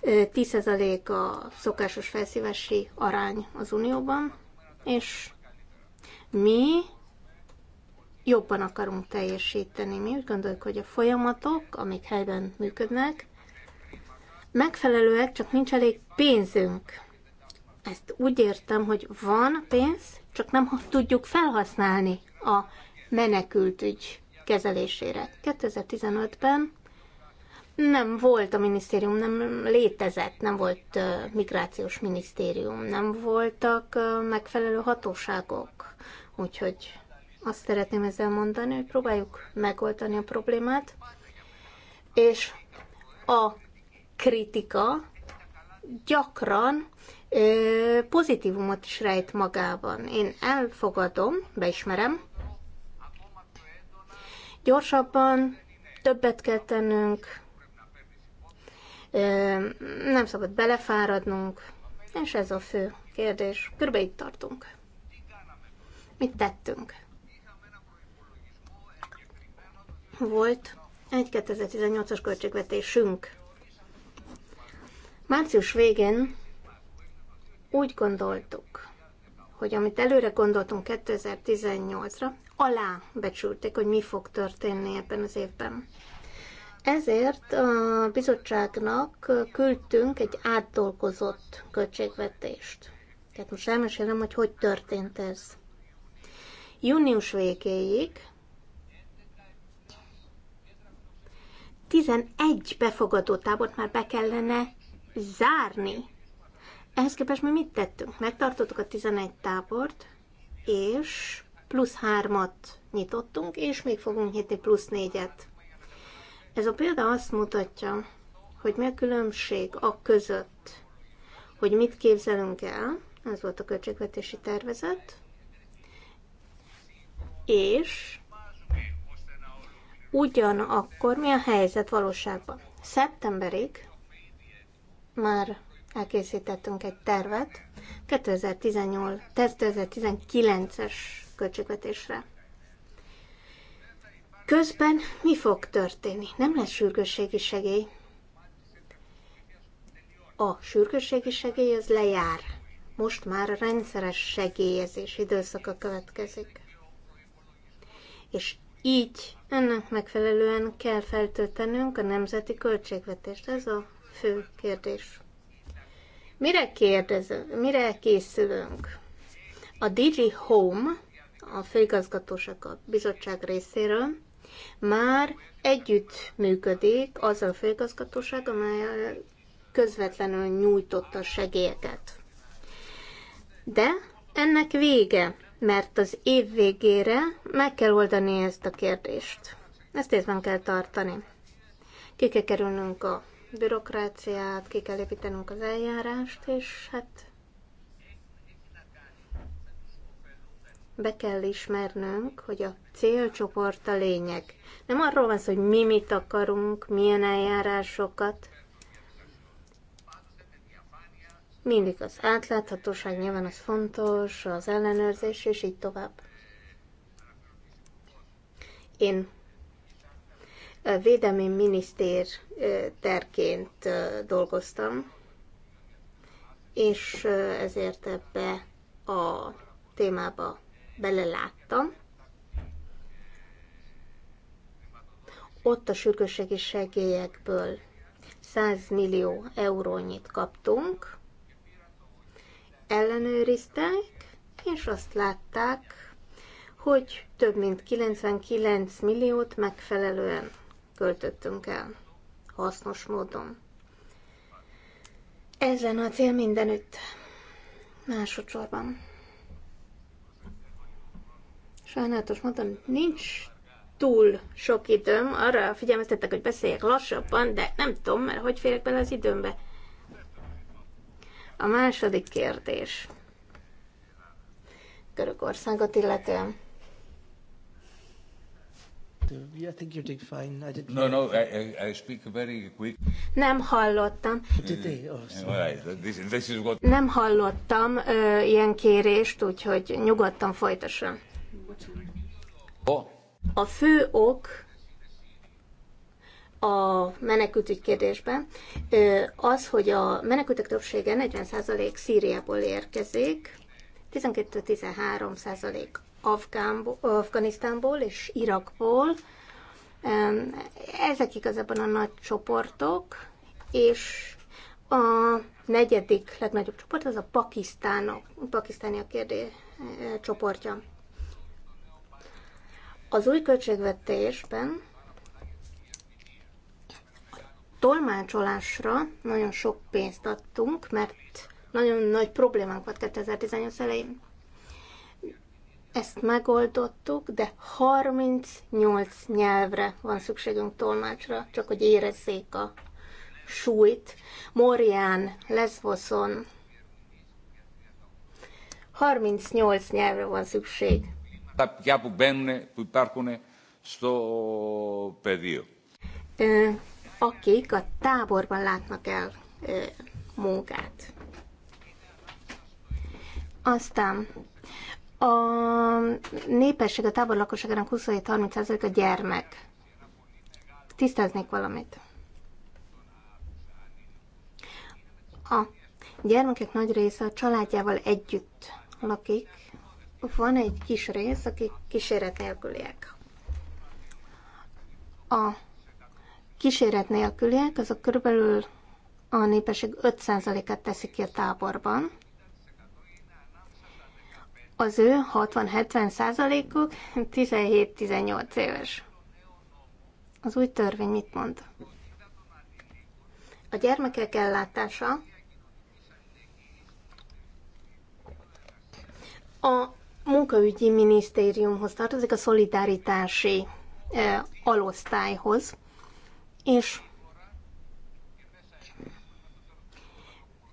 10% a szokásos felszívási arány az Unióban, és mi jobban akarunk teljesíteni. Mi úgy gondoljuk, hogy a folyamatok, amik helyben működnek, megfelelőek, csak nincs elég pénzünk. Ezt úgy értem, hogy van pénz, csak nem tudjuk felhasználni a menekültügy kezelésére. 2015-ben nem volt a minisztérium, nem létezett, nem volt migrációs minisztérium, nem voltak megfelelő hatóságok. Úgyhogy azt szeretném ezzel mondani, hogy próbáljuk megoldani a problémát, és a kritika gyakran ö, pozitívumot is rejt magában. Én elfogadom, beismerem, gyorsabban többet kell tennünk, nem szabad belefáradnunk, és ez a fő kérdés. Körbe itt tartunk. Mit tettünk? Volt egy 2018-as költségvetésünk. Március végén úgy gondoltuk, hogy amit előre gondoltunk 2018-ra, alá becsülték, hogy mi fog történni ebben az évben. Ezért a bizottságnak küldtünk egy átdolgozott költségvetést. Tehát most elmesélem, hogy hogy történt ez. Június végéig 11 befogadó tábort már be kellene zárni. Ehhez képest mi mit tettünk? Megtartottuk a 11 tábort, és plusz 3-at nyitottunk, és még fogunk nyitni plusz négyet. Ez a példa azt mutatja, hogy mi a különbség a között, hogy mit képzelünk el, ez volt a költségvetési tervezet, és ugyanakkor mi a helyzet valóságban. Szeptemberig már elkészítettünk egy tervet 2018, 2019-es költségvetésre. Közben mi fog történni? Nem lesz sürgősségi segély. A sürgősségi segély az lejár. Most már a rendszeres segélyezés időszaka következik. És így ennek megfelelően kell feltöltenünk a nemzeti költségvetést. Ez a fő kérdés. Mire, kérdezünk, mire készülünk? A DG Home, a főigazgatóság a bizottság részéről már együtt működik az a főigazgatóság, amely közvetlenül nyújtotta segélyeket. De ennek vége, mert az év végére meg kell oldani ezt a kérdést. Ezt észben kell tartani. Ki kell kerülnünk a bürokráciát, ki kell építenünk az eljárást, és hát be kell ismernünk, hogy a célcsoport a lényeg. Nem arról van szó, hogy mi mit akarunk, milyen eljárásokat. Mindig az átláthatóság nyilván az fontos, az ellenőrzés, és így tovább. Én védelmi minisztér terként dolgoztam, és ezért ebbe a témába beleláttam. Ott a sürgősségi segélyekből 100 millió eurónyit kaptunk, Ellenőrizték, és azt látták, hogy több mint 99 milliót megfelelően költöttünk el, hasznos módon. Ez lenne a cél mindenütt, másodszorban. Sajnálatos módon nincs túl sok időm. Arra figyelmeztettek, hogy beszéljek lassabban, de nem tudom, mert hogy férek bele az időmbe. A második kérdés. Görögországot illetően. no, no, I, I speak very quick. Nem hallottam. Oh, nem hallottam uh, ilyen kérést, úgyhogy nyugodtan folytassam. A fő ok a menekültügy kérdésben az, hogy a menekültek többsége 40% Szíriából érkezik, 12-13% Afgánból, Afganisztánból és Irakból. Ezek igazából a nagy csoportok, és a negyedik legnagyobb csoport az a pakisztánok, pakisztániak kérdés csoportja. Az új költségvetésben a tolmácsolásra nagyon sok pénzt adtunk, mert nagyon nagy problémánk volt 2018 elején. Ezt megoldottuk, de 38 nyelvre van szükségünk tolmácsra, csak hogy érezzék a súlyt. Morián, Lesboson, 38 nyelvre van szükség τα πια που μπαίνουν, που υπάρχουν στο πεδίο. Ö, akik a táborban látnak el ö, munkát. Aztán a népesség a tábor lakosságának 27-30%-a gyermek. Tisztáznék valamit. A gyermekek nagy része a családjával együtt lakik, van egy kis rész, akik kíséret nélküliek. A kíséret nélküliek, azok körülbelül a népesség 5%-át teszik ki a táborban. Az ő 60-70%-uk 17-18 éves. Az új törvény mit mond? A gyermekek ellátása a munkaügyi minisztériumhoz tartozik, a szolidaritási e, alosztályhoz, és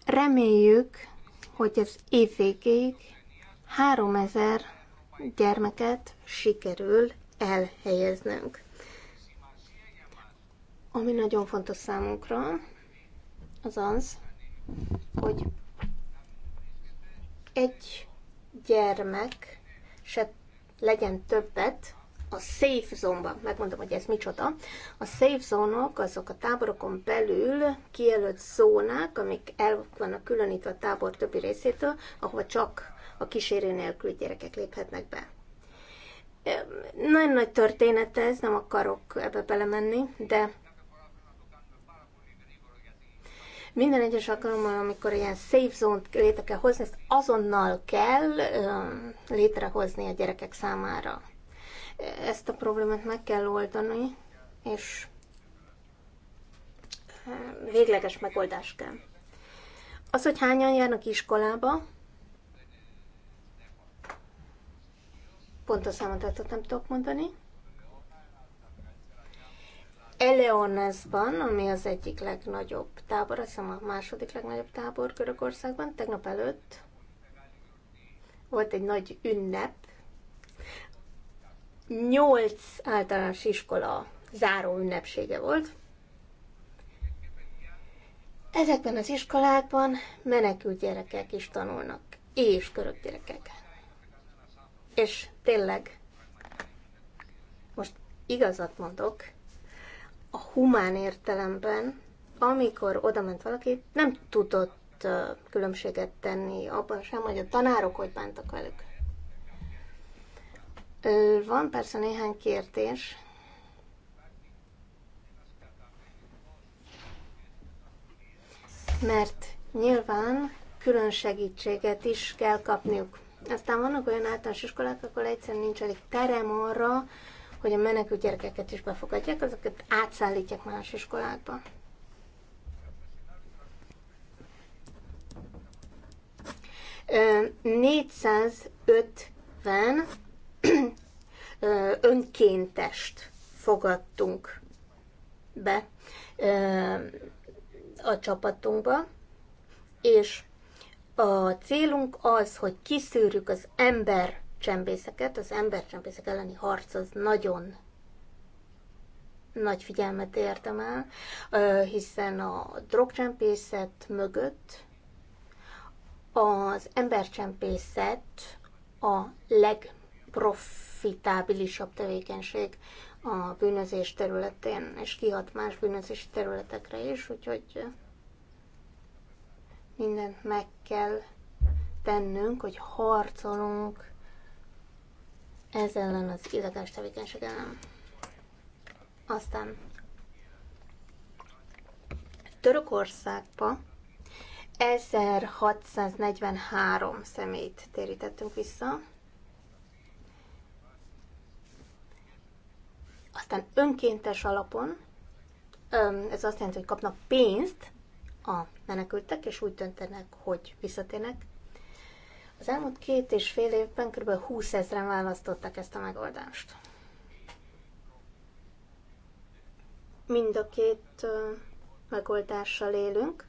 reméljük, hogy az év végéig 3000 gyermeket sikerül elhelyeznünk. Ami nagyon fontos számunkra, az az, hogy egy gyermek se legyen többet a safe zónban. Megmondom, hogy ez micsoda. A safe -ok, azok a táborokon belül kijelölt zónák, amik el vannak különítve a tábor többi részétől, ahova csak a kísérő nélküli gyerekek léphetnek be. Nagyon nagy történet ez, nem akarok ebbe belemenni, de Minden egyes alkalommal, amikor ilyen safe zone-t létre kell hozni, ezt azonnal kell létrehozni a gyerekek számára. Ezt a problémát meg kell oldani, és végleges megoldás kell. Az, hogy hányan járnak iskolába, pontos számot nem tudok mondani, Eleonesban, ami az egyik legnagyobb tábor, azt hiszem a második legnagyobb tábor Görögországban, tegnap előtt volt egy nagy ünnep. Nyolc általános iskola záró ünnepsége volt. Ezekben az iskolákban menekült gyerekek is tanulnak, és görög gyerekek. És tényleg, most igazat mondok, a humán értelemben, amikor odament valaki, nem tudott különbséget tenni abban sem, hogy a tanárok hogy bántak velük. Van persze néhány kérdés, mert nyilván külön segítséget is kell kapniuk. Aztán vannak olyan általános iskolák, akkor egyszerűen nincs elég terem arra, hogy a menekült gyerekeket is befogadják, azokat átszállítják más iskolákba. Ö, 450 ö, önkéntest fogadtunk be ö, a csapatunkba, és a célunk az, hogy kiszűrjük az ember csempészeket, az embercsempészek elleni harc az nagyon nagy figyelmet értem el, hiszen a drogcsempészet mögött az embercsempészet a legprofitábilisabb tevékenység a bűnözés területén, és kihat más bűnözési területekre is, úgyhogy mindent meg kell tennünk, hogy harcolunk ez ellen az illegális tevékenység ellen. Aztán Törökországba 1643 személyt térítettünk vissza. Aztán önkéntes alapon, ez azt jelenti, hogy kapnak pénzt a menekültek, és úgy döntenek, hogy visszatérnek. Az elmúlt két és fél évben kb. 20 ezeren választották ezt a megoldást. Mind a két megoldással élünk,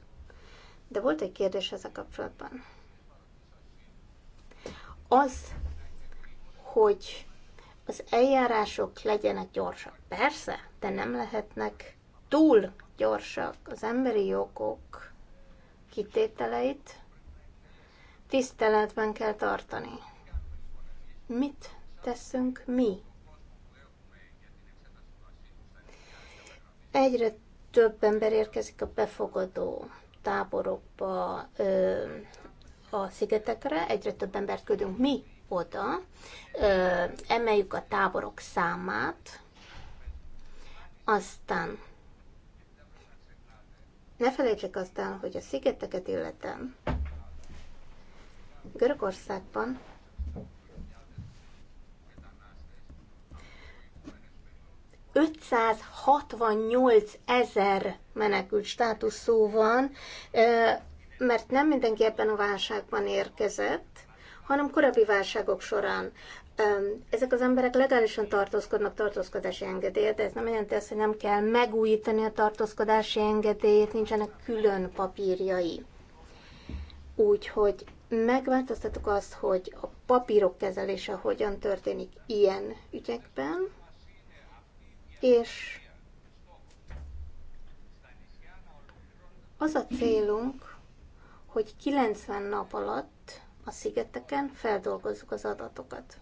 de volt egy kérdés ezzel kapcsolatban. Az, hogy az eljárások legyenek gyorsak. Persze, de nem lehetnek túl gyorsak az emberi jogok kitételeit tiszteletben kell tartani. Mit teszünk mi? Egyre több ember érkezik a befogadó táborokba, a szigetekre, egyre több embert küldünk mi oda, emeljük a táborok számát, aztán ne felejtsék aztán, hogy a szigeteket illetem Görögországban ...568 ezer menekült státuszú van, mert nem mindenki ebben a válságban érkezett, hanem korábbi válságok során. Ezek az emberek legálisan tartózkodnak tartózkodási engedélyet, de ez nem jelenti azt, hogy nem kell megújítani a tartózkodási engedélyt, nincsenek külön papírjai. Úgyhogy megváltoztatok azt, hogy a papírok kezelése hogyan történik ilyen ügyekben, és az a célunk, hogy 90 nap alatt a szigeteken feldolgozzuk az adatokat.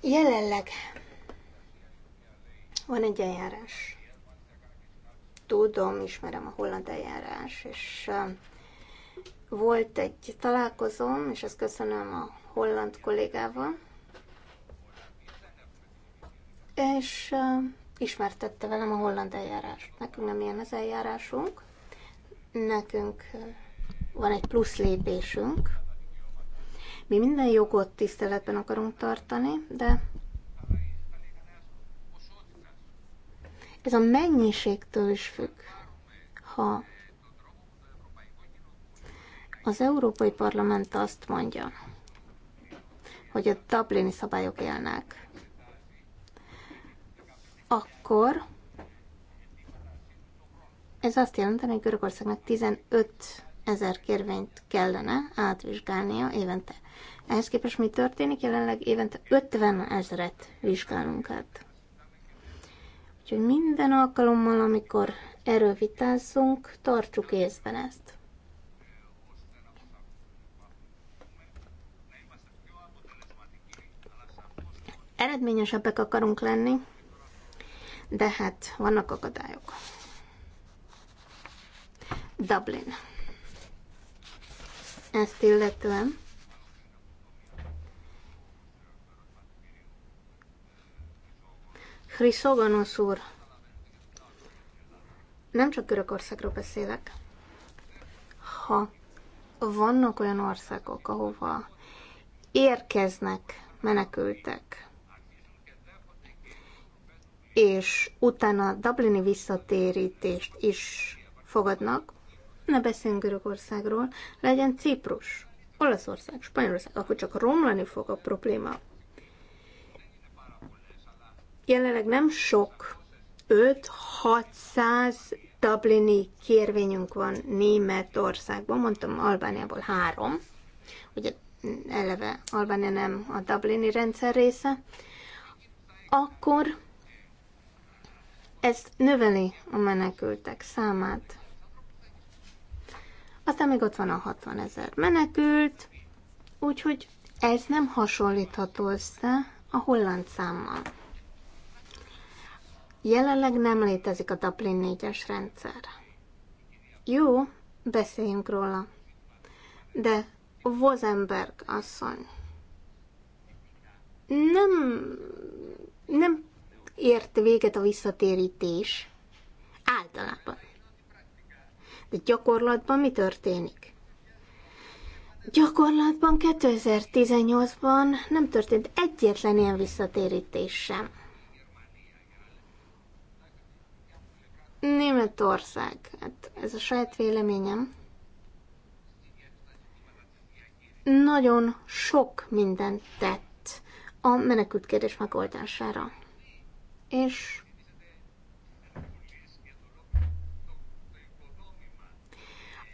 Jelenleg van egy eljárás. Tudom, ismerem a holland eljárás, és volt egy találkozóm, és ezt köszönöm a holland kollégával, és uh, ismertette velem a holland eljárást. Nekünk nem ilyen az eljárásunk, nekünk van egy plusz lépésünk. Mi minden jogot tiszteletben akarunk tartani, de ez a mennyiségtől is függ. Ha az Európai Parlament azt mondja, hogy a Dublini szabályok élnek, akkor ez azt jelenteni, hogy Görögországnak 15 ezer kérvényt kellene átvizsgálnia évente. Ehhez képest mi történik? Jelenleg évente 50 ezeret vizsgálunk át. Úgyhogy minden alkalommal, amikor erről vitázunk, tartsuk észben ezt. eredményesebbek akarunk lenni, de hát vannak akadályok. Dublin. Ezt illetően Hriszogonosz úr, nem csak Görögországról beszélek. Ha vannak olyan országok, ahova érkeznek menekültek, és utána Dublini visszatérítést is fogadnak, ne beszéljünk Görögországról, legyen Ciprus, Olaszország, Spanyolország, akkor csak romlani fog a probléma. Jelenleg nem sok, 5-600 Dublini kérvényünk van Németországban, mondtam Albániából három, ugye eleve Albánia nem a Dublini rendszer része, akkor ez növeli a menekültek számát. Aztán még ott van a 60 ezer menekült, úgyhogy ez nem hasonlítható össze a holland számmal. Jelenleg nem létezik a Dublin 4-es rendszer. Jó, beszéljünk róla. De Vozenberg asszony, nem, nem ért véget a visszatérítés általában. De gyakorlatban mi történik? Gyakorlatban 2018-ban nem történt egyetlen ilyen visszatérítés sem. Németország, hát ez a saját véleményem. Nagyon sok mindent tett a menekült kérdés megoldására és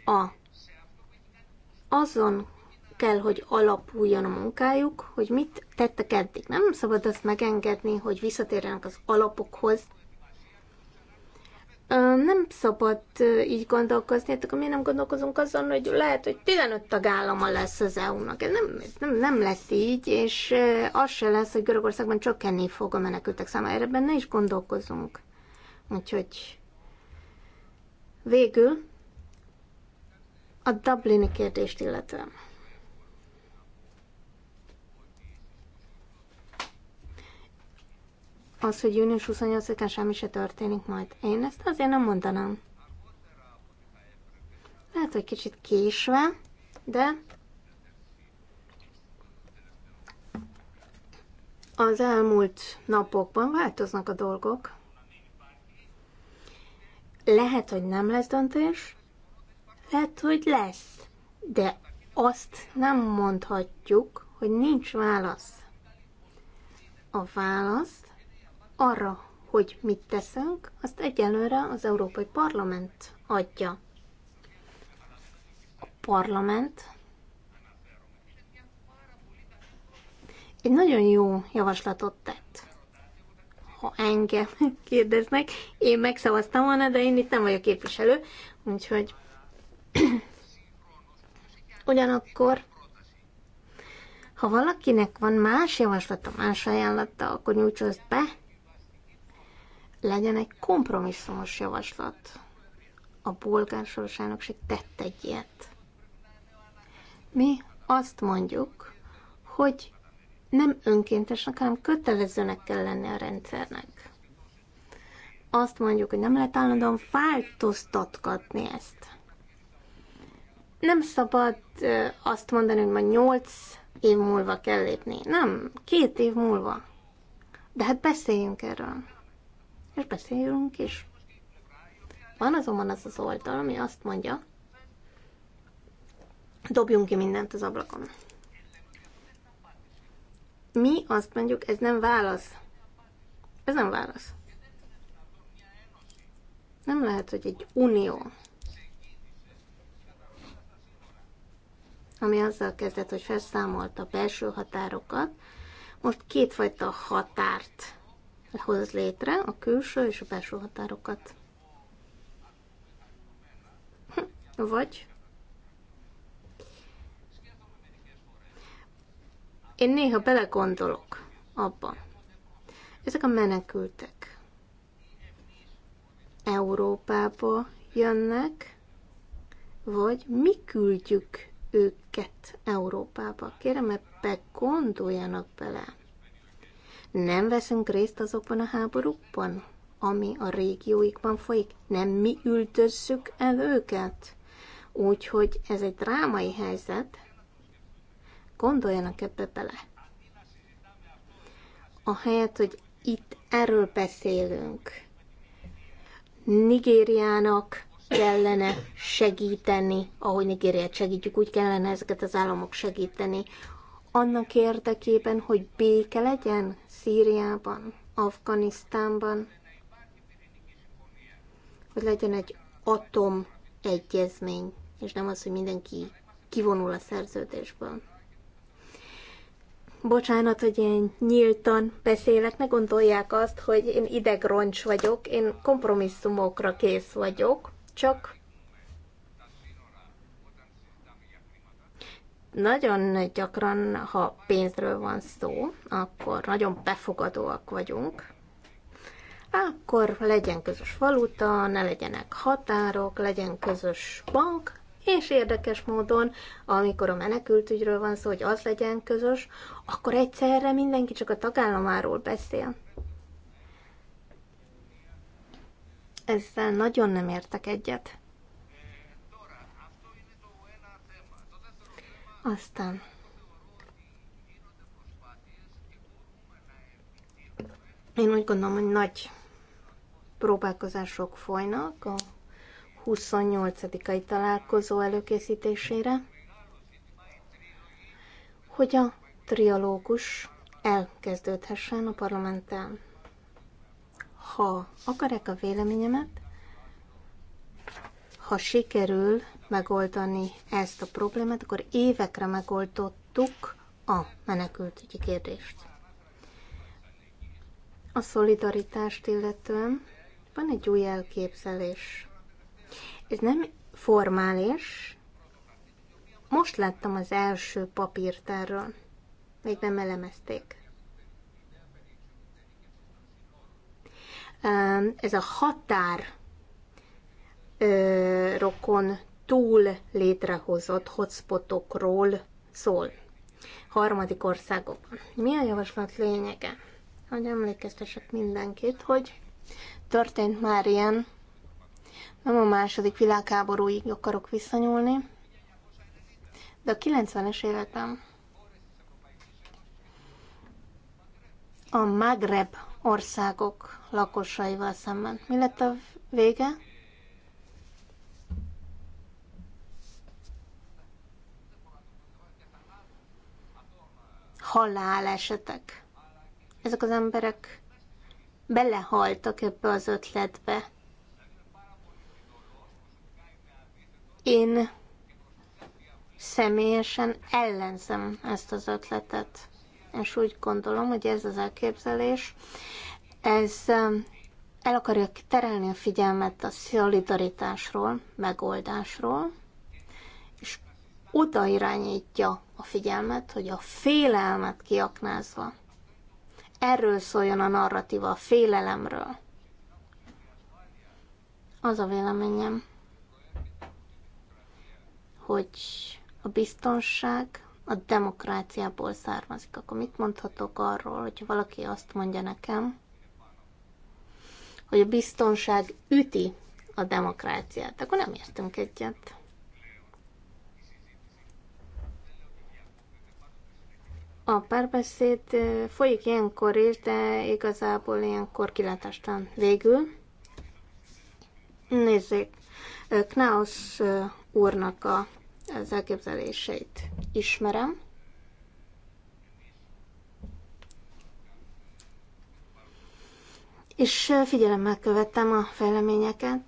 a, azon kell, hogy alapuljon a munkájuk, hogy mit tettek eddig. Nem szabad azt megengedni, hogy visszatérjenek az alapokhoz, nem szabad így gondolkozni, hát akkor mi nem gondolkozunk azon, hogy lehet, hogy 15 tagállama lesz az EU-nak. Ez nem, nem, nem lesz így, és az se lesz, hogy Görögországban csökkenni fog a menekültek száma. Erre benne is gondolkozunk. Úgyhogy végül a Dublini kérdést illetően. az, hogy június 28-án semmi se történik majd. Én ezt azért nem mondanám. Lehet, hogy kicsit késve, de az elmúlt napokban változnak a dolgok. Lehet, hogy nem lesz döntés, lehet, hogy lesz, de azt nem mondhatjuk, hogy nincs válasz. A válasz arra, hogy mit teszünk, azt egyelőre az Európai Parlament adja. A parlament egy nagyon jó javaslatot tett. Ha engem kérdeznek, én megszavaztam volna, de én itt nem vagyok képviselő, úgyhogy ugyanakkor ha valakinek van más javaslata, más ajánlata, akkor nyújtsa be, legyen egy kompromisszumos javaslat. A bolgár soros elnökség tett egy ilyet. Mi azt mondjuk, hogy nem önkéntesnek, hanem kötelezőnek kell lenni a rendszernek. Azt mondjuk, hogy nem lehet állandóan változtatgatni ezt. Nem szabad azt mondani, hogy ma nyolc év múlva kell lépni. Nem, két év múlva. De hát beszéljünk erről és beszéljünk is. Van azonban az az oldal, ami azt mondja, dobjunk ki mindent az ablakon. Mi azt mondjuk, ez nem válasz. Ez nem válasz. Nem lehet, hogy egy unió, ami azzal kezdett, hogy felszámolta a belső határokat, most kétfajta határt hoz létre a külső és a belső határokat. Hm. Vagy én néha belegondolok abban. Ezek a menekültek Európába jönnek, vagy mi küldjük őket Európába? Kérem, ebbe begondoljanak bele nem veszünk részt azokban a háborúkban, ami a régióikban folyik. Nem mi üldözzük el őket. Úgyhogy ez egy drámai helyzet. Gondoljanak ebbe bele. Ahelyett, hogy itt erről beszélünk, Nigériának kellene segíteni, ahogy Nigériát segítjük, úgy kellene ezeket az államok segíteni, annak érdekében, hogy béke legyen Szíriában, Afganisztánban, hogy legyen egy atom egyezmény, és nem az, hogy mindenki kivonul a szerződésből. Bocsánat, hogy én nyíltan beszélek, ne gondolják azt, hogy én idegroncs vagyok, én kompromisszumokra kész vagyok, csak Nagyon gyakran, ha pénzről van szó, akkor nagyon befogadóak vagyunk, akkor legyen közös valuta, ne legyenek határok, legyen közös bank, és érdekes módon, amikor a menekültügyről van szó, hogy az legyen közös, akkor egyszerre mindenki csak a tagállamáról beszél. Ezzel nagyon nem értek egyet. Aztán én úgy gondolom, hogy nagy próbálkozások folynak a 28-ai találkozó előkészítésére, hogy a trialógus elkezdődhessen a parlamenten. Ha akarják a véleményemet, ha sikerül megoldani ezt a problémát, akkor évekre megoldottuk a menekültügyi kérdést. A szolidaritást illetően van egy új elképzelés. Ez nem formális. Most láttam az első papírt erről. Még nem elemezték. Ez a határ rokon túl létrehozott hotspotokról szól. Harmadik országokban. Mi a javaslat lényege? Hogy emlékeztesek mindenkit, hogy történt már ilyen, nem a második világháborúig akarok visszanyúlni, de a 90-es életem a Magreb országok lakosaival szemben. Mi lett a vége? halálesetek. Ezek az emberek belehaltak ebbe az ötletbe. Én személyesen ellenzem ezt az ötletet. És úgy gondolom, hogy ez az elképzelés, ez um, el akarja terelni a figyelmet a szolidaritásról, megoldásról, oda irányítja a figyelmet, hogy a félelmet kiaknázva. Erről szóljon a narratíva, a félelemről. Az a véleményem, hogy a biztonság a demokráciából származik. Akkor mit mondhatok arról, hogy valaki azt mondja nekem, hogy a biztonság üti a demokráciát, akkor nem értünk egyet. A párbeszéd folyik ilyenkor is, de igazából ilyenkor kilátástan végül. Nézzék, Knaus úrnak a, az elképzeléseit ismerem. És figyelemmel követtem a fejleményeket,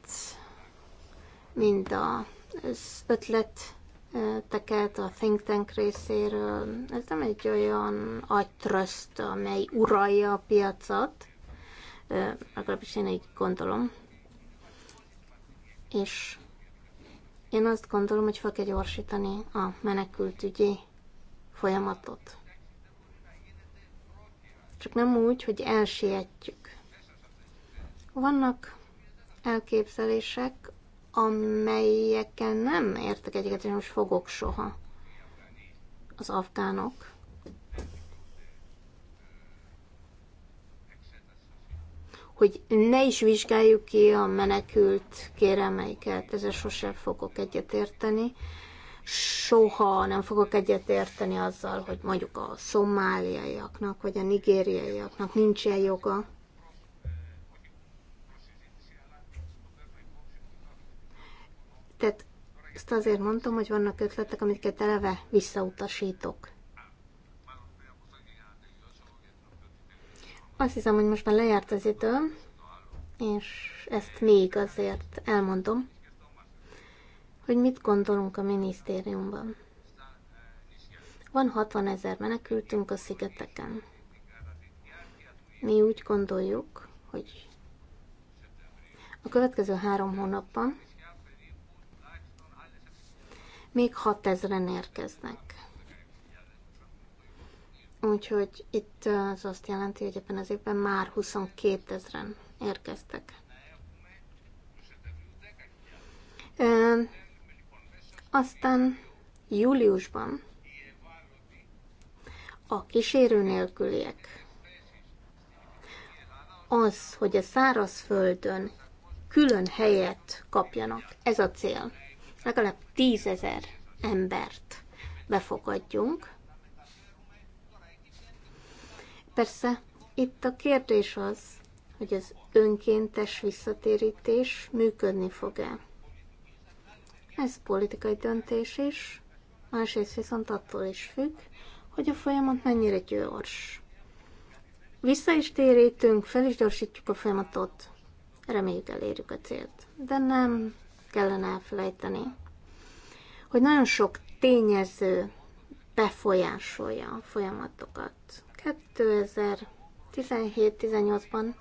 mind az ötlet teket a think tank részéről. Ez nem egy olyan agytröszt, amely uralja a piacot, legalábbis én így gondolom. És én azt gondolom, hogy fel kell gyorsítani a menekültügyi folyamatot. Csak nem úgy, hogy elsietjük. Vannak elképzelések amelyekkel nem értek egyet, és most fogok soha. Az afgánok. Hogy ne is vizsgáljuk ki a menekült kérelmeiket, ezzel sosem fogok egyetérteni. Soha nem fogok egyetérteni azzal, hogy mondjuk a szomáliaiaknak, vagy a nigériaiaknak nincsen joga Tehát ezt azért mondtam, hogy vannak ötletek, amiket eleve visszautasítok. Azt hiszem, hogy most már lejárt az időm, és ezt még azért elmondom, hogy mit gondolunk a minisztériumban. Van 60 ezer menekültünk a szigeteken. Mi úgy gondoljuk, hogy a következő három hónapban még 6000-en érkeznek. Úgyhogy itt az azt jelenti, hogy ebben az évben már 22000-en érkeztek. E, aztán júliusban a kísérő nélküliek. Az, hogy a szárazföldön külön helyet kapjanak, ez a cél legalább tízezer embert befogadjunk. Persze itt a kérdés az, hogy az önkéntes visszatérítés működni fog-e. Ez politikai döntés is, másrészt viszont attól is függ, hogy a folyamat mennyire gyors. Vissza is térítünk, fel is gyorsítjuk a folyamatot, reméljük elérjük a célt. De nem kellene elfelejteni, hogy nagyon sok tényező befolyásolja a folyamatokat. 2017-18-ban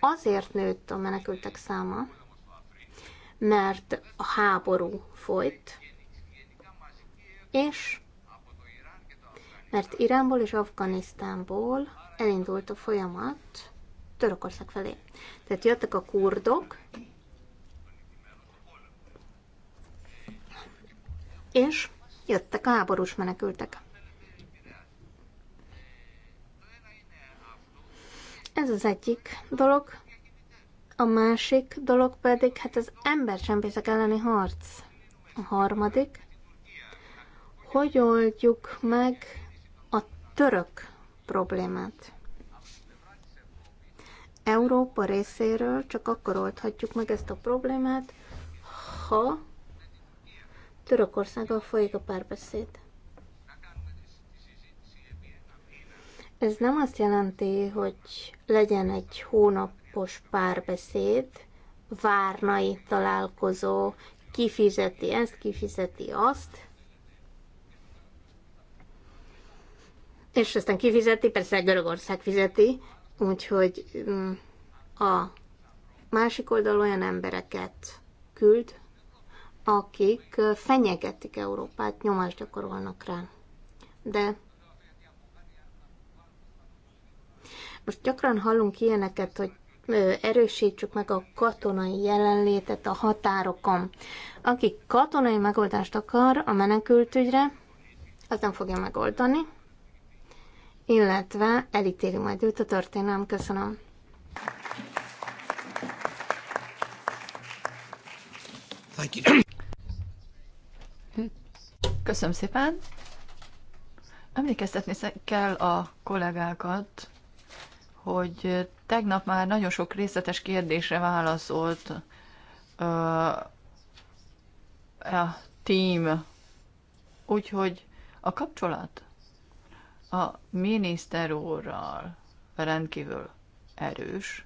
azért nőtt a menekültek száma, mert a háború folyt, és mert Iránból és Afganisztánból elindult a folyamat Törökország felé. Tehát jöttek a kurdok, és jöttek a háborús menekültek. Ez az egyik dolog. A másik dolog pedig, hát az embercsempészek elleni harc. A harmadik, hogy oldjuk meg a török problémát. Európa részéről csak akkor oldhatjuk meg ezt a problémát, ha Törökországgal folyik a párbeszéd. Ez nem azt jelenti, hogy legyen egy hónapos párbeszéd, várnai találkozó, kifizeti ezt, kifizeti azt, és aztán kifizeti, persze Görögország fizeti, úgyhogy mm, a másik oldal olyan embereket küld, akik fenyegetik Európát, nyomást gyakorolnak rá. De most gyakran hallunk ilyeneket, hogy erősítsük meg a katonai jelenlétet a határokon. Aki katonai megoldást akar a menekültügyre, az nem fogja megoldani, illetve elítéli majd őt a történelem. Köszönöm. Thank you. Köszönöm szépen. Emlékeztetni kell a kollégákat, hogy tegnap már nagyon sok részletes kérdésre válaszolt a team. Úgyhogy a kapcsolat a miniszter úrral rendkívül erős.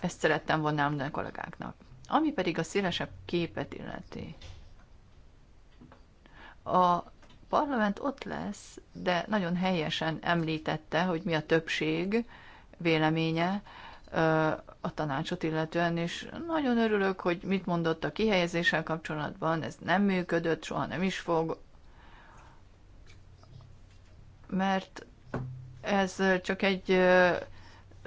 Ezt szerettem volna a kollégáknak. Ami pedig a szélesebb képet illeti. A parlament ott lesz, de nagyon helyesen említette, hogy mi a többség véleménye a tanácsot illetően, és nagyon örülök, hogy mit mondott a kihelyezéssel kapcsolatban, ez nem működött, soha nem is fog, mert ez csak egy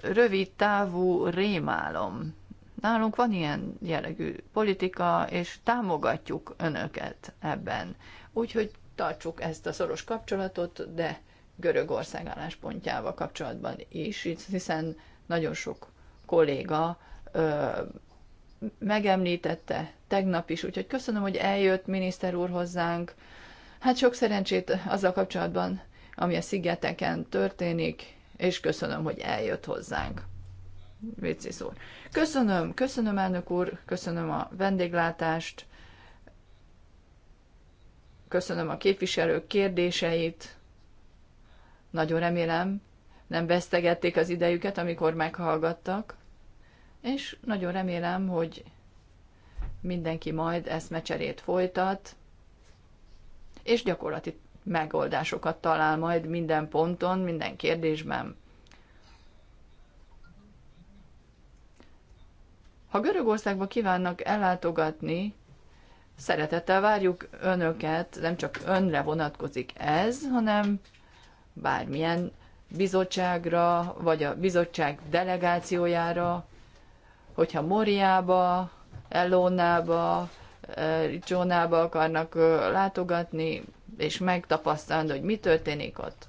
rövid távú rémálom. Nálunk van ilyen jellegű politika, és támogatjuk önöket ebben. Úgyhogy tartsuk ezt a szoros kapcsolatot, de Görögország álláspontjával kapcsolatban is, hiszen nagyon sok kolléga ö, megemlítette tegnap is, úgyhogy köszönöm, hogy eljött miniszter úr hozzánk. Hát sok szerencsét azzal kapcsolatban, ami a szigeteken történik, és köszönöm, hogy eljött hozzánk. Viccis szó. Köszönöm, köszönöm elnök úr, köszönöm a vendéglátást, köszönöm a képviselők kérdéseit. Nagyon remélem, nem vesztegették az idejüket, amikor meghallgattak. És nagyon remélem, hogy mindenki majd eszmecserét folytat, és gyakorlati megoldásokat talál majd minden ponton, minden kérdésben. Ha Görögországba kívánnak ellátogatni, Szeretettel várjuk önöket, nem csak önre vonatkozik ez, hanem bármilyen bizottságra, vagy a bizottság delegációjára, hogyha Moriába, Ellónába, eh, Ricsónába akarnak eh, látogatni, és megtapasztalni, hogy mi történik ott.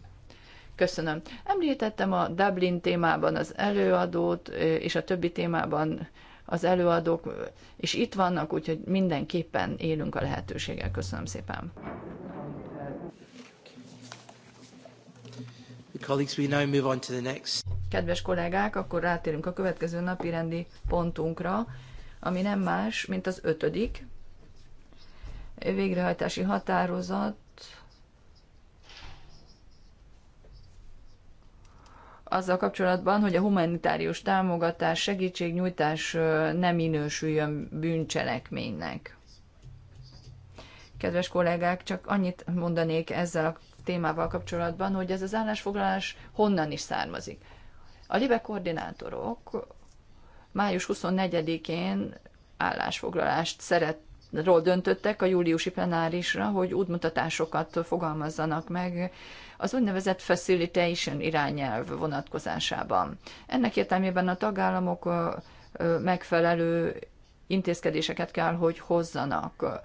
Köszönöm. Említettem a Dublin témában az előadót, eh, és a többi témában az előadók, és itt vannak, úgyhogy mindenképpen élünk a lehetőséggel. Köszönöm szépen. Kedves kollégák, akkor rátérünk a következő napi rendi pontunkra, ami nem más, mint az ötödik végrehajtási határozat azzal kapcsolatban, hogy a humanitárius támogatás, segítségnyújtás nem minősüljön bűncselekménynek. Kedves kollégák, csak annyit mondanék ezzel a témával kapcsolatban, hogy ez az állásfoglalás honnan is származik. A libe koordinátorok május 24-én állásfoglalást szeret, ról döntöttek a júliusi plenárisra, hogy útmutatásokat fogalmazzanak meg az úgynevezett facilitation irányelv vonatkozásában. Ennek értelmében a tagállamok megfelelő intézkedéseket kell, hogy hozzanak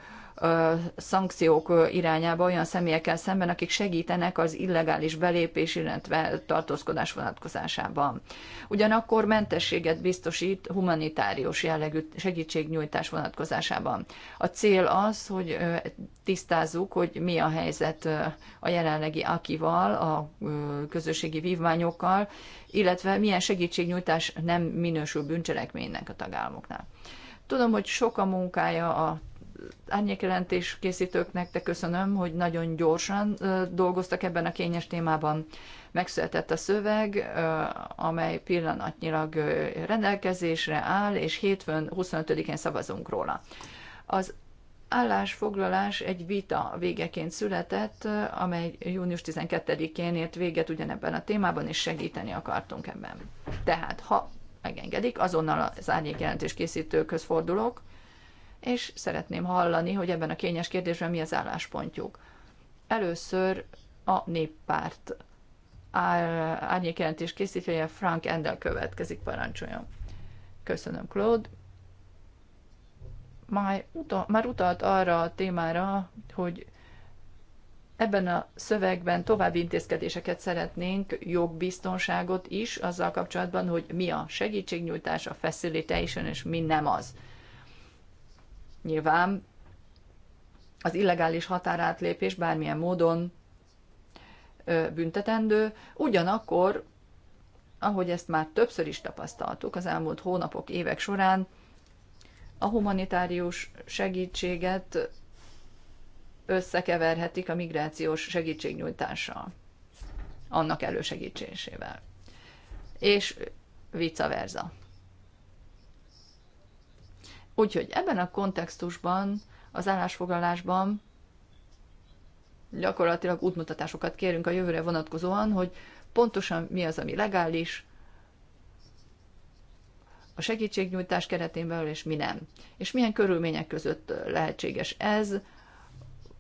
szankciók irányába olyan személyekkel szemben, akik segítenek az illegális belépés, illetve tartózkodás vonatkozásában. Ugyanakkor mentességet biztosít humanitárius jellegű segítségnyújtás vonatkozásában. A cél az, hogy tisztázzuk, hogy mi a helyzet a jelenlegi akival, a közösségi vívmányokkal, illetve milyen segítségnyújtás nem minősül bűncselekménynek a tagállamoknál. Tudom, hogy sok a munkája a árnyékjelentés készítőknek, de köszönöm, hogy nagyon gyorsan dolgoztak ebben a kényes témában. Megszületett a szöveg, amely pillanatnyilag rendelkezésre áll, és hétfőn 25-én szavazunk róla. Az állásfoglalás egy vita végeként született, amely június 12-én ért véget ugyanebben a témában, és segíteni akartunk ebben. Tehát, ha megengedik, azonnal az árnyék jelentés készítőkhöz fordulok, és szeretném hallani, hogy ebben a kényes kérdésben mi az álláspontjuk. Először a néppárt árnyékjelentés készítője Frank Endel következik, parancsoljon. Köszönöm, Claude. Már, utal, már utalt arra a témára, hogy ebben a szövegben további intézkedéseket szeretnénk, jogbiztonságot is azzal kapcsolatban, hogy mi a segítségnyújtás, a facilitation és mi nem az. Nyilván az illegális határátlépés bármilyen módon büntetendő, ugyanakkor, ahogy ezt már többször is tapasztaltuk az elmúlt hónapok, évek során, a humanitárius segítséget összekeverhetik a migrációs segítségnyújtással, annak elősegítésével. És vice versa. Úgyhogy ebben a kontextusban, az állásfoglalásban gyakorlatilag útmutatásokat kérünk a jövőre vonatkozóan, hogy pontosan mi az, ami legális, a segítségnyújtás keretén belül, és mi nem. És milyen körülmények között lehetséges ez,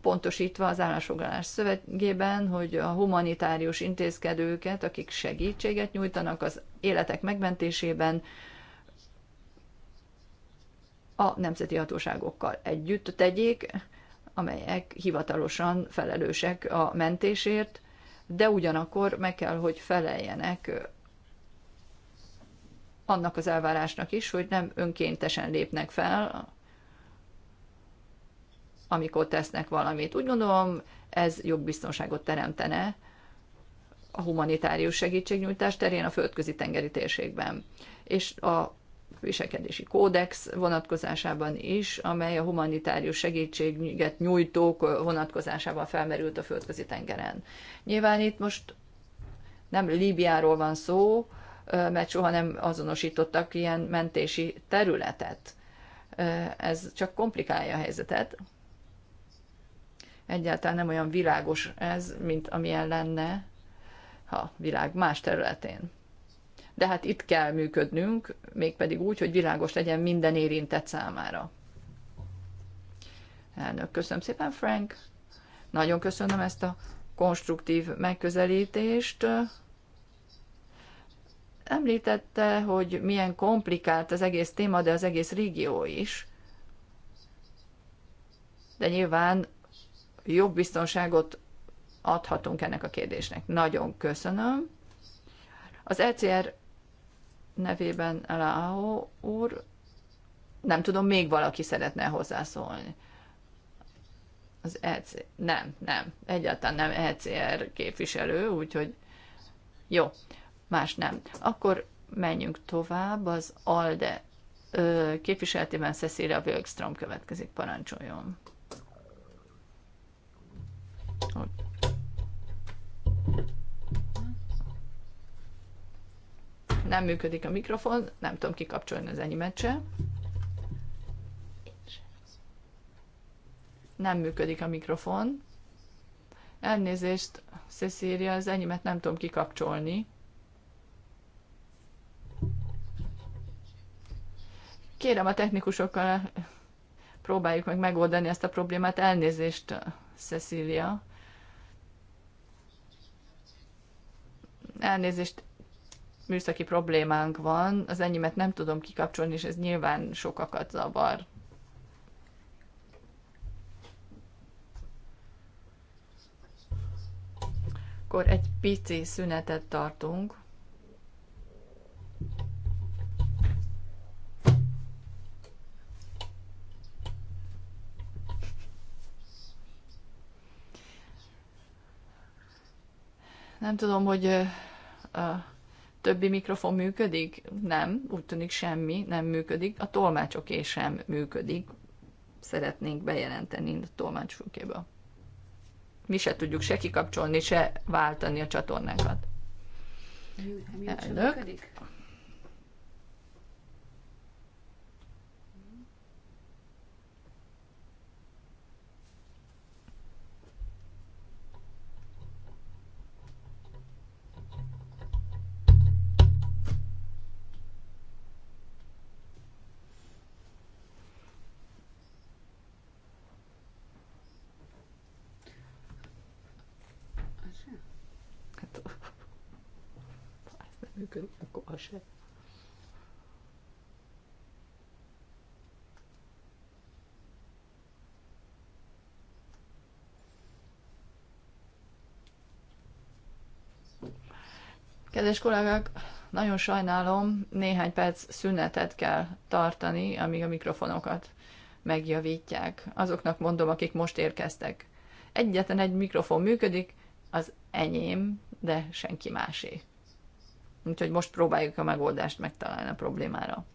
pontosítva az állásfoglalás szövegében, hogy a humanitárius intézkedőket, akik segítséget nyújtanak az életek megmentésében, a nemzeti hatóságokkal együtt tegyék, amelyek hivatalosan felelősek a mentésért, de ugyanakkor meg kell, hogy feleljenek annak az elvárásnak is, hogy nem önkéntesen lépnek fel, amikor tesznek valamit. Úgy gondolom, ez jogbiztonságot teremtene a humanitárius segítségnyújtás terén a földközi tengeri térségben. És a viselkedési kódex vonatkozásában is, amely a humanitárius segítséget nyújtók vonatkozásában felmerült a földközi tengeren. Nyilván itt most nem Líbiáról van szó, mert soha nem azonosítottak ilyen mentési területet. Ez csak komplikálja a helyzetet. Egyáltalán nem olyan világos ez, mint amilyen lenne, ha világ más területén de hát itt kell működnünk, mégpedig úgy, hogy világos legyen minden érintett számára. Elnök, köszönöm szépen, Frank. Nagyon köszönöm ezt a konstruktív megközelítést. Említette, hogy milyen komplikált az egész téma, de az egész régió is. De nyilván jobb biztonságot adhatunk ennek a kérdésnek. Nagyon köszönöm. Az ECR nevében Elaho úr, nem tudom, még valaki szeretne hozzászólni. Az EC... Nem, nem. Egyáltalán nem ECR képviselő, úgyhogy jó, más nem. Akkor menjünk tovább, az ALDE ö, képviseletében Cecilia Wilkström következik, parancsoljon. Ott. nem működik a mikrofon, nem tudom kikapcsolni az enyémet se. Nem működik a mikrofon. Elnézést, Cecília, az enyémet nem tudom kikapcsolni. Kérem a technikusokkal próbáljuk meg megoldani ezt a problémát. Elnézést, Cecília. Elnézést, műszaki problémánk van, az enyémet nem tudom kikapcsolni, és ez nyilván sokakat zavar. Akkor egy pici szünetet tartunk. Nem tudom, hogy uh, többi mikrofon működik? Nem, úgy tűnik semmi nem működik. A tolmácsoké sem működik. Szeretnénk bejelenteni a tolmácsfülkéből. Mi se tudjuk se kikapcsolni, se váltani a csatornákat. Elnök. is. Kedves kollégák, nagyon sajnálom, néhány perc szünetet kell tartani, amíg a mikrofonokat megjavítják. Azoknak mondom, akik most érkeztek. Egyetlen egy mikrofon működik, az enyém, de senki másé. Úgyhogy most próbáljuk a megoldást megtalálni a problémára.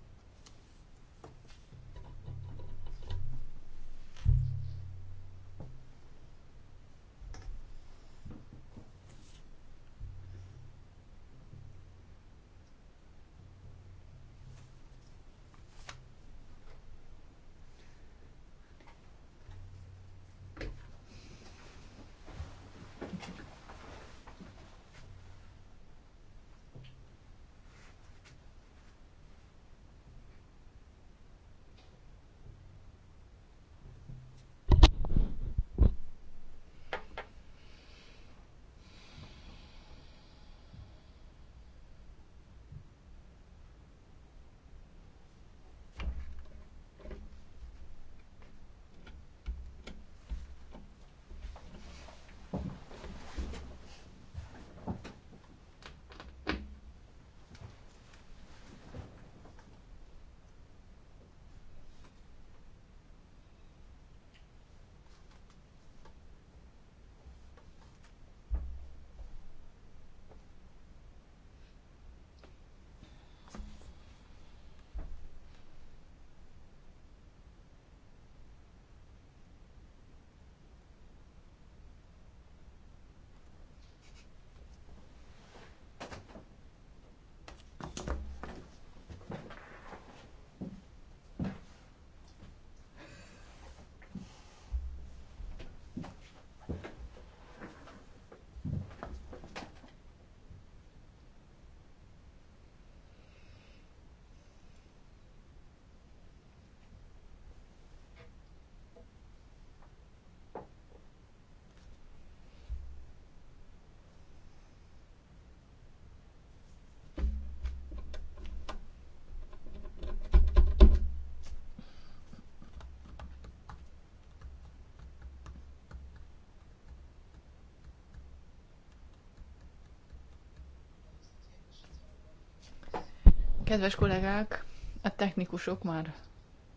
Kedves kollégák, a technikusok már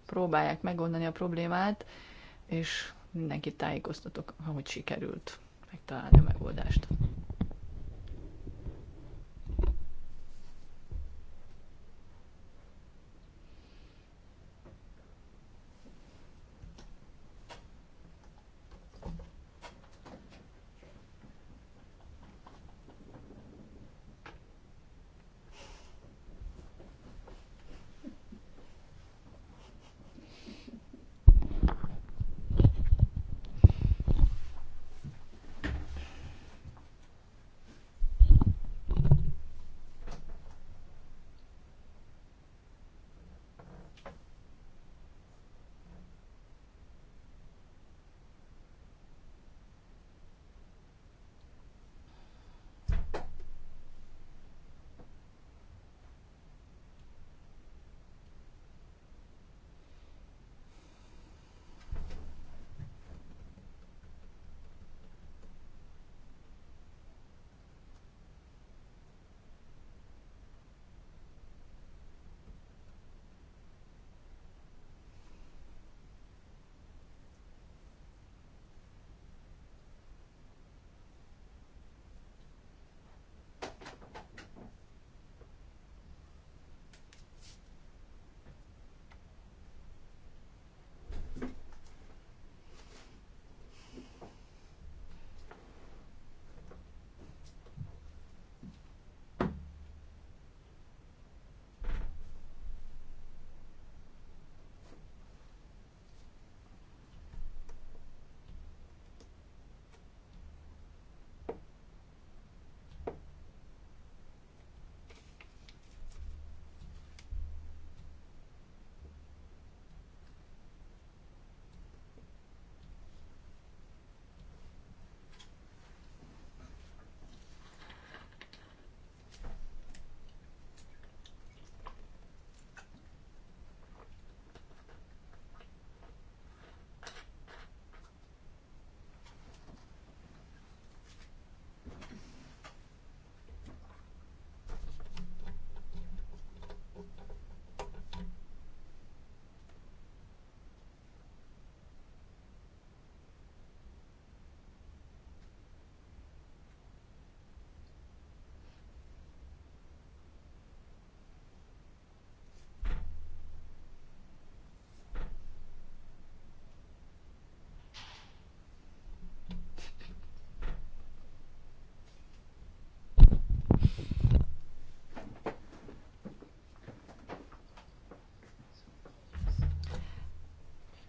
próbálják megoldani a problémát, és mindenkit tájékoztatok, ahogy sikerült megtalálni a megoldást.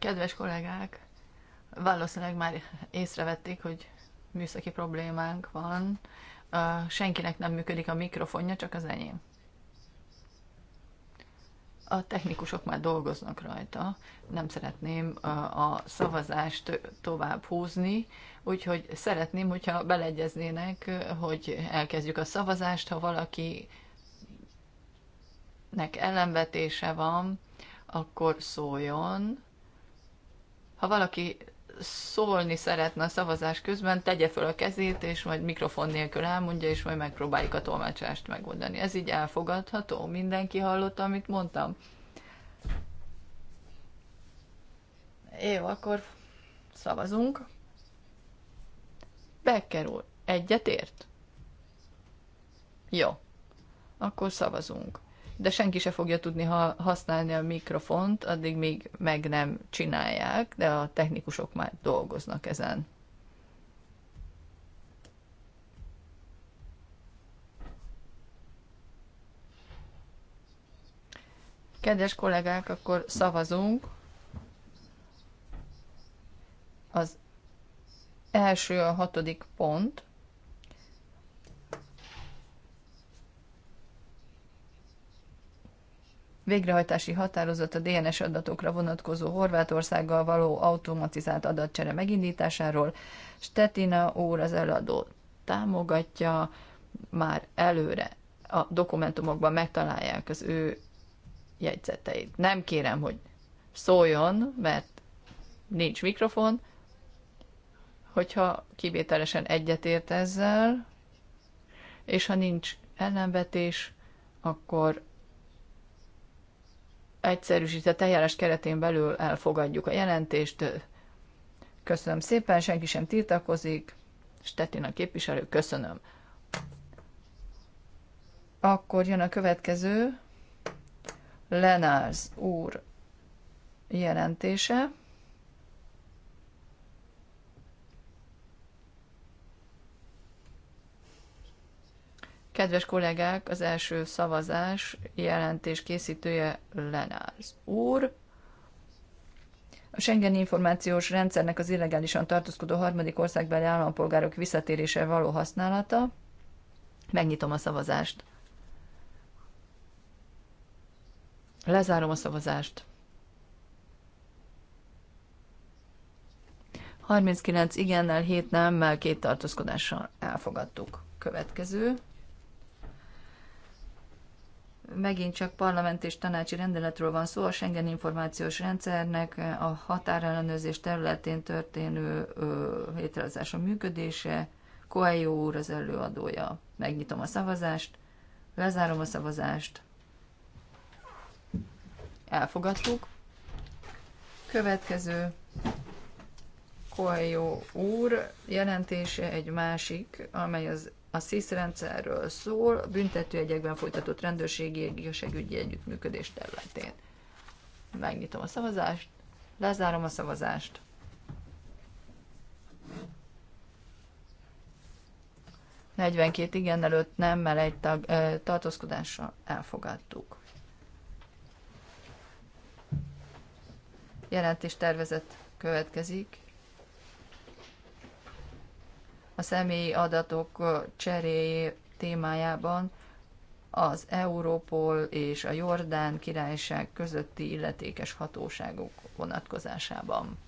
Kedves kollégák, valószínűleg már észrevették, hogy műszaki problémánk van. Senkinek nem működik a mikrofonja, csak az enyém. A technikusok már dolgoznak rajta, nem szeretném a szavazást tovább húzni, úgyhogy szeretném, hogyha beleegyeznének, hogy elkezdjük a szavazást, ha valaki nek ellenvetése van, akkor szóljon, ha valaki szólni szeretne a szavazás közben, tegye föl a kezét, és majd mikrofon nélkül elmondja, és majd megpróbáljuk a tolmácsást megoldani. Ez így elfogadható? Mindenki hallotta, amit mondtam? Jó, akkor szavazunk. Becker úr, egyetért? Jó, akkor szavazunk de senki se fogja tudni ha használni a mikrofont, addig még meg nem csinálják, de a technikusok már dolgoznak ezen. Kedves kollégák, akkor szavazunk. Az első, a hatodik pont. végrehajtási határozat a DNS adatokra vonatkozó Horvátországgal való automatizált adatcsere megindításáról. Stetina úr az eladó támogatja, már előre a dokumentumokban megtalálják az ő jegyzeteit. Nem kérem, hogy szóljon, mert nincs mikrofon, hogyha kivételesen egyetért ezzel, és ha nincs ellenvetés, akkor egyszerűsített eljárás keretén belül elfogadjuk a jelentést. Köszönöm szépen, senki sem tiltakozik. Stetina képviselő, köszönöm. Akkor jön a következő. Lenárs úr jelentése. Kedves kollégák, az első szavazás jelentés készítője Lenáz úr. A Schengen információs rendszernek az illegálisan tartózkodó harmadik országbeli állampolgárok visszatérése való használata. Megnyitom a szavazást. Lezárom a szavazást. 39 igennel, 7 nemmel, két tartózkodással elfogadtuk. Következő megint csak parlament és tanácsi rendeletről van szó, a Schengen információs rendszernek a határellenőrzés területén történő létrehozása működése. Koelyó úr az előadója. Megnyitom a szavazást, lezárom a szavazást. Elfogadtuk. Következő Koelyó úr jelentése egy másik, amely az a SZISZ rendszerről szól, a büntetőegyekben folytatott rendőrségi igazságügyi együttműködés területén. Megnyitom a szavazást, lezárom a szavazást. Negyvenkét igen előtt nemmel egy tag, ö, tartózkodással elfogadtuk. Jelentés tervezet következik a személyi adatok cseréje témájában az Európol és a Jordán királyság közötti illetékes hatóságok vonatkozásában.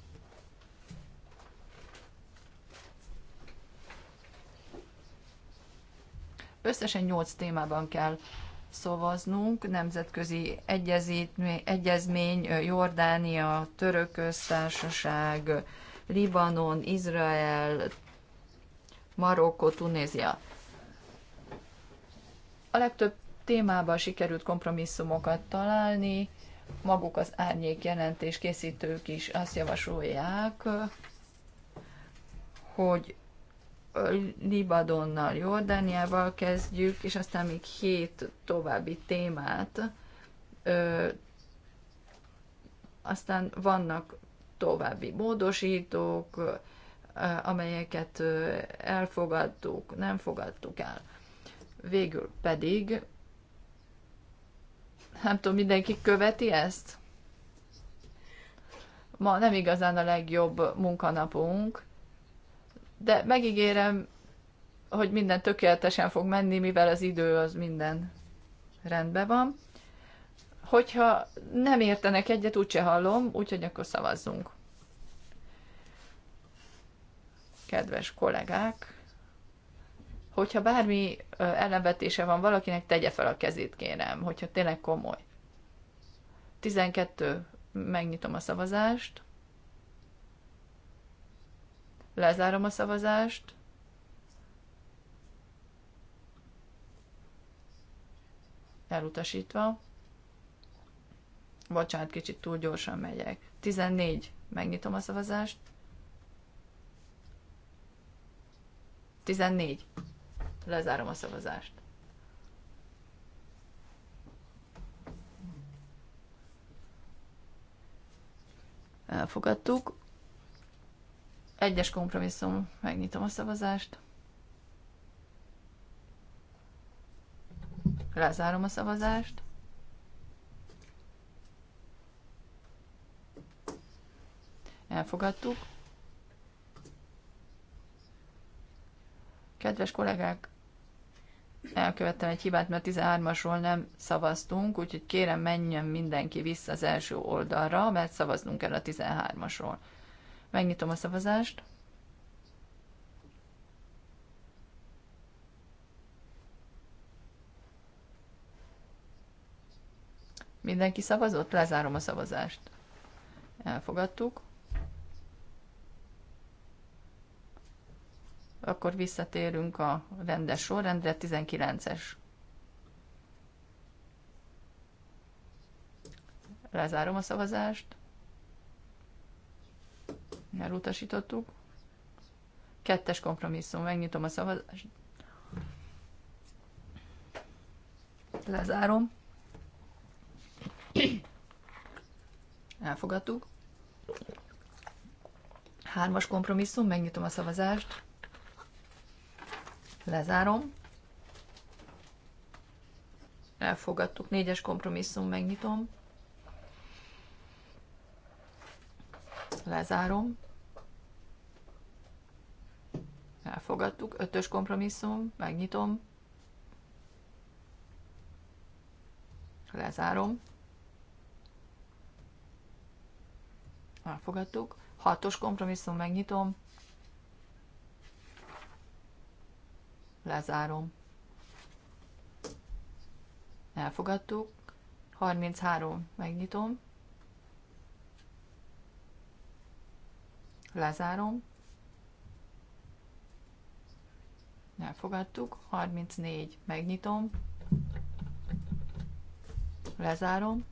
Összesen 8 témában kell szavaznunk, nemzetközi egyezmény, Jordánia, Török Köztársaság, Libanon, Izrael, Marokkó, Tunézia. A legtöbb témában sikerült kompromisszumokat találni, maguk az árnyék jelentés készítők is azt javasolják, hogy Libadonnal, Jordániával kezdjük, és aztán még hét további témát. Ö, aztán vannak további módosítók, Eh, amelyeket eh, elfogadtuk, nem fogadtuk el. Végül pedig, nem tudom, mindenki követi ezt? Ma nem igazán a legjobb munkanapunk, de megígérem, hogy minden tökéletesen fog menni, mivel az idő az minden rendben van. Hogyha nem értenek egyet, úgyse hallom, úgyhogy akkor szavazzunk. kedves kollégák, hogyha bármi ellenvetése van valakinek, tegye fel a kezét, kérem, hogyha tényleg komoly. 12. Megnyitom a szavazást. Lezárom a szavazást. Elutasítva. Bocsánat, kicsit túl gyorsan megyek. 14. Megnyitom a szavazást. 14. Lezárom a szavazást. Elfogadtuk. Egyes kompromisszum, megnyitom a szavazást. Lezárom a szavazást. Elfogadtuk. Kedves kollégák, elkövettem egy hibát, mert 13-asról nem szavaztunk, úgyhogy kérem menjen mindenki vissza az első oldalra, mert szavaznunk kell a 13-asról. Megnyitom a szavazást. Mindenki szavazott? Lezárom a szavazást. Elfogadtuk. akkor visszatérünk a rendes sorrendre, 19-es. Lezárom a szavazást. Elutasítottuk. Kettes kompromisszum, megnyitom a szavazást. Lezárom. Elfogadtuk. Hármas kompromisszum, megnyitom a szavazást. Lezárom. Elfogadtuk. Négyes kompromisszum, megnyitom. Lezárom. Elfogadtuk. Ötös kompromisszum, megnyitom. Lezárom. Elfogadtuk. Hatos kompromisszum, megnyitom. Lezárom. Elfogadtuk. 33. Megnyitom. Lezárom. Elfogadtuk. 34. Megnyitom. Lezárom.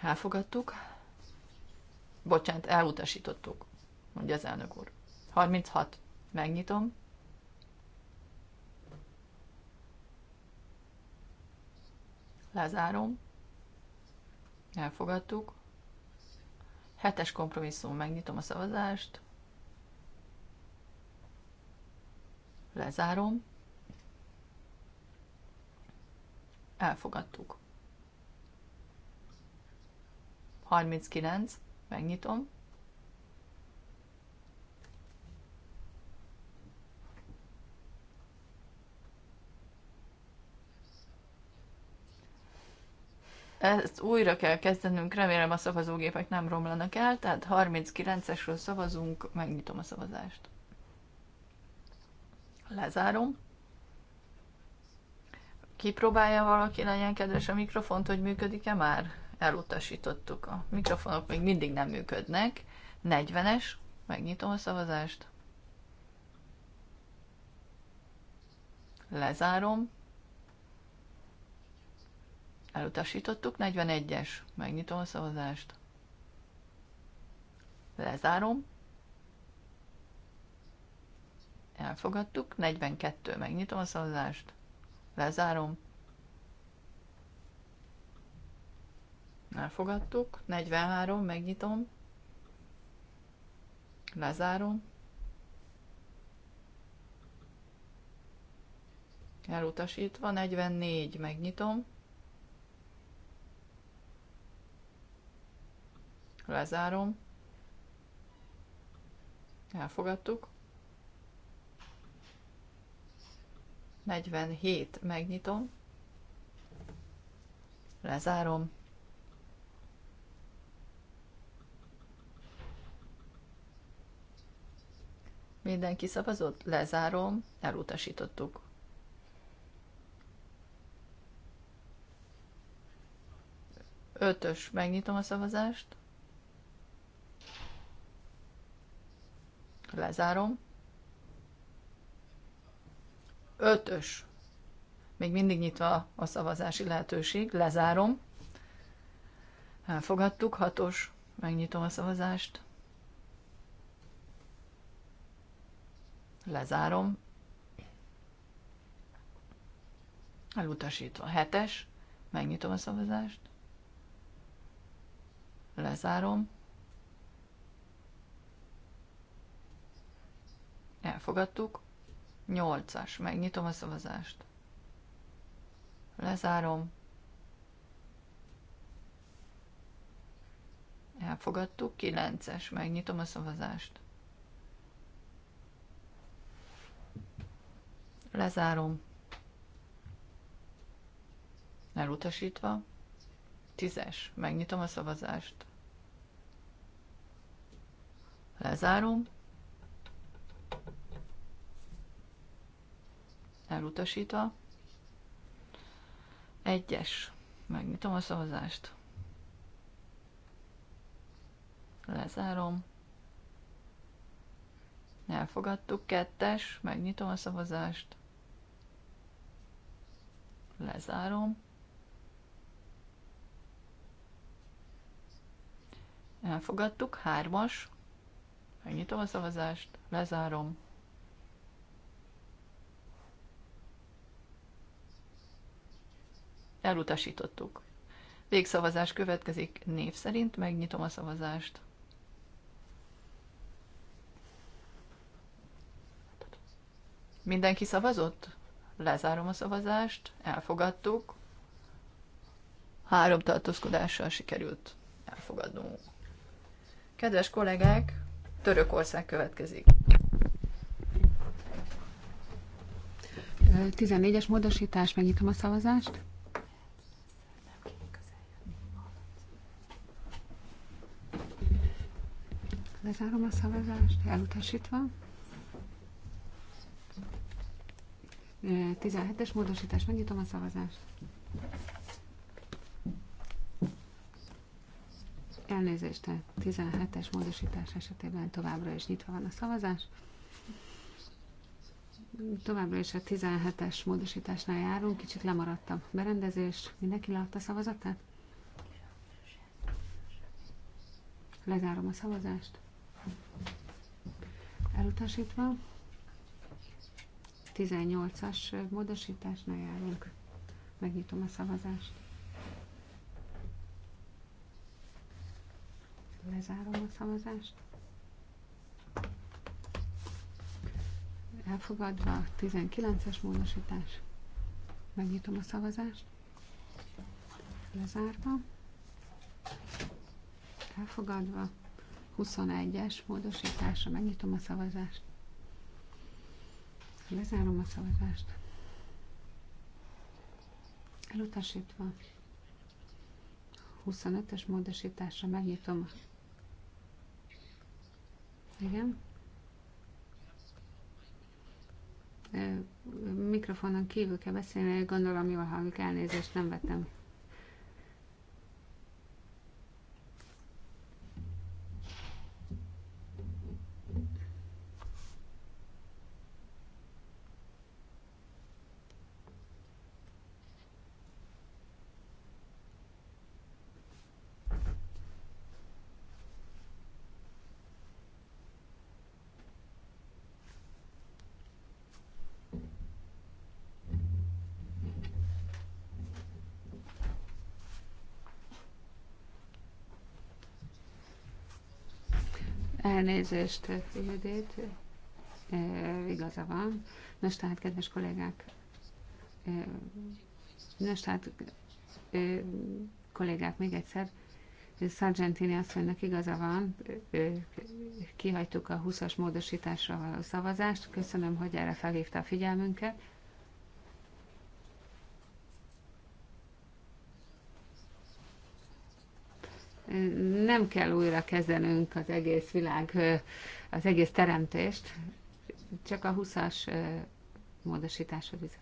Elfogadtuk. Bocsánat, elutasítottuk, mondja az elnök úr. 36. Megnyitom. Lezárom. Elfogadtuk. Hetes kompromisszum, megnyitom a szavazást. Lezárom. Elfogadtuk. 39, megnyitom. Ezt újra kell kezdenünk, remélem a szavazógépek nem romlanak el, tehát 39-esről szavazunk, megnyitom a szavazást. Lezárom. Kipróbálja valaki, legyen kedves a mikrofont, hogy működik-e már? Elutasítottuk. A mikrofonok még mindig nem működnek. 40-es, megnyitom a szavazást. Lezárom. Elutasítottuk. 41-es. Megnyitom a szavazást. Lezárom. Elfogadtuk. 42. Megnyitom a szavazást. Lezárom. Elfogadtuk. 43. Megnyitom. Lezárom. Elutasítva. 44. Megnyitom. Lezárom. Elfogadtuk. 47 megnyitom. Lezárom. Mindenki szavazott? Lezárom. Elutasítottuk. Ötös. Megnyitom a szavazást. Lezárom. Ötös. Még mindig nyitva a szavazási lehetőség. Lezárom. Elfogadtuk. Hatos. Megnyitom a szavazást. Lezárom. Elutasítva. Hetes. Megnyitom a szavazást. Lezárom. Elfogadtuk. 8-as. Megnyitom a szavazást. Lezárom. Elfogadtuk. 9-es. Megnyitom a szavazást. Lezárom. Elutasítva. 10-es. Megnyitom a szavazást. Lezárom. elutasítva. Egyes. Megnyitom a szavazást. Lezárom. Elfogadtuk. Kettes. Megnyitom a szavazást. Lezárom. Elfogadtuk. Hármas. Megnyitom a szavazást. Lezárom. Elutasítottuk. Végszavazás következik név szerint, megnyitom a szavazást. Mindenki szavazott? Lezárom a szavazást, elfogadtuk. Három tartózkodással sikerült elfogadnunk. Kedves kollégák, Törökország következik. 14-es módosítás, megnyitom a szavazást. Lezárom a szavazást, elutasítva. 17-es módosítás, megnyitom a szavazást. Elnézést, tehát 17-es módosítás esetében továbbra is nyitva van a szavazás. Továbbra is a 17-es módosításnál járunk, kicsit lemaradt a berendezés. Mindenki látta a szavazatát? Lezárom a szavazást. Elutasítva. 18-as módosításnál járunk. Megnyitom a szavazást. Lezárom a szavazást. Elfogadva 19-es módosítás. Megnyitom a szavazást. Lezárva. Elfogadva 21-es módosításra megnyitom a szavazást. Lezárom a szavazást. Elutasítva. 25 es módosításra megnyitom. Igen. Mikrofonon kívül kell beszélni, gondolom jól halljuk, elnézést nem vettem Elnézést, Judit, e, igaza van. Nos, tehát, kedves kollégák, e, nos, tehát, e, kollégák, még egyszer, Sargentini asszonynak igaza van, kihagytuk a 20-as módosításra való szavazást. Köszönöm, hogy erre felhívta a figyelmünket. nem kell újra kezdenünk az egész világ, az egész teremtést, csak a 20-as módosításhoz bizony.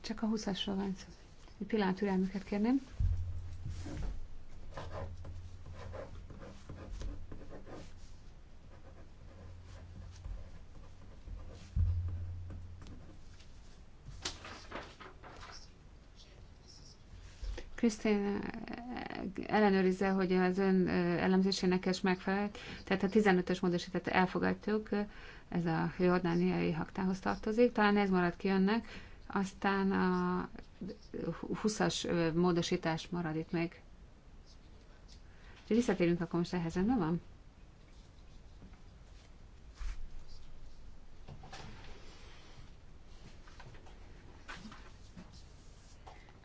Csak a 20-asról van szó. Egy pillanat türelmüket kérném. Krisztin eh, ellenőrizze, hogy az ön eh, elemzésének ez megfelelt. Tehát a 15-ös módosítást elfogadjuk, eh, ez a jordániai haktához tartozik. Talán ez marad ki önnek. Aztán a 20-as módosítás marad itt még. visszatérünk akkor most ehhez, nem van?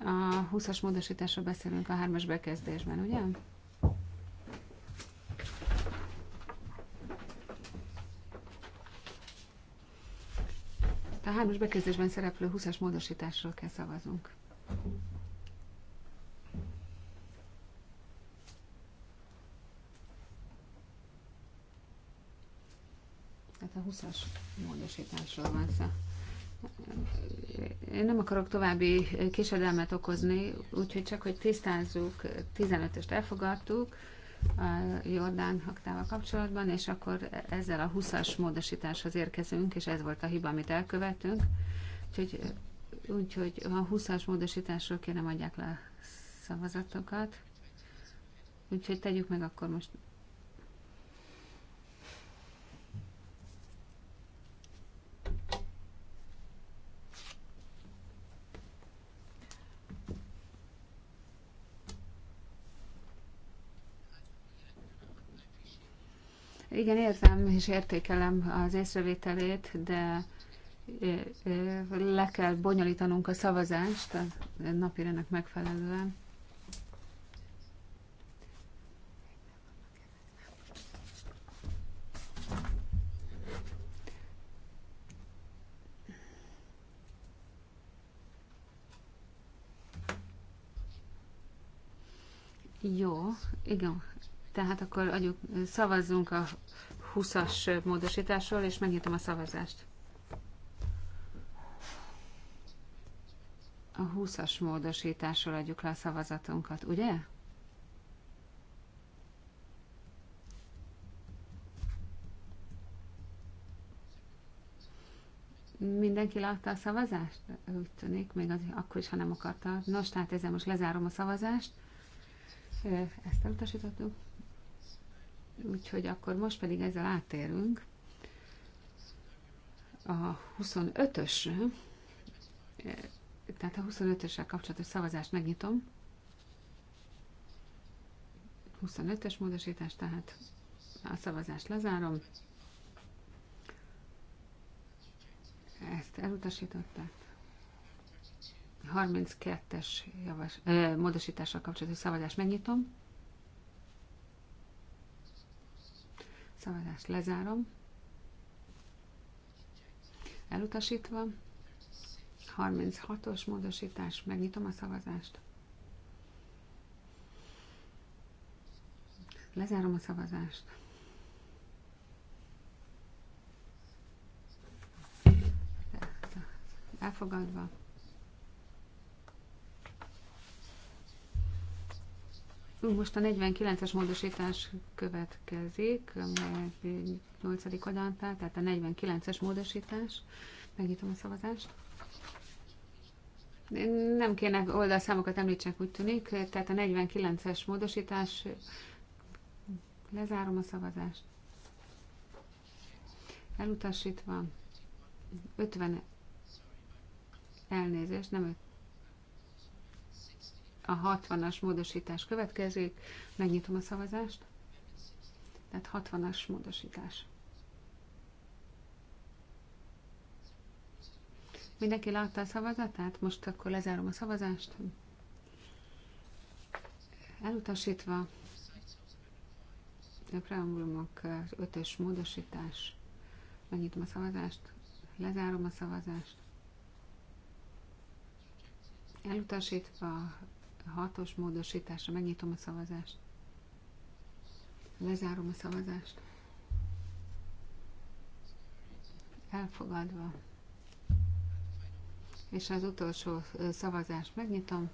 A 20-as módosításról beszélünk a 3-as bekezdésben, ugye? A 3-as bekezdésben szereplő 20-as módosításról kell szavazunk. Tehát a 20-as módosításról van szó. Én nem akarok további késedelmet okozni, úgyhogy csak, hogy tisztázzuk, 15-öst elfogadtuk a Jordán haktával kapcsolatban, és akkor ezzel a 20-as módosításhoz érkezünk, és ez volt a hiba, amit elkövetünk, Úgyhogy, úgyhogy a 20-as módosításról kérem adják le a szavazatokat. Úgyhogy tegyük meg akkor most Igen, érzem és értékelem az észrevételét, de le kell bonyolítanunk a szavazást a napirenek megfelelően. Jó, igen, tehát akkor adjuk, szavazzunk a 20-as módosításról, és megnyitom a szavazást. A 20-as módosításról adjuk le a szavazatunkat, ugye? Mindenki látta a szavazást? Úgy tűnik, még az, akkor is, ha nem akarta. Nos, tehát ezzel most lezárom a szavazást. Ezt elutasítottuk. Úgyhogy akkor most pedig ezzel átérünk a 25 ös eh, tehát a 25-össel kapcsolatos szavazást megnyitom. 25-ös módosítás, tehát a szavazást lezárom. Ezt elutasították. 32-es javas, ö, eh, módosítással kapcsolatos szavazást megnyitom. Szavazást lezárom. Elutasítva. 36-os módosítás. Megnyitom a szavazást. Lezárom a szavazást. Elfogadva. Most a 49-es módosítás következik, amely 8. adántál, tehát a 49-es módosítás. Megnyitom a szavazást. Nem kéne oldalszámokat említsek, úgy tűnik. Tehát a 49-es módosítás. Lezárom a szavazást. Elutasítva. 50 elnézést, nem a 60-as módosítás következik. Megnyitom a szavazást. Tehát 60-as módosítás. Mindenki látta a szavazatát? Most akkor lezárom a szavazást. Elutasítva a preambulumok 5-ös módosítás. Megnyitom a szavazást, lezárom a szavazást. Elutasítva a hatos módosításra megnyitom a szavazást. Lezárom a szavazást. Elfogadva. És az utolsó szavazást megnyitom.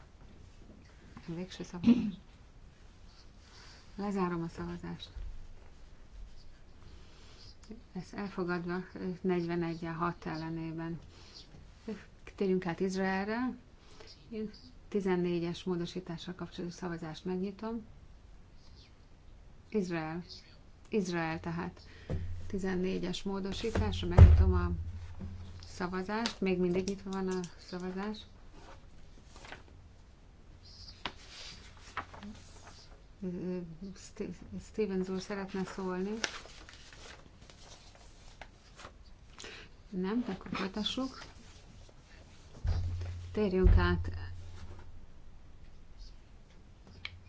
A végső szavazást. Lezárom a szavazást. Ez elfogadva 41 6 ellenében. Térjünk át Izraelre. 14-es módosítással kapcsolatos szavazást megnyitom. Izrael. Izrael tehát. 14-es módosításra megnyitom a szavazást. Még mindig nyitva van a szavazás. Stevens úr szeretne szólni. Nem, akkor folytassuk. Térjünk át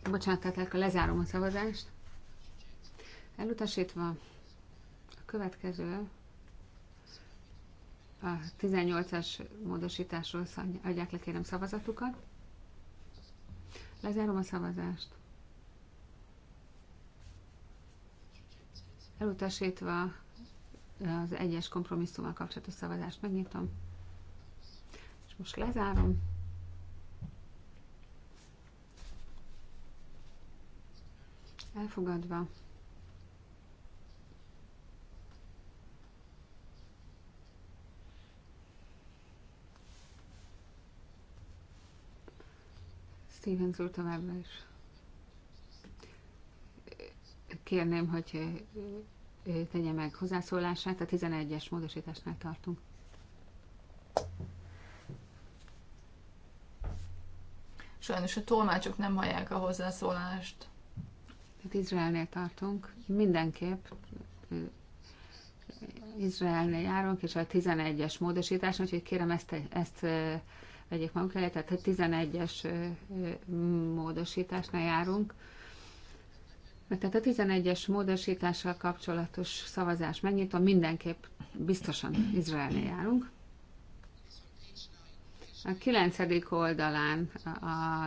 Bocsánat, tehát akkor lezárom a szavazást. Elutasítva a következő a 18-as módosításról adják le kérem szavazatukat. Lezárom a szavazást. Elutasítva az egyes kompromisszummal kapcsolatos szavazást megnyitom. És most lezárom. Elfogadva. Stevens úr továbbra is. Kérném, hogy tegye meg hozzászólását, a 11-es módosításnál tartunk. Sajnos a tolmácsok nem hallják a hozzászólást. Hát Izraelnél tartunk, mindenképp Izraelnél járunk, és a 11-es módosítás, úgyhogy kérem ezt, ezt vegyék maguk elé, tehát a 11-es módosításnál járunk. Tehát a 11-es módosítással kapcsolatos szavazás megnyitva mindenképp biztosan Izraelnél járunk. A 9. oldalán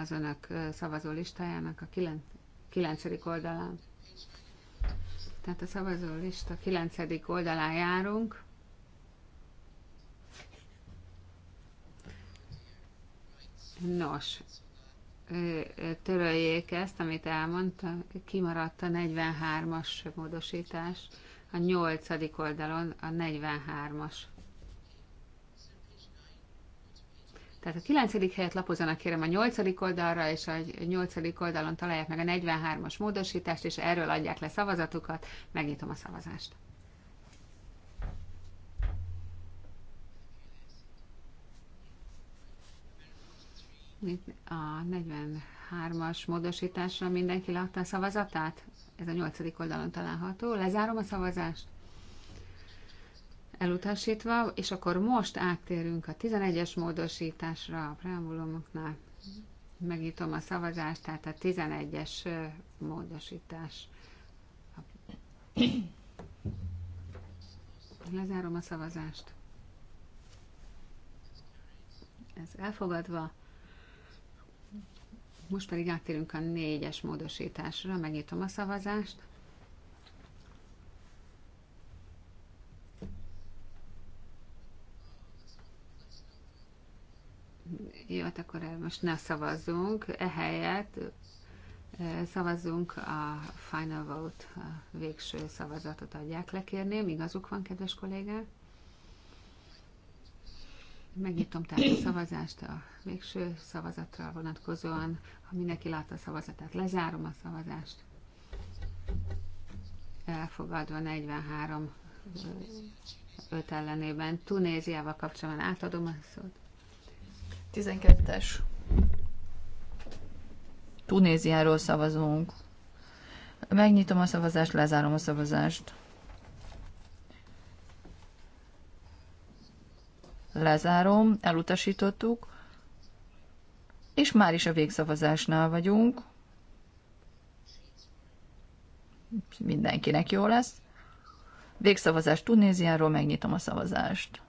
az önök szavazólistájának a 9. 9. oldalán. Tehát a szavazó lista 9. oldalán járunk. Nos, töröljék ezt, amit elmondta, kimaradt a 43-as módosítás, a 8. oldalon a 43-as Tehát a kilencedik helyet lapozzanak kérem a nyolcadik oldalra, és a nyolcadik oldalon találják meg a 43-as módosítást, és erről adják le szavazatukat. Megnyitom a szavazást. A 43-as módosításra mindenki látta a szavazatát? Ez a nyolcadik oldalon található. Lezárom a szavazást elutasítva, és akkor most áttérünk a 11-es módosításra a preambulumoknál. Megítom a szavazást, tehát a 11-es módosítás. Lezárom a szavazást. Ez elfogadva. Most pedig áttérünk a négyes módosításra. Megnyitom a szavazást. Jó, hát akkor most ne szavazzunk, ehelyett eh, szavazzunk a final vote, a végső szavazatot adják le, kérném. Igazuk van, kedves kollégák? Megnyitom tehát a szavazást a végső szavazatra vonatkozóan. Ha mindenki látta a szavazatát, lezárom a szavazást. Elfogadva 43 5 ellenében Tunéziával kapcsolatban átadom a szót. 12-es. Tunéziáról szavazunk. Megnyitom a szavazást, lezárom a szavazást. Lezárom, elutasítottuk. És már is a végszavazásnál vagyunk. Mindenkinek jó lesz. Végszavazás Tunéziáról, megnyitom a szavazást.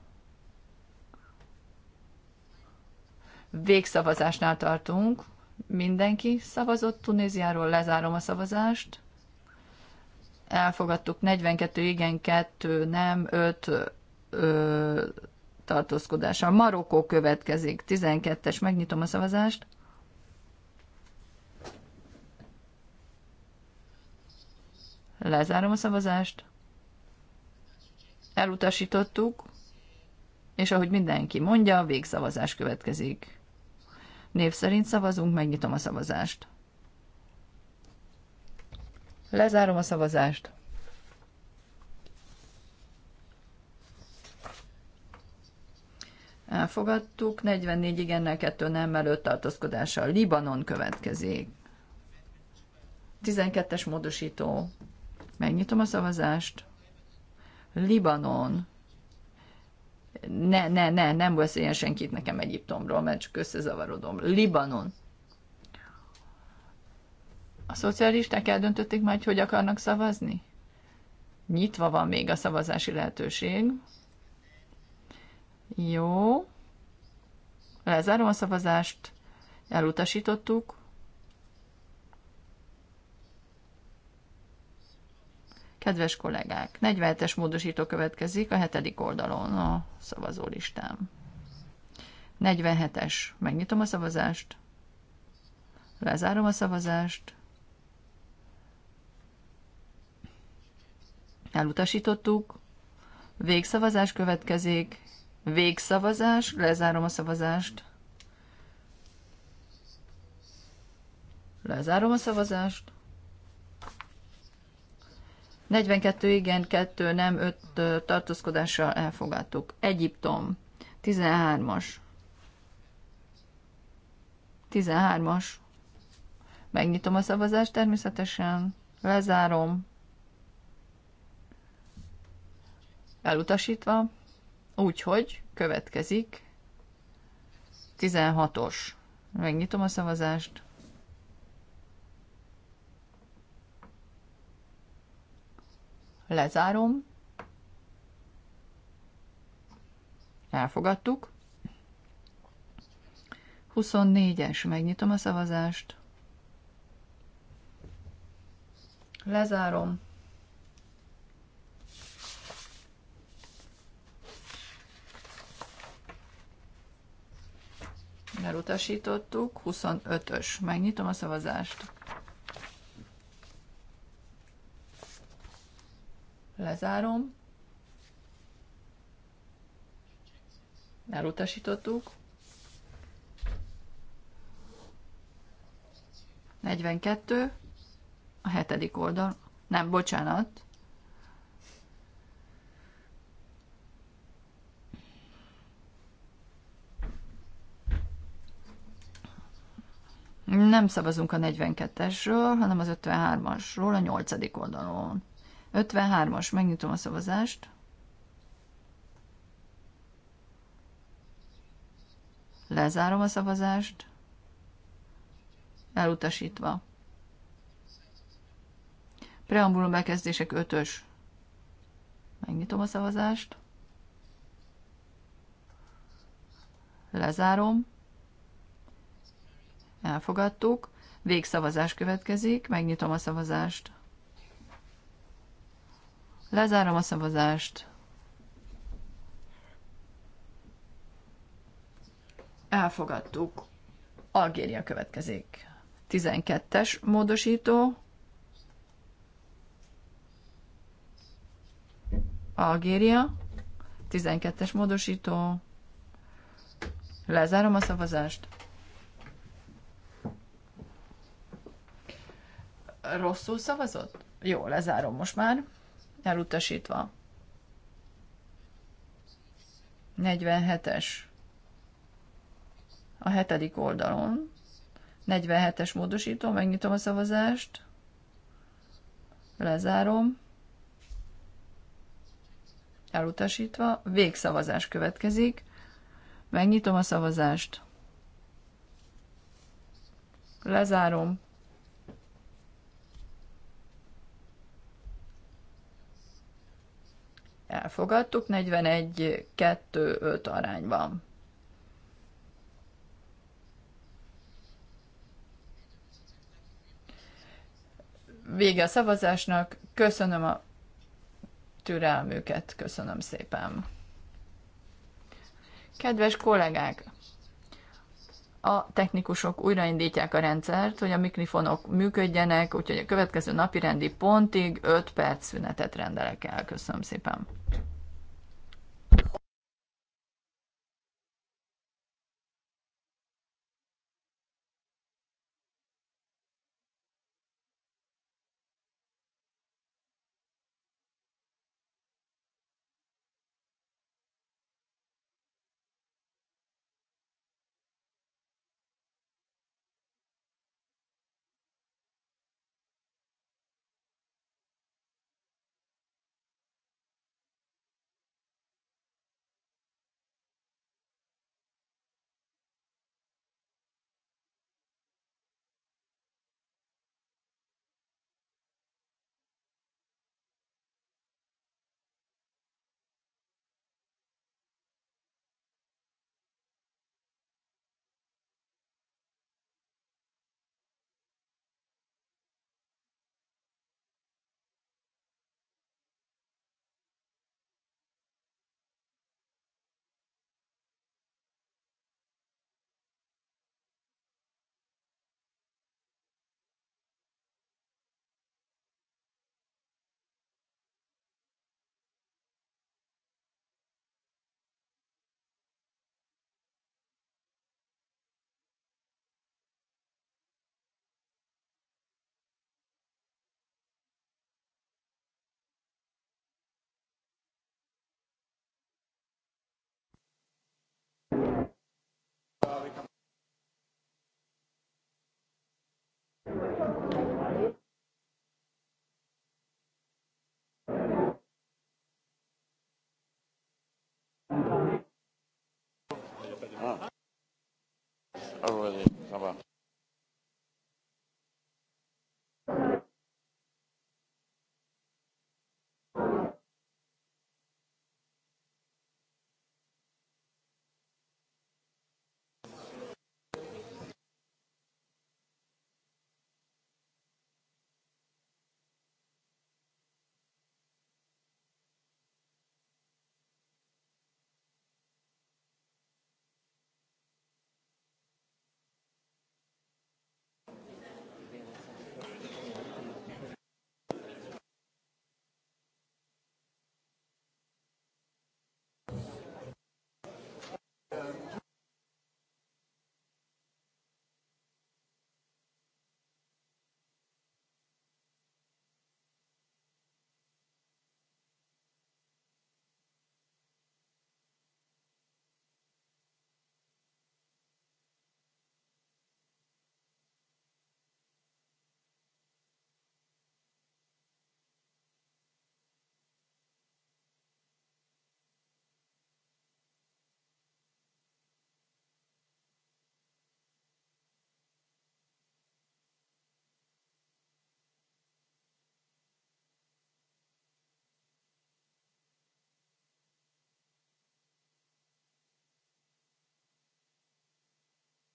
Végszavazásnál tartunk. Mindenki szavazott Tunéziáról, lezárom a szavazást. Elfogadtuk 42 igen, 2 nem, 5 ö, tartózkodása. Marokkó következik, 12-es, megnyitom a szavazást. Lezárom a szavazást. Elutasítottuk, és ahogy mindenki mondja, végszavazás következik. Név szerint szavazunk, megnyitom a szavazást. Lezárom a szavazást. Elfogadtuk, 44 igennel, 2 nem előtt tartózkodása. Libanon következik. 12-es módosító. Megnyitom a szavazást. Libanon. Ne, ne, ne, nem beszéljen senkit nekem Egyiptomról, mert csak összezavarodom. Libanon. A szocialisták eldöntötték már, hogy hogy akarnak szavazni? Nyitva van még a szavazási lehetőség. Jó. Lezárom a szavazást. Elutasítottuk. Kedves kollégák, 47-es módosító következik a hetedik oldalon a szavazólistám. 47-es. Megnyitom a szavazást. Lezárom a szavazást. Elutasítottuk. Végszavazás következik. Végszavazás. Lezárom a szavazást. Lezárom a szavazást. 42 igen, 2 nem, 5 tartózkodással elfogadtuk. Egyiptom, 13-as. 13-as. Megnyitom a szavazást természetesen, lezárom. Elutasítva, úgyhogy következik 16-os. Megnyitom a szavazást. Lezárom. Elfogadtuk. 24-es, megnyitom a szavazást. Lezárom. Elutasítottuk. 25-ös, megnyitom a szavazást. Lezárom. Elutasítottuk. 42. A hetedik oldal. Nem, bocsánat. Nem szavazunk a 42-esről, hanem az 53-asról, a 8. oldalon. 53-as, megnyitom a szavazást. Lezárom a szavazást. Elutasítva. Preambulum bekezdések 5-ös. Megnyitom a szavazást. Lezárom. Elfogadtuk. Végszavazás következik. Megnyitom a szavazást. Lezárom a szavazást. Elfogadtuk. Algéria következik. 12-es módosító. Algéria. 12-es módosító. Lezárom a szavazást. Rosszul szavazott? Jó, lezárom most már elutasítva. 47-es a hetedik oldalon. 47-es módosító, megnyitom a szavazást, lezárom, elutasítva, végszavazás következik, megnyitom a szavazást, lezárom, elfogadtuk 41-2-5 arányban. Vége a szavazásnak, köszönöm a türelmüket, köszönöm szépen. Kedves kollégák! a technikusok újraindítják a rendszert, hogy a mikrofonok működjenek, úgyhogy a következő napi rendi pontig 5 perc szünetet rendelek el. Köszönöm szépen! already. Ah. Ah, Ça va.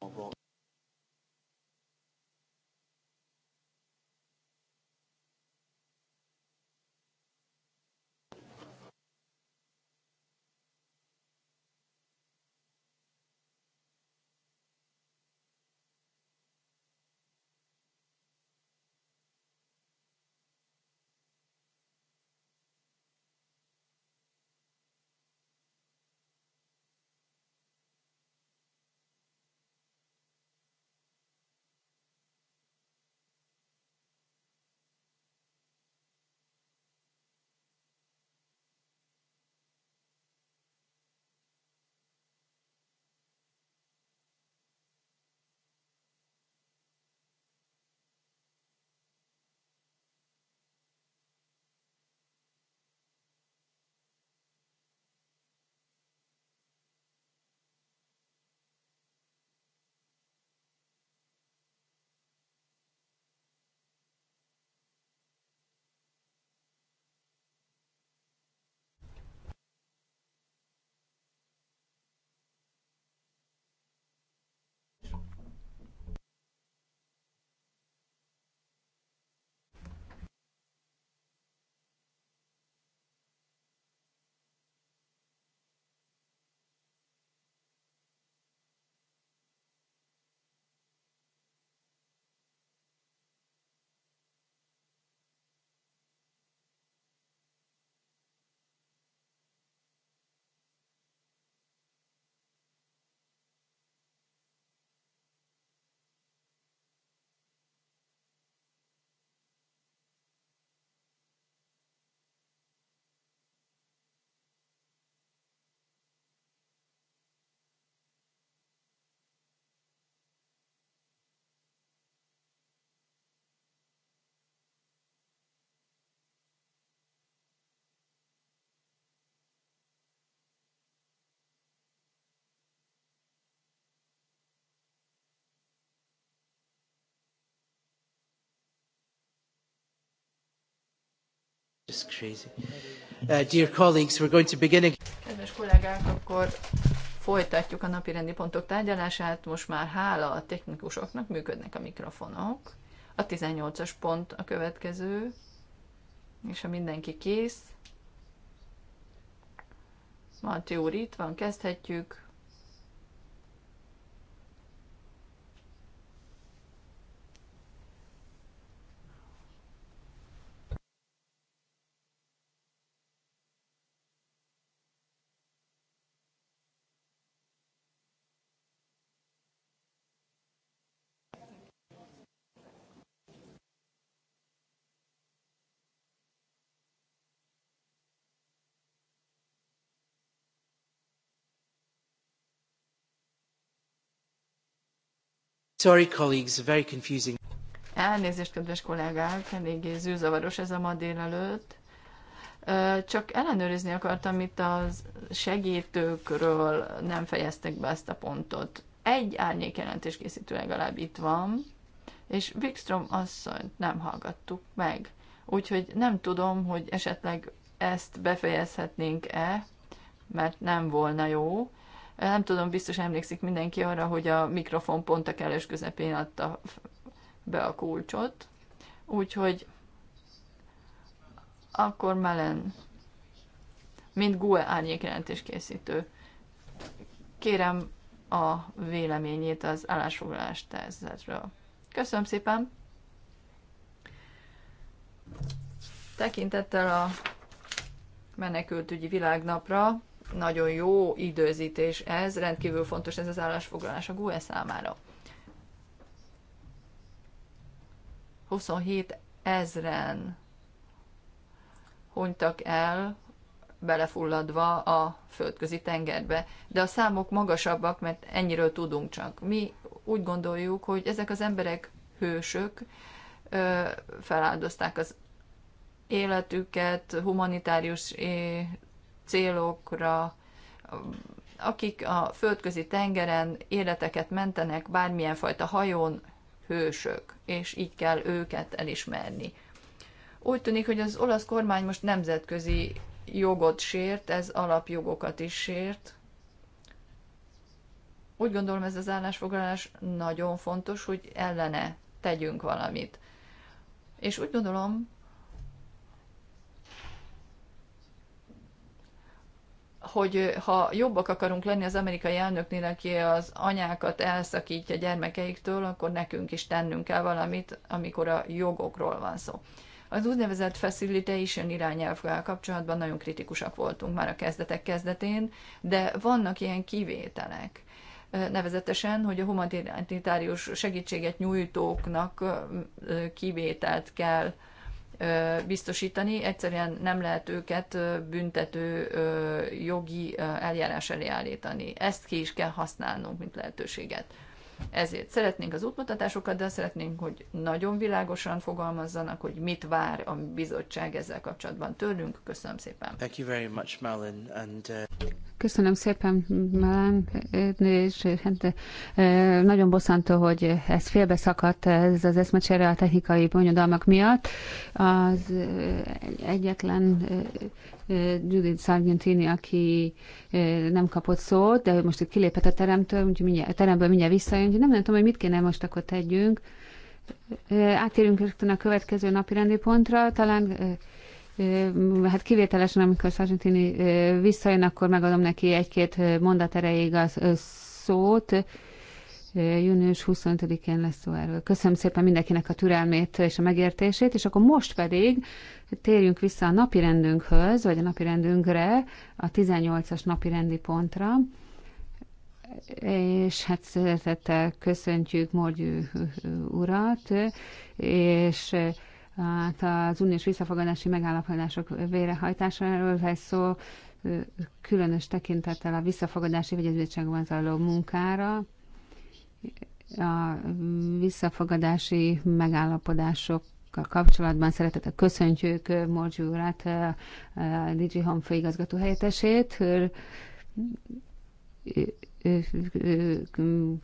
maga Just crazy. Uh, dear colleagues, we're going to begin again. Kedves kollégák, akkor folytatjuk a napi rendi pontok tárgyalását. Most már hála a technikusoknak működnek a mikrofonok. A 18-as pont a következő, és ha mindenki kész, Manti úr itt van, kezdhetjük. Sorry, colleagues, very confusing. Elnézést, kedves kollégák, eléggé zűzavaros ez a ma délelőtt. Csak ellenőrizni akartam itt az segítőkről, nem fejeztek be ezt a pontot. Egy jelentés készítő legalább itt van, és Wikström asszonyt nem hallgattuk meg. Úgyhogy nem tudom, hogy esetleg ezt befejezhetnénk-e, mert nem volna jó. Nem tudom, biztos emlékszik mindenki arra, hogy a mikrofon pont a kellős közepén adta be a kulcsot. Úgyhogy akkor Melen, mint GUE árnyékjelentés készítő, kérem a véleményét az állásfoglalás tervezetről. Köszönöm szépen! Tekintettel a menekültügyi világnapra nagyon jó időzítés ez, rendkívül fontos ez az állásfoglalás a GUE számára. 27 ezren hunytak el, belefulladva a földközi tengerbe. De a számok magasabbak, mert ennyiről tudunk csak. Mi úgy gondoljuk, hogy ezek az emberek hősök, feláldozták az életüket humanitárius célokra, akik a földközi tengeren életeket mentenek bármilyen fajta hajón, hősök, és így kell őket elismerni. Úgy tűnik, hogy az olasz kormány most nemzetközi jogot sért, ez alapjogokat is sért. Úgy gondolom ez az állásfoglalás nagyon fontos, hogy ellene tegyünk valamit. És úgy gondolom, hogy ha jobbak akarunk lenni az amerikai elnöknél, aki az anyákat elszakítja gyermekeiktől, akkor nekünk is tennünk kell valamit, amikor a jogokról van szó. Az úgynevezett facilitation irányelvvel kapcsolatban nagyon kritikusak voltunk már a kezdetek kezdetén, de vannak ilyen kivételek. Nevezetesen, hogy a humanitárius segítséget nyújtóknak kivételt kell biztosítani, egyszerűen nem lehet őket büntető jogi eljárás elé állítani. Ezt ki is kell használnunk, mint lehetőséget. Ezért szeretnénk az útmutatásokat, de szeretnénk, hogy nagyon világosan fogalmazzanak, hogy mit vár a bizottság ezzel kapcsolatban tőlünk. Köszönöm szépen. Thank you very much, Malin, and, uh... Köszönöm szépen, Melán, és eh, hát, eh, nagyon bosszantó, hogy ez félbeszakadt ez az eszmecsere a technikai bonyodalmak miatt. Az eh, egyetlen Judith Sargentini, aki nem kapott szót, de most itt kilépett a teremtől, úgyhogy mindjárt, a teremből mindjárt visszajön, úgyhogy nem, nem tudom, hogy mit kéne most akkor tegyünk. Átérünk rögtön a következő napi rendi pontra, talán hát kivételesen, amikor Sargentini visszajön, akkor megadom neki egy-két mondat erejéig a szót. Június 25-én lesz szó erről. Köszönöm szépen mindenkinek a türelmét és a megértését, és akkor most pedig térjünk vissza a napirendünkhöz, vagy a napirendünkre, a 18-as napirendi pontra és hát szeretettel köszöntjük Morgyú urat, és Hát az uniós visszafogadási megállapodások vérehajtásáról lesz szó, különös tekintettel a visszafogadási vagy együttségben zajló munkára, a visszafogadási megállapodások a kapcsolatban szeretettel köszöntjük Morgyi urat, a Digi Home főigazgató helyettesét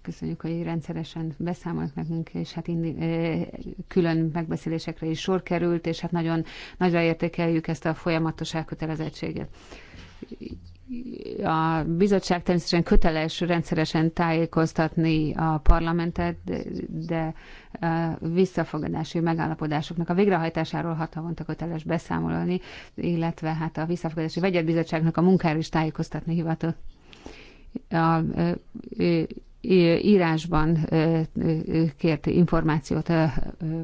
köszönjük, hogy rendszeresen beszámolnak nekünk, és hát indi, külön megbeszélésekre is sor került, és hát nagyon nagyra értékeljük ezt a folyamatos elkötelezettséget. A bizottság természetesen köteles rendszeresen tájékoztatni a parlamentet, de a visszafogadási megállapodásoknak a végrehajtásáról hat havonta köteles beszámolni, illetve hát a visszafogadási vegyetbizottságnak a munkáról is tájékoztatni hivatott a írásban kért információt a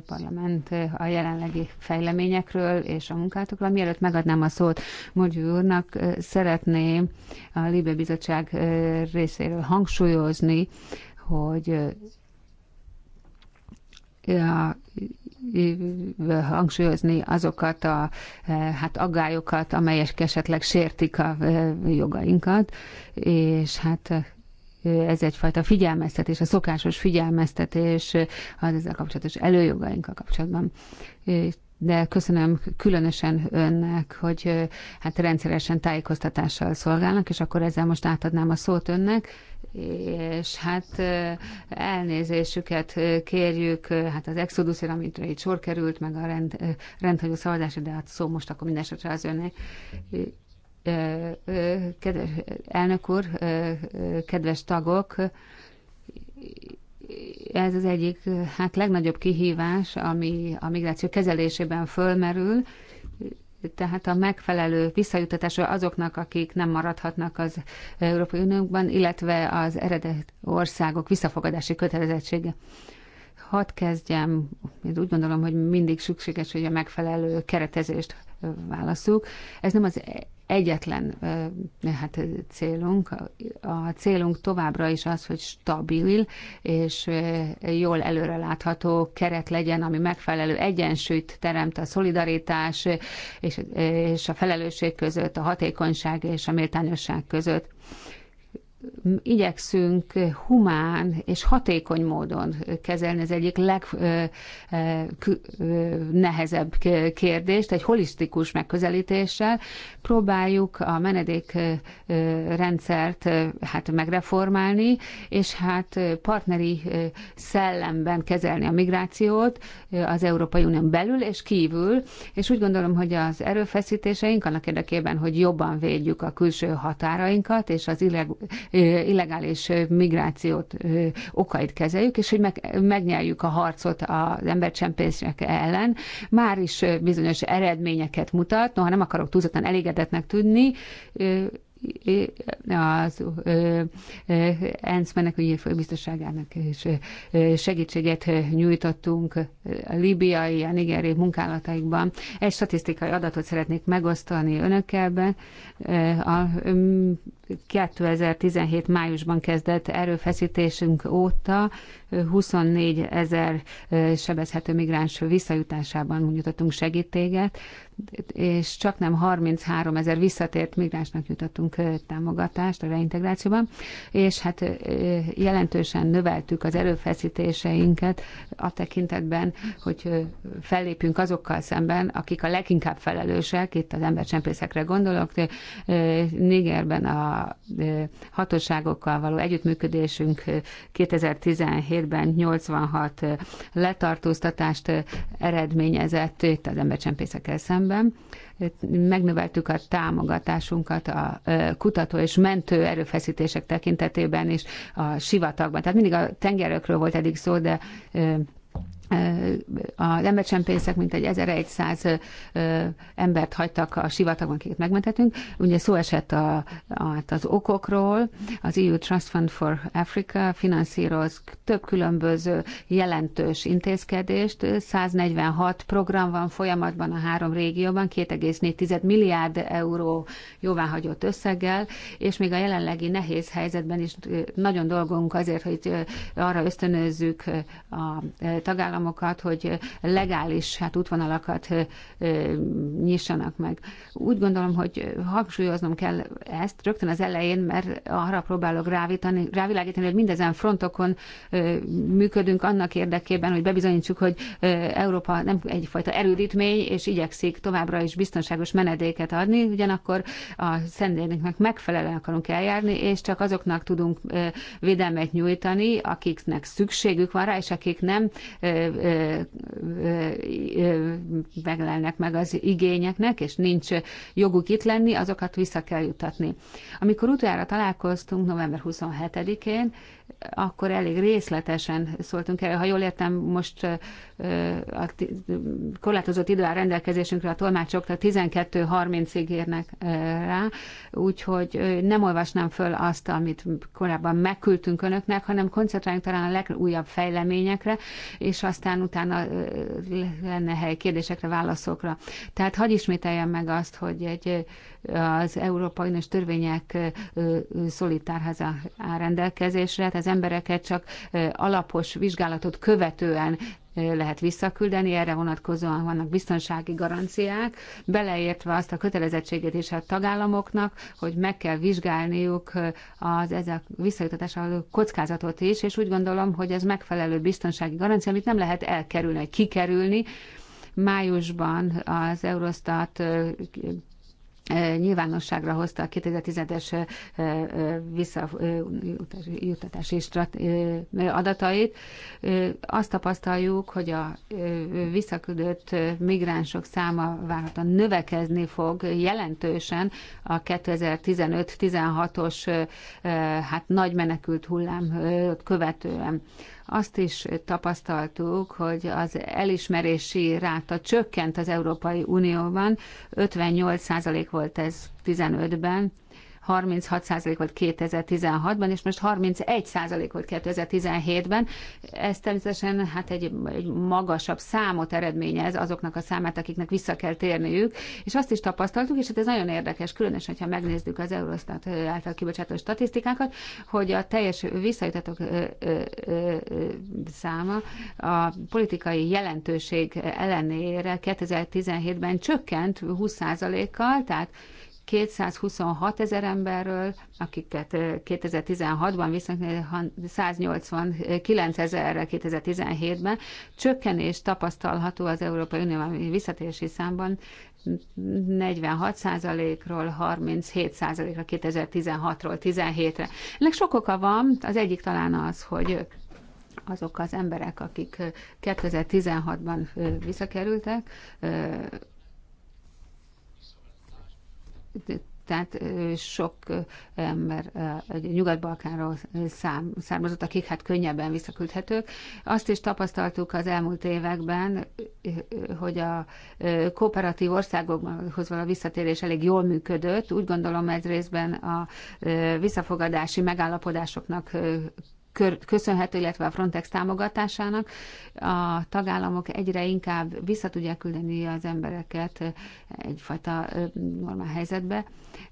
parlament a jelenlegi fejleményekről és a munkátokról. Mielőtt megadnám a szót Mogyi úrnak, szeretném a Libe Bizottság részéről hangsúlyozni, hogy a hangsúlyozni azokat a hát aggályokat, amelyek esetleg sértik a jogainkat, és hát ez egyfajta figyelmeztetés, a szokásos figyelmeztetés az ezzel kapcsolatos előjogainkkal kapcsolatban de köszönöm különösen önnek, hogy hát rendszeresen tájékoztatással szolgálnak, és akkor ezzel most átadnám a szót önnek, és hát elnézésüket kérjük, hát az exodusért, amit itt sor került, meg a rend, rendhagyó szavazásra, de hát szó most akkor minden esetre az önnek. Kedves elnök úr, kedves tagok, ez az egyik hát legnagyobb kihívás, ami a migráció kezelésében fölmerül, tehát a megfelelő visszajutatása azoknak, akik nem maradhatnak az Európai Unióban, illetve az eredet országok visszafogadási kötelezettsége. Hadd kezdjem, én úgy gondolom, hogy mindig szükséges, hogy a megfelelő keretezést válaszuk. Ez nem az egyetlen hát célunk. A célunk továbbra is az, hogy stabil és jól előrelátható keret legyen, ami megfelelő egyensúlyt teremt a szolidaritás és, és a felelősség között, a hatékonyság és a méltányosság között igyekszünk humán és hatékony módon kezelni az egyik legnehezebb kérdést, egy holisztikus megközelítéssel. Próbáljuk a menedék rendszert hát megreformálni, és hát partneri szellemben kezelni a migrációt az Európai Unión belül és kívül, és úgy gondolom, hogy az erőfeszítéseink annak érdekében, hogy jobban védjük a külső határainkat, és az illeg illegális migrációt okait kezeljük, és hogy megnyerjük a harcot az embercsempészek ellen. Már is bizonyos eredményeket mutat, noha nem akarok túlzottan elégedetnek tudni, az ENSZ menekügyi biztonságának is segítséget nyújtottunk a libiai, a nigeri munkálataikban. Egy statisztikai adatot szeretnék megosztani önökkel. A 2017 májusban kezdett erőfeszítésünk óta 24 ezer sebezhető migráns visszajutásában nyújtottunk segítséget, és csak nem 33 ezer visszatért migránsnak jutottunk támogatást a reintegrációban, és hát jelentősen növeltük az erőfeszítéseinket a tekintetben, hogy fellépünk azokkal szemben, akik a leginkább felelősek, itt az embercsempészekre gondolok, Nigerben a hatóságokkal való együttműködésünk 2017-ben 86 letartóztatást eredményezett itt az embercsempészekkel szemben. Megnöveltük a támogatásunkat a kutató és mentő erőfeszítések tekintetében és a sivatagban. Tehát mindig a tengerökről volt eddig szó, de az embercsempészek mintegy 1100 embert hagytak a sivatagban, akiket megmentettünk. Ugye szó esett a, a, hát az okokról, az EU Trust Fund for Africa finanszíroz több különböző jelentős intézkedést. 146 program van folyamatban a három régióban, 2,4 milliárd euró jóváhagyott összeggel, és még a jelenlegi nehéz helyzetben is nagyon dolgunk azért, hogy arra ösztönözzük a tagállamokat, tagállamokat, hogy legális hát útvonalakat nyissanak meg. Úgy gondolom, hogy hangsúlyoznom kell ezt rögtön az elején, mert arra próbálok rávítani, rávilágítani, hogy mindezen frontokon működünk annak érdekében, hogy bebizonyítsuk, hogy Európa nem egyfajta erődítmény, és igyekszik továbbra is biztonságos menedéket adni, ugyanakkor a szendélyeknek megfelelően akarunk eljárni, és csak azoknak tudunk védelmet nyújtani, akiknek szükségük van rá, és akik nem megelelnek meg az igényeknek, és nincs joguk itt lenni, azokat vissza kell jutatni. Amikor utoljára találkoztunk november 27-én, akkor elég részletesen szóltunk el. Ha jól értem, most a korlátozott idő áll rendelkezésünkre a tolmácsok, tehát 12.30-ig érnek rá, úgyhogy nem olvasnám föl azt, amit korábban megküldtünk önöknek, hanem koncentráljunk talán a legújabb fejleményekre, és aztán utána lenne hely kérdésekre, válaszokra. Tehát hagyj ismételjem meg azt, hogy egy az Európai Uniós törvények szolidtárháza áll rendelkezésre, tehát az embereket csak alapos vizsgálatot követően lehet visszaküldeni, erre vonatkozóan vannak biztonsági garanciák, beleértve azt a kötelezettséget is a tagállamoknak, hogy meg kell vizsgálniuk az ezzel visszajutatással kockázatot is, és úgy gondolom, hogy ez megfelelő biztonsági garancia, amit nem lehet elkerülni, vagy kikerülni, májusban az Eurostat nyilvánosságra hozta a 2010-es visszajutatási adatait. Azt tapasztaljuk, hogy a visszaküldött migránsok száma várhatóan növekezni fog jelentősen a 2015-16-os hát nagy menekült hullám követően. Azt is tapasztaltuk, hogy az elismerési ráta csökkent az Európai Unióban, 58% volt ez 15-ben, 36% ot 2016-ban, és most 31% ot 2017-ben. Ez természetesen hát egy, egy magasabb számot eredményez azoknak a számát, akiknek vissza kell térniük, és azt is tapasztaltuk, és hát ez nagyon érdekes, különösen, ha megnézzük az Eurostat által kibocsátott statisztikákat, hogy a teljes visszajutatók száma a politikai jelentőség ellenére 2017-ben csökkent 20%-kal, tehát 226 ezer emberről, akiket 2016-ban eh, viszont 189 ezerre 2017-ben csökkenés tapasztalható az Európai Unió visszatérési számban 46%-ról 37%-ra 2016-ról 17-re. Ennek sok oka van, az egyik talán az, hogy azok az emberek, akik 2016-ban eh, eh, visszakerültek, tehát sok ember Nyugat-Balkánról szám, származott, akik hát könnyebben visszaküldhetők. Azt is tapasztaltuk az elmúlt években, hogy a kooperatív országokhoz való visszatérés elég jól működött. Úgy gondolom ez részben a visszafogadási megállapodásoknak köszönhető, illetve a Frontex támogatásának a tagállamok egyre inkább vissza tudják küldeni az embereket egyfajta normál helyzetbe.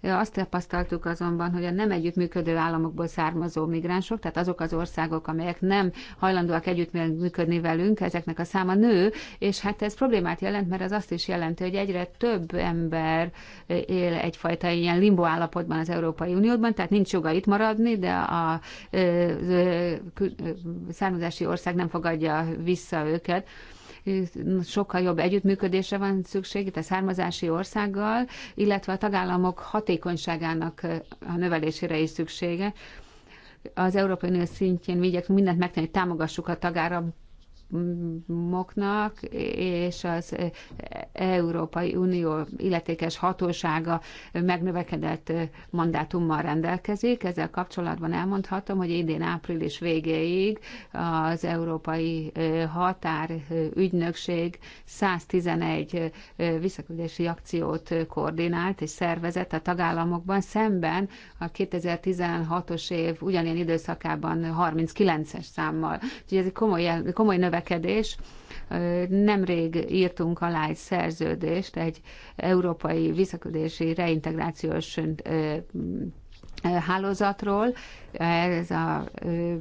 Azt tapasztaltuk azonban, hogy a nem együttműködő államokból származó migránsok, tehát azok az országok, amelyek nem hajlandóak együttműködni velünk, ezeknek a száma nő, és hát ez problémát jelent, mert az azt is jelenti, hogy egyre több ember él egyfajta ilyen limbo állapotban az Európai Unióban, tehát nincs joga itt maradni, de a származási ország nem fogadja vissza őket, sokkal jobb együttműködésre van szükség itt a származási országgal, illetve a tagállamok hatékonyságának a növelésére is szüksége. Az Európai Unió szintjén mi mindent megtenni, hogy támogassuk a tagáram, államoknak és az Európai Unió illetékes hatósága megnövekedett mandátummal rendelkezik. Ezzel kapcsolatban elmondhatom, hogy idén április végéig az Európai Határügynökség 111 visszaküldési akciót koordinált és szervezett a tagállamokban szemben a 2016-os év ugyanilyen időszakában 39-es számmal. Úgyhogy ez egy komoly, komoly növekedés növekedés. Nemrég írtunk alá egy szerződést, egy európai visszaküldési reintegrációs hálózatról, ez a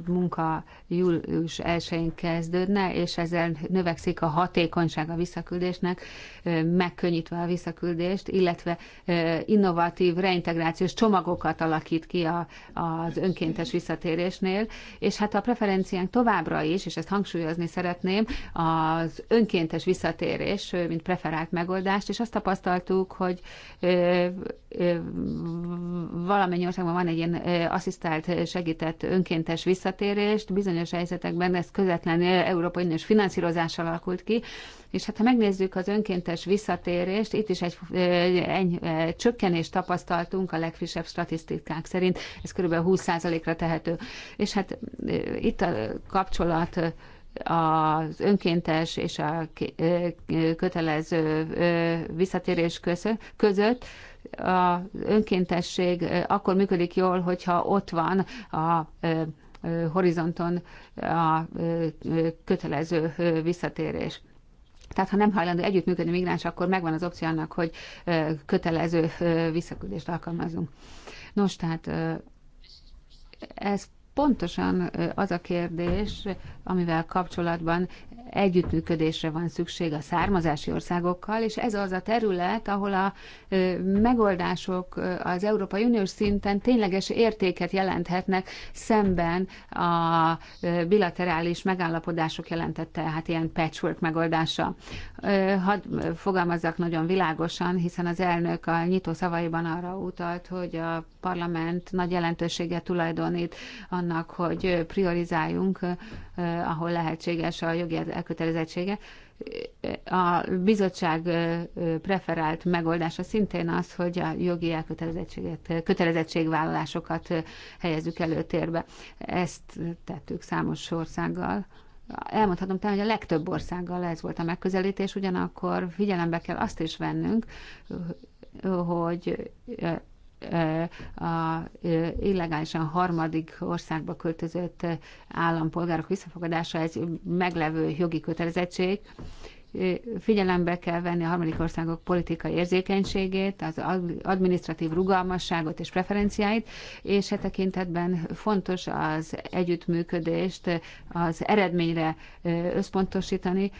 munka július 1 kezdődne, és ezzel növekszik a hatékonyság a visszaküldésnek, megkönnyítve a visszaküldést, illetve innovatív reintegrációs csomagokat alakít ki a, az önkéntes visszatérésnél, és hát a preferenciánk továbbra is, és ezt hangsúlyozni szeretném, az önkéntes visszatérés, mint preferált megoldást, és azt tapasztaltuk, hogy valamennyi országban van egy ilyen asszisztált segített önkéntes visszatérést, bizonyos helyzetekben ez közvetlen Európai Uniós finanszírozással alakult ki, és hát ha megnézzük az önkéntes visszatérést, itt is egy, egy, egy csökkenést tapasztaltunk a legfrissebb statisztikák szerint, ez kb. 20%-ra tehető. És hát itt a kapcsolat az önkéntes és a kötelező visszatérés között, a önkéntesség akkor működik jól, hogyha ott van a horizonton a kötelező visszatérés. Tehát ha nem hajlandó együttműködni migráns, akkor megvan az opció annak, hogy kötelező visszaküldést alkalmazunk. Nos, tehát ez pontosan az a kérdés, amivel kapcsolatban együttműködésre van szükség a származási országokkal, és ez az a terület, ahol a megoldások az Európai Uniós szinten tényleges értéket jelenthetnek szemben a bilaterális megállapodások jelentette, hát ilyen patchwork megoldása. Hadd fogalmazzak nagyon világosan, hiszen az elnök a nyitó szavaiban arra utalt, hogy a parlament nagy jelentőséget tulajdonít annak, hogy priorizáljunk, ahol lehetséges a jogi elkötelezettsége. A bizottság preferált megoldása szintén az, hogy a jogi elkötelezettséget, kötelezettségvállalásokat helyezzük előtérbe. Ezt tettük számos országgal elmondhatom talán, hogy a legtöbb országgal ez volt a megközelítés, ugyanakkor figyelembe kell azt is vennünk, hogy a illegálisan harmadik országba költözött állampolgárok visszafogadása egy meglevő jogi kötelezettség. Figyelembe kell venni a harmadik országok politikai érzékenységét, az administratív rugalmasságot és preferenciáit, és e tekintetben fontos az együttműködést, az eredményre összpontosítani,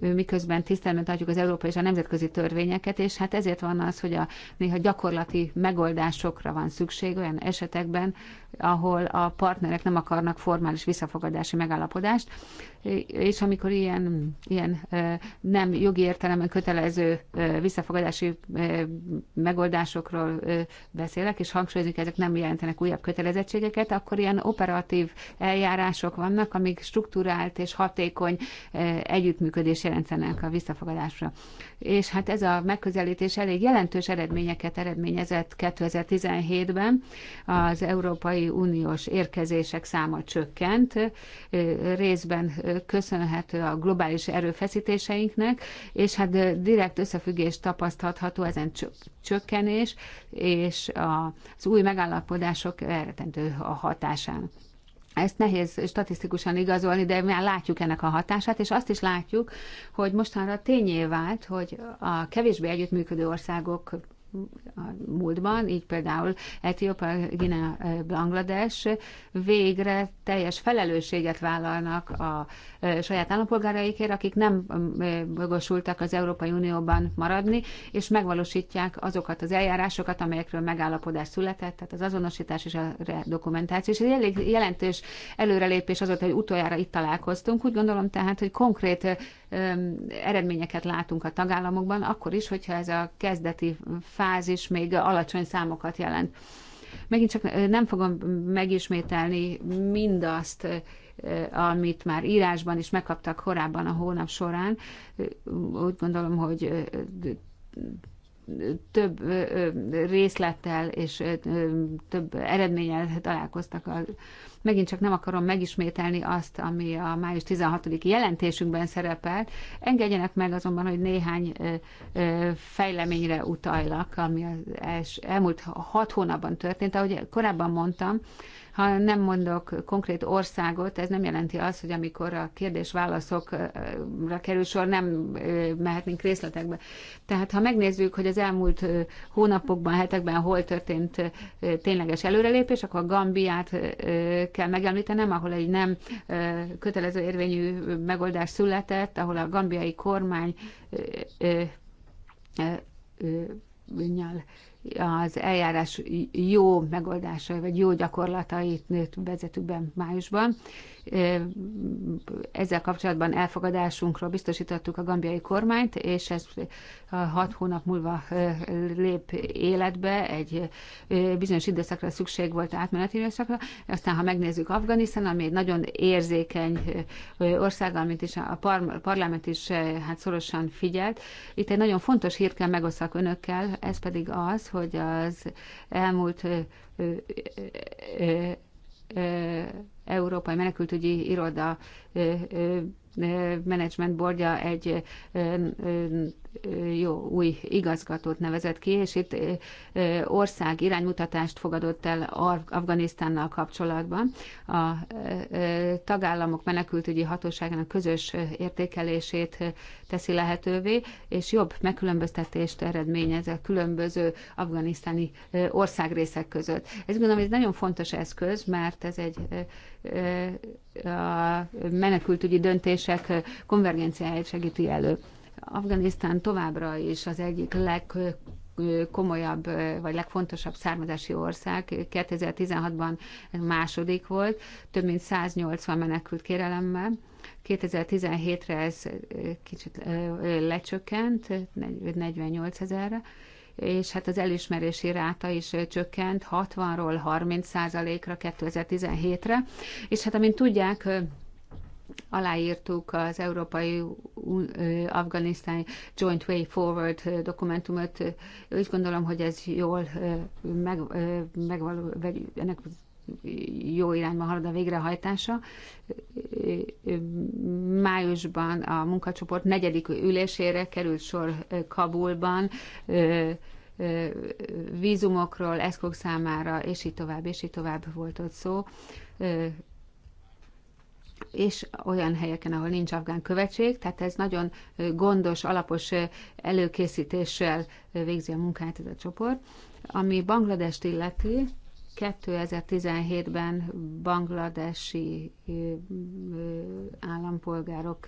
miközben tiszteletben tartjuk az európai és a nemzetközi törvényeket, és hát ezért van az, hogy a néha gyakorlati megoldásokra van szükség olyan esetekben, ahol a partnerek nem akarnak formális visszafogadási megállapodást és amikor ilyen, ilyen nem jogi értelemben kötelező visszafogadási megoldásokról beszélek, és hangsúlyozni, ezek nem jelentenek újabb kötelezettségeket, akkor ilyen operatív eljárások vannak, amik struktúrált és hatékony együttműködés jelentenek a visszafogadásra. És hát ez a megközelítés elég jelentős eredményeket eredményezett 2017-ben. Az Európai Uniós érkezések száma csökkent, részben köszönhető a globális erőfeszítéseinknek, és hát direkt összefüggés tapasztalható ezen csökkenés, és az új megállapodások elretentő a hatásán. Ezt nehéz statisztikusan igazolni, de már látjuk ennek a hatását, és azt is látjuk, hogy mostanra tényé vált, hogy a kevésbé együttműködő országok a múltban, így például Etiópia, Guinea, Bangladesh végre teljes felelősséget vállalnak a saját állampolgáraikért, akik nem jogosultak az Európai Unióban maradni, és megvalósítják azokat az eljárásokat, amelyekről megállapodás született, tehát az azonosítás és a dokumentáció. És ez elég jelentős előrelépés azóta, hogy utoljára itt találkoztunk. Úgy gondolom tehát, hogy konkrét eredményeket látunk a tagállamokban, akkor is, hogyha ez a kezdeti fázis még alacsony számokat jelent. Megint csak nem fogom megismételni mindazt, amit már írásban is megkaptak korábban a hónap során. Úgy gondolom, hogy több részlettel és több eredménnyel találkoztak. A, megint csak nem akarom megismételni azt, ami a május 16-i jelentésünkben szerepelt. Engedjenek meg azonban, hogy néhány fejleményre utaljak, ami az els, elmúlt hat hónapban történt. Ahogy korábban mondtam, ha nem mondok konkrét országot, ez nem jelenti azt, hogy amikor a kérdés-válaszokra kerül sor, nem mehetnénk részletekbe. Tehát ha megnézzük, hogy az elmúlt hónapokban, hetekben hol történt tényleges előrelépés, akkor a Gambiát kell megemlítenem, ahol egy nem kötelező érvényű megoldás született, ahol a gambiai kormány nyal az eljárás jó megoldásai, vagy jó gyakorlatait vezetük be májusban, ezzel kapcsolatban elfogadásunkról biztosítottuk a gambiai kormányt, és ez hat hónap múlva lép életbe, egy bizonyos időszakra szükség volt átmeneti időszakra. Aztán, ha megnézzük Afganisztán, ami egy nagyon érzékeny ország, amit is a parlament is hát szorosan figyelt, itt egy nagyon fontos hírt kell megosztak önökkel, ez pedig az, hogy az elmúlt Európai Menekültügyi Iroda Management Boardja egy jó új igazgatót nevezett ki, és itt ország iránymutatást fogadott el Afganisztánnal kapcsolatban. A tagállamok menekültügyi hatóságának közös értékelését teszi lehetővé, és jobb megkülönböztetést eredményez a különböző afganisztáni országrészek között. Ez gondolom, egy nagyon fontos eszköz, mert ez egy a menekültügyi döntések konvergenciáját segíti elő. Afganisztán továbbra is az egyik legkomolyabb vagy legfontosabb származási ország. 2016-ban második volt, több mint 180 menekült kérelemmel. 2017-re ez kicsit lecsökkent, 48 ezerre és hát az elismerési ráta is csökkent 60-ról 30 ra 2017-re, és hát amint tudják, aláírtuk az Európai Afganisztán Joint Way Forward dokumentumot. Úgy gondolom, hogy ez jól meg, megvaló, ennek jó irányba halad a végrehajtása. Májusban a munkacsoport negyedik ülésére került sor Kabulban vízumokról, eszkok számára, és így tovább, és így tovább volt ott szó és olyan helyeken, ahol nincs afgán követség, tehát ez nagyon gondos, alapos előkészítéssel végzi a munkát ez a csoport. Ami Bangladest illeti, 2017-ben bangladesi állampolgárok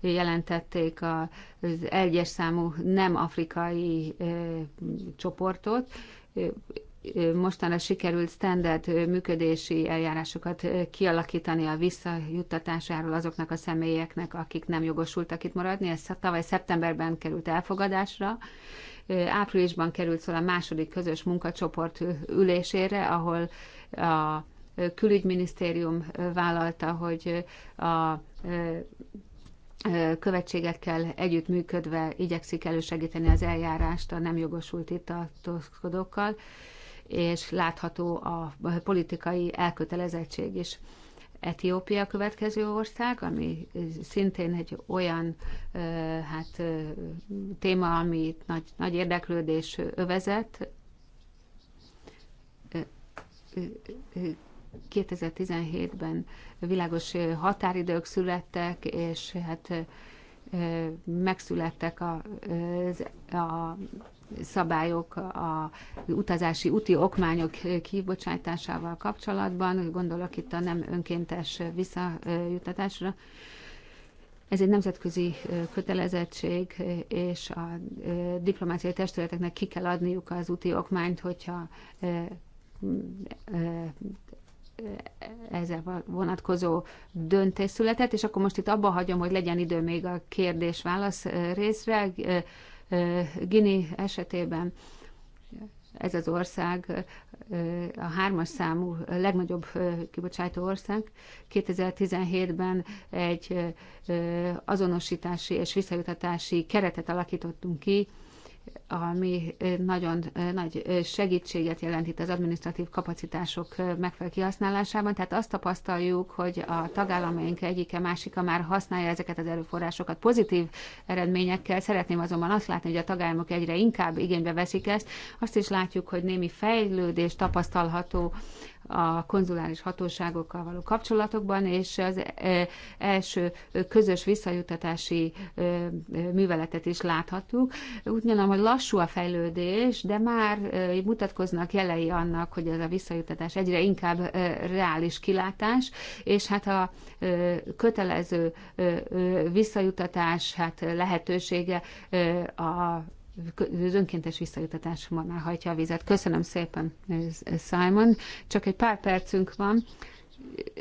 jelentették az egyes számú nem afrikai csoportot, mostanra sikerült standard működési eljárásokat kialakítani a visszajuttatásáról azoknak a személyeknek, akik nem jogosultak itt maradni. Ez tavaly szeptemberben került elfogadásra. Áprilisban került szól a második közös munkacsoport ülésére, ahol a külügyminisztérium vállalta, hogy a követségekkel együttműködve igyekszik elősegíteni az eljárást a nem jogosult itt tartózkodókkal és látható a politikai elkötelezettség is. Etiópia a következő ország, ami szintén egy olyan hát, téma, ami nagy, nagy érdeklődés övezett 2017-ben világos határidők születtek, és hát megszülettek a, a szabályok a utazási úti okmányok kibocsátásával kapcsolatban, gondolok itt a nem önkéntes visszajutatásra. Ez egy nemzetközi kötelezettség, és a diplomáciai testületeknek ki kell adniuk az úti okmányt, hogyha ezzel vonatkozó döntés született, és akkor most itt abba hagyom, hogy legyen idő még a kérdés-válasz részre. Gini esetében ez az ország a hármas számú legnagyobb kibocsátó ország. 2017-ben egy azonosítási és visszajutatási keretet alakítottunk ki ami nagyon nagy segítséget jelent itt az adminisztratív kapacitások megfelelő kihasználásában. Tehát azt tapasztaljuk, hogy a tagállamaink egyike másika már használja ezeket az erőforrásokat pozitív eredményekkel. Szeretném azonban azt látni, hogy a tagállamok egyre inkább igénybe veszik ezt. Azt is látjuk, hogy némi fejlődés tapasztalható a konzulális hatóságokkal való kapcsolatokban, és az e, első közös visszajutatási e, műveletet is láthattuk. Úgy gondolom, hogy lassú a fejlődés, de már e, mutatkoznak jelei annak, hogy ez a visszajutatás egyre inkább reális kilátás, és hát a kötelező visszajutatás hát lehetősége a az önkéntes visszajutatás már hajtja a vizet. Köszönöm szépen, Simon. Csak egy pár percünk van,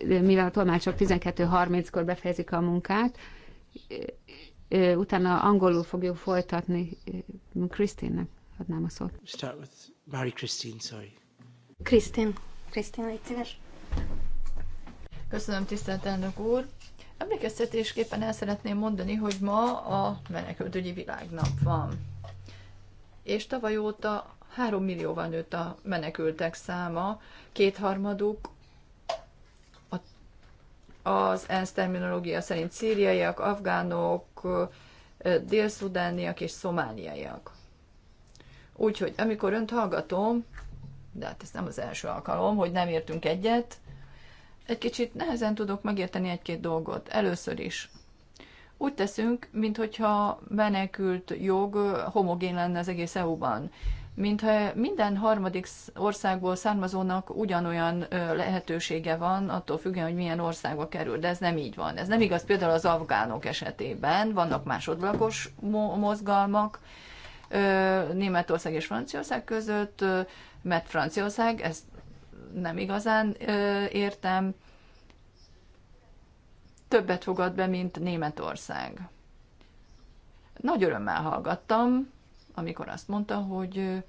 mivel a tolmácsok 12.30-kor befejezik a munkát, utána angolul fogjuk folytatni. Krisztinnek adnám a szót. Start with Mary Christine, sorry. Krisztin. Krisztin, légy szíves. Köszönöm, tisztelt elnök úr. Emlékeztetésképpen el szeretném mondani, hogy ma a menekültügyi világnap van és tavaly óta 3 millióval nőtt a menekültek száma, kétharmaduk az ENSZ terminológia szerint szíriaiak, afgánok, délszudániak és szomáliaiak. Úgyhogy amikor önt hallgatom, de hát ez nem az első alkalom, hogy nem értünk egyet, egy kicsit nehezen tudok megérteni egy-két dolgot. Először is úgy teszünk, mintha menekült jog homogén lenne az egész EU-ban mintha minden harmadik országból származónak ugyanolyan lehetősége van, attól függően, hogy milyen országba kerül. De ez nem így van. Ez nem igaz például az afgánok esetében. Vannak másodlagos mozgalmak Németország és Franciaország között, mert Franciaország, ezt nem igazán értem, többet fogad be, mint Németország. Nagy örömmel hallgattam, amikor azt mondta, hogy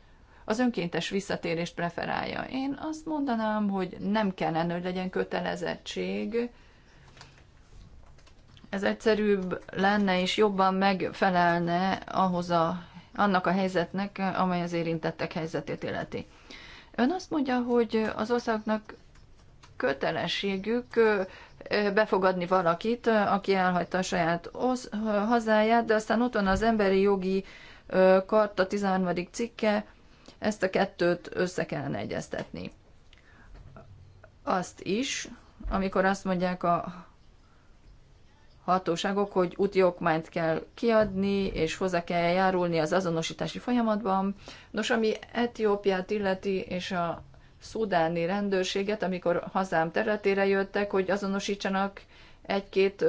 az önkéntes visszatérést preferálja. Én azt mondanám, hogy nem kellene, hogy legyen kötelezettség. Ez egyszerűbb lenne és jobban megfelelne ahhoz a, annak a helyzetnek, amely az érintettek helyzetét illeti. Ön azt mondja, hogy az országnak kötelességük befogadni valakit, aki elhagyta a saját hazáját, de aztán ott van az emberi jogi karta 13. cikke, ezt a kettőt össze kellene egyeztetni. Azt is, amikor azt mondják a hatóságok, hogy úti okmányt kell kiadni, és hozzá kell járulni az azonosítási folyamatban. Nos, ami Etiópiát illeti, és a szudáni rendőrséget, amikor hazám területére jöttek, hogy azonosítsanak egy-két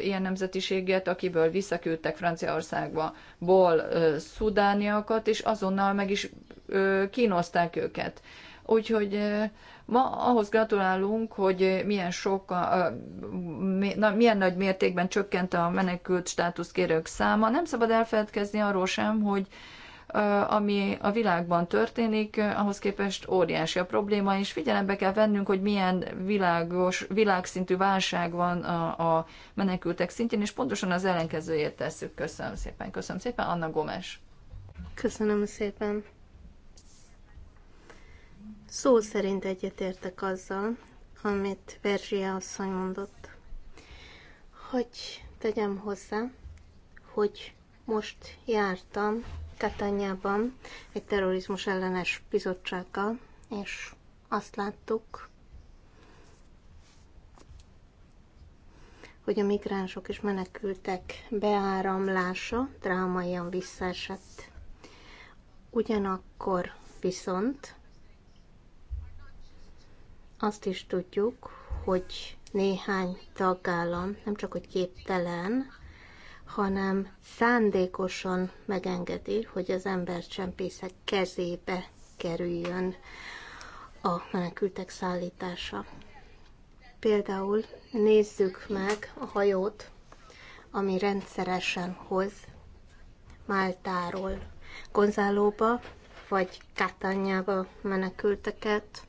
ilyen nemzetiséget, akiből visszaküldtek Franciaországba ból ö, szudániakat, és azonnal meg is ö, kínozták őket. Úgyhogy ö, ma ahhoz gratulálunk, hogy milyen, sok, mi, na, milyen nagy mértékben csökkent a menekült státuszkérők száma. Nem szabad elfeledkezni arról sem, hogy ami a világban történik, ahhoz képest óriási a probléma, és figyelembe kell vennünk, hogy milyen világos, világszintű válság van a, a menekültek szintjén, és pontosan az ellenkezőjét tesszük. Köszönöm szépen, köszönöm szépen, Anna Gomes. Köszönöm szépen. Szó szerint egyetértek azzal, amit Verzsia asszony mondott. Hogy tegyem hozzá, hogy most jártam Katanyában egy terrorizmus ellenes bizottsággal, és azt láttuk, hogy a migránsok és menekültek beáramlása drámaian visszaesett. Ugyanakkor viszont azt is tudjuk, hogy néhány tagállam nem csak hogy képtelen, hanem szándékosan megengedi, hogy az ember csempészek kezébe kerüljön a menekültek szállítása. Például nézzük meg a hajót, ami rendszeresen hoz Máltáról Gonzálóba vagy Kátányába menekülteket.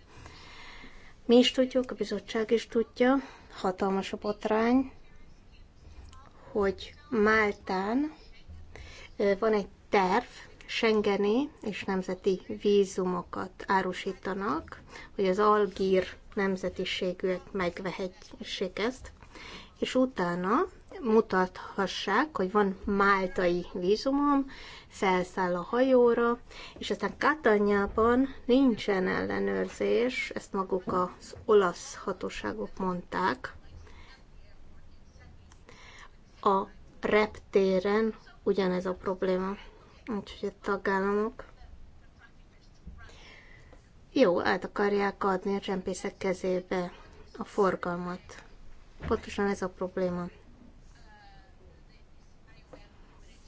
Mi is tudjuk, a bizottság is tudja, hatalmas a botrány, hogy Máltán van egy terv, Schengeni és nemzeti vízumokat árusítanak, hogy az algír nemzetiségűek megvehessék ezt, és utána mutathassák, hogy van máltai vízumom, felszáll a hajóra, és aztán Katanyában nincsen ellenőrzés, ezt maguk az olasz hatóságok mondták. A reptéren ugyanez a probléma. Úgyhogy a tagállamok jó, át akarják adni a csempészek kezébe a forgalmat. Pontosan ez a probléma.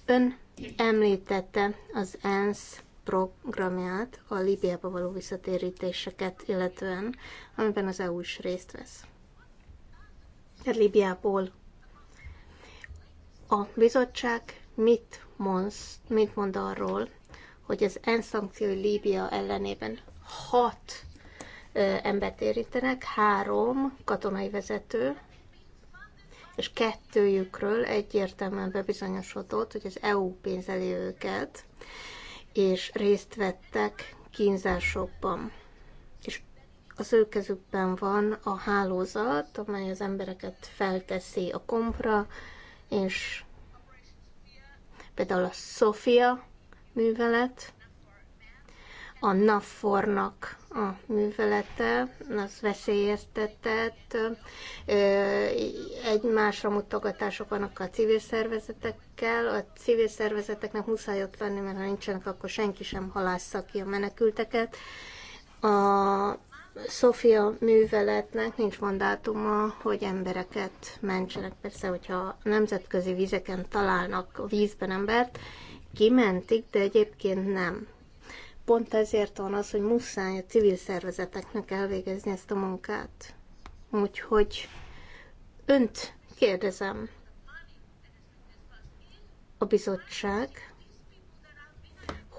Ön említette az ENSZ programját, a Líbiába való visszatérítéseket, illetően, amiben az EU is részt vesz. Tehát Líbiából a bizottság mit mond, mit mond arról, hogy az ENSZ szankciói Líbia ellenében hat ö, embert érintenek, három katonai vezető, és kettőjükről egyértelműen bebizonyosodott, hogy az EU pénzeli őket, és részt vettek kínzásokban. És az ő kezükben van a hálózat, amely az embereket felteszi a kompra, és például a Sofia művelet, a Nafornak a művelete, az veszélyeztetett, egymásra mutogatások vannak a civil szervezetekkel, a civil szervezeteknek muszáj ott lenni, mert ha nincsenek, akkor senki sem halássza ki a menekülteket. A Sofia műveletnek nincs mandátuma, hogy embereket mentsenek. Persze, hogyha nemzetközi vizeken találnak a vízben embert, kimentik, de egyébként nem. Pont ezért van az, hogy muszáj a civil szervezeteknek elvégezni ezt a munkát. Úgyhogy önt kérdezem. A bizottság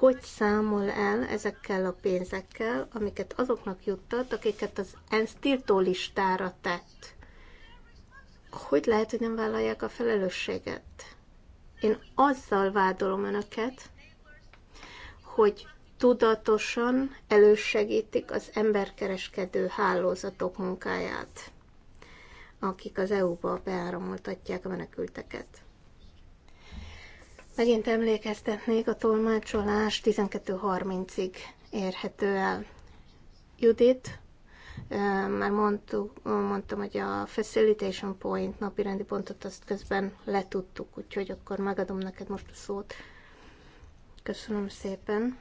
hogy számol el ezekkel a pénzekkel, amiket azoknak juttat, akiket az ENSZ tiltó listára tett. Hogy lehet, hogy nem vállalják a felelősséget? Én azzal vádolom önöket, hogy tudatosan elősegítik az emberkereskedő hálózatok munkáját, akik az EU-ba beáramoltatják a menekülteket. Megint emlékeztetnék, a tolmácsolás 12.30-ig érhető el. Judit, már mondtuk, mondtam, hogy a Facilitation Point napirendi pontot azt közben letudtuk, úgyhogy akkor megadom neked most a szót. Köszönöm szépen.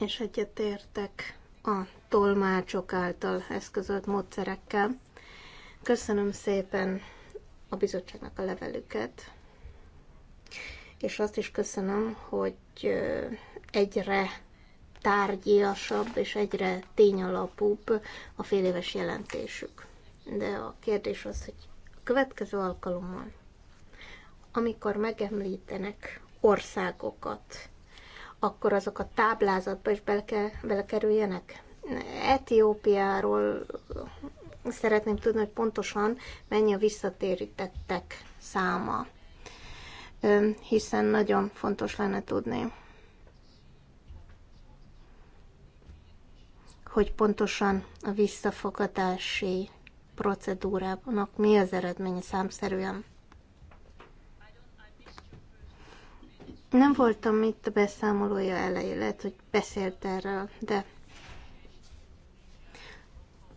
És egyetértek a tolmácsok által eszközölt módszerekkel. Köszönöm szépen a bizottságnak a levelüket és azt is köszönöm, hogy egyre tárgyiasabb és egyre tényalapúbb a éves jelentésük. De a kérdés az, hogy a következő alkalommal, amikor megemlítenek országokat, akkor azok a táblázatba is belekerüljenek? Etiópiáról szeretném tudni, hogy pontosan mennyi a visszatérítettek száma hiszen nagyon fontos lenne tudni, hogy pontosan a visszafogadási procedúrának mi az eredménye számszerűen. Nem voltam itt a beszámolója elején, lehet, hogy beszélt erről, de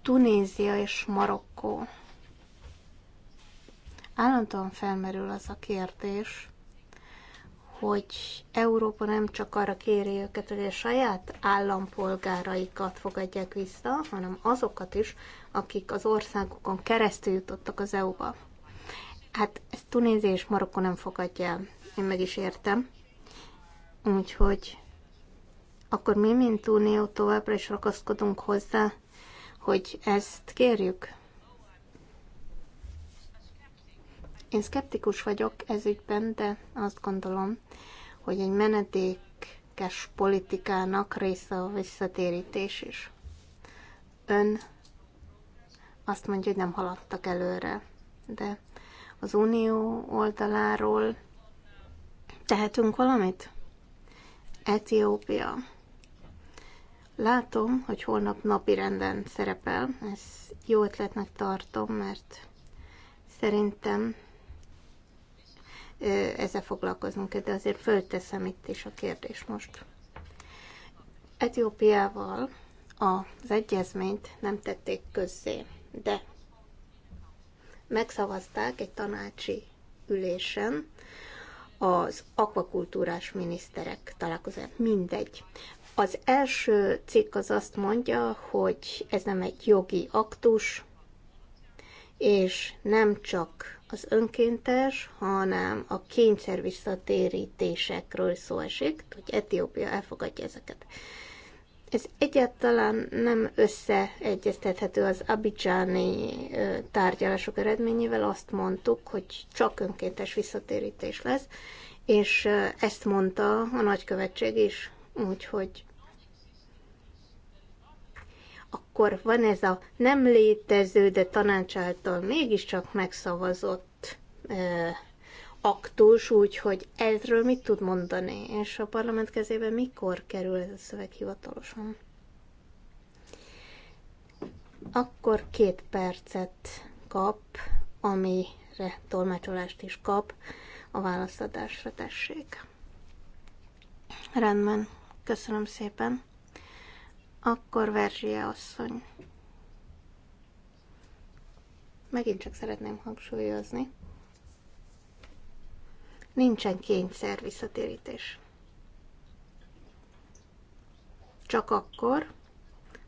Tunézia és Marokkó. Állandóan felmerül az a kérdés, hogy Európa nem csak arra kéri őket, hogy a saját állampolgáraikat fogadják vissza, hanem azokat is, akik az országokon keresztül jutottak az EU-ba. Hát ezt Tunézia és Marokko nem fogadja el. Én meg is értem. Úgyhogy akkor mi, mint Unió, továbbra is rakaszkodunk hozzá, hogy ezt kérjük. Én szkeptikus vagyok ez ügyben, de azt gondolom, hogy egy menedékes politikának része a visszatérítés is. Ön azt mondja, hogy nem haladtak előre, de az unió oldaláról tehetünk valamit? Etiópia. Látom, hogy holnap napi renden szerepel. Ez jó ötletnek tartom, mert szerintem ezzel foglalkoznunk kell, de azért fölteszem itt is a kérdést most. Etiópiával az egyezményt nem tették közzé, de megszavazták egy tanácsi ülésen az akvakultúrás miniszterek találkozóján. Mindegy. Az első cikk az azt mondja, hogy ez nem egy jogi aktus, és nem csak az önkéntes, hanem a kényszer visszatérítésekről szó esik, hogy Etiópia elfogadja ezeket. Ez egyáltalán nem összeegyeztethető az abidzsáni tárgyalások eredményével. Azt mondtuk, hogy csak önkéntes visszatérítés lesz, és ezt mondta a nagykövetség is, úgyhogy akkor van ez a nem létező, de tanács által mégiscsak megszavazott aktus, úgyhogy erről mit tud mondani, és a parlament kezében mikor kerül ez a szöveg hivatalosan? Akkor két percet kap, amire tolmácsolást is kap a választadásra, tessék. Rendben, köszönöm szépen. Akkor Verzsie asszony. Megint csak szeretném hangsúlyozni. Nincsen kényszer visszatérítés. Csak akkor,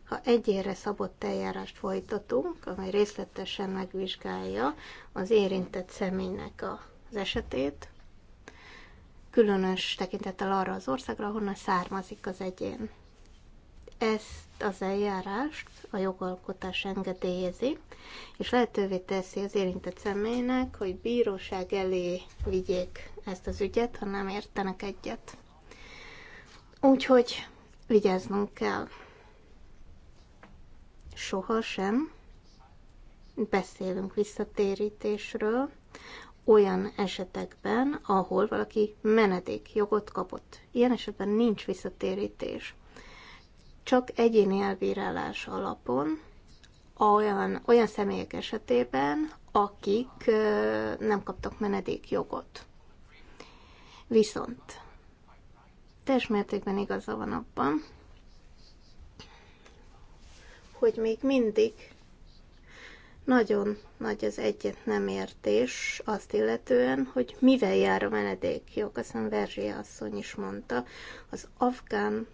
ha egyére szabott eljárást folytatunk, amely részletesen megvizsgálja az érintett személynek az esetét, különös tekintettel arra az országra, honnan származik az egyén ezt az eljárást a jogalkotás engedélyezi, és lehetővé teszi az érintett személynek, hogy bíróság elé vigyék ezt az ügyet, ha nem értenek egyet. Úgyhogy vigyáznunk kell. Sohasem beszélünk visszatérítésről olyan esetekben, ahol valaki menedékjogot kapott. Ilyen esetben nincs visszatérítés csak egyéni elbírálás alapon, olyan, olyan személyek esetében, akik nem kaptak menedékjogot. Viszont teljes mértékben igaza van abban, hogy még mindig nagyon nagy az egyet nem értés azt illetően, hogy mivel jár a menedékjog. Aztán Verzsia asszony is mondta, az afgán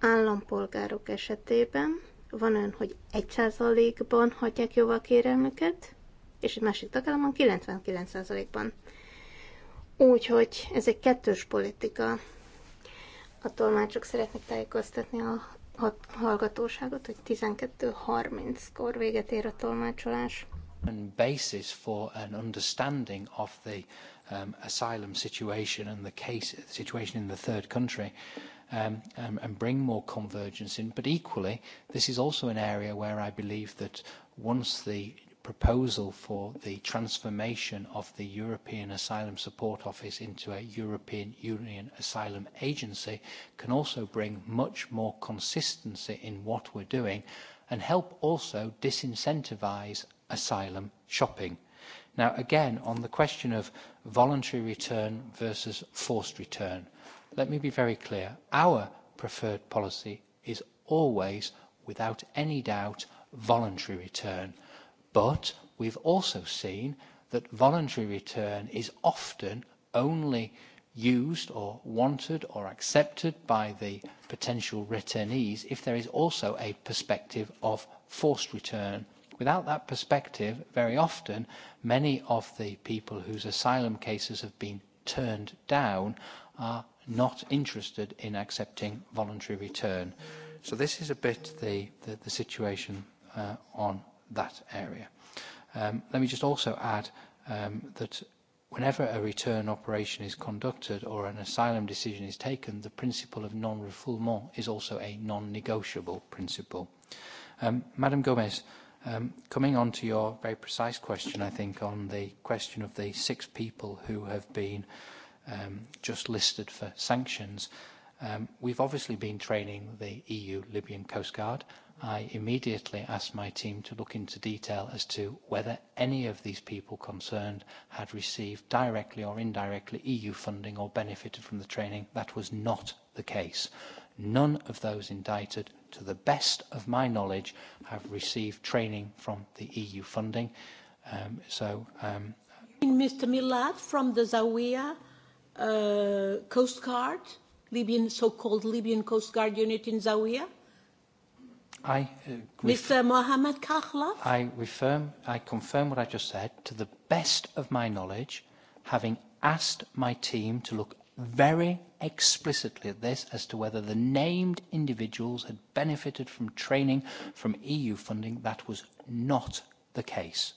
állampolgárok esetében van olyan, hogy 1%-ban hagyják jóvá a kérelmüket, és egy másik tagállamban 99%-ban. Úgyhogy ez egy kettős politika. Attól már csak szeretnék tájékoztatni a hallgatóságot, hogy 12.30-kor véget ér a tolmácsolás. And basis for an understanding of the um, asylum situation and the case situation in the third country. Um, um, and bring more convergence in. But equally, this is also an area where I believe that once the proposal for the transformation of the European Asylum Support Office into a European Union Asylum Agency can also bring much more consistency in what we're doing and help also disincentivise asylum shopping. Now, again, on the question of voluntary return versus forced return, Let me be very clear. Our preferred policy is always, without any doubt, voluntary return. But we've also seen that voluntary return is often only used or wanted or accepted by the potential returnees if there is also a perspective of forced return. Without that perspective, very often, many of the people whose asylum cases have been turned down are not interested in accepting voluntary return. So this is a bit the, the, the situation uh, on that area. Um, let me just also add um, that whenever a return operation is conducted or an asylum decision is taken, the principle of non-refoulement is also a non-negotiable principle. Um, Madam Gomez, um, coming on to your very precise question, I think, on the question of the six people who have been uh, um, just listed for sanctions. Um, we've obviously been training the EU Libyan Coast Guard. I immediately asked my team to look into detail as to whether any of these people concerned had received directly or indirectly EU funding or benefited from the training. That was not the case. None of those indicted, to the best of my knowledge, have received training from the EU funding. Um, so, um, Mr. Milad from the Zawiya Uh, Coast Guard, Libyan, so-called Libyan Coast Guard unit in Zawiya? I, uh, Mr. Mohammed Kakhlaf? I, I confirm what I just said. To the best of my knowledge, having asked my team to look very explicitly at this as to whether the named individuals had benefited from training from EU funding, that was not the case.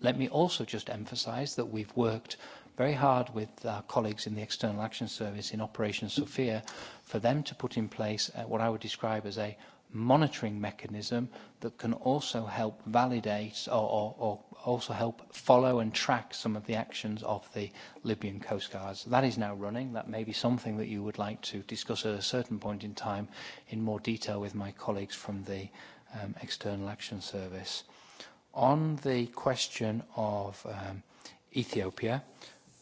Let me also just emphasise that we've worked very hard with our colleagues in the External Action Service in Operation Sophia for them to put in place uh, what I would describe as a monitoring mechanism that can also help validate or, or, or also help follow and track some of the actions of the Libyan Coast Guards. That is now running. That may be something that you would like to discuss at a certain point in time in more detail with my colleagues from the um, External Action Service. On the question of um, Ethiopia,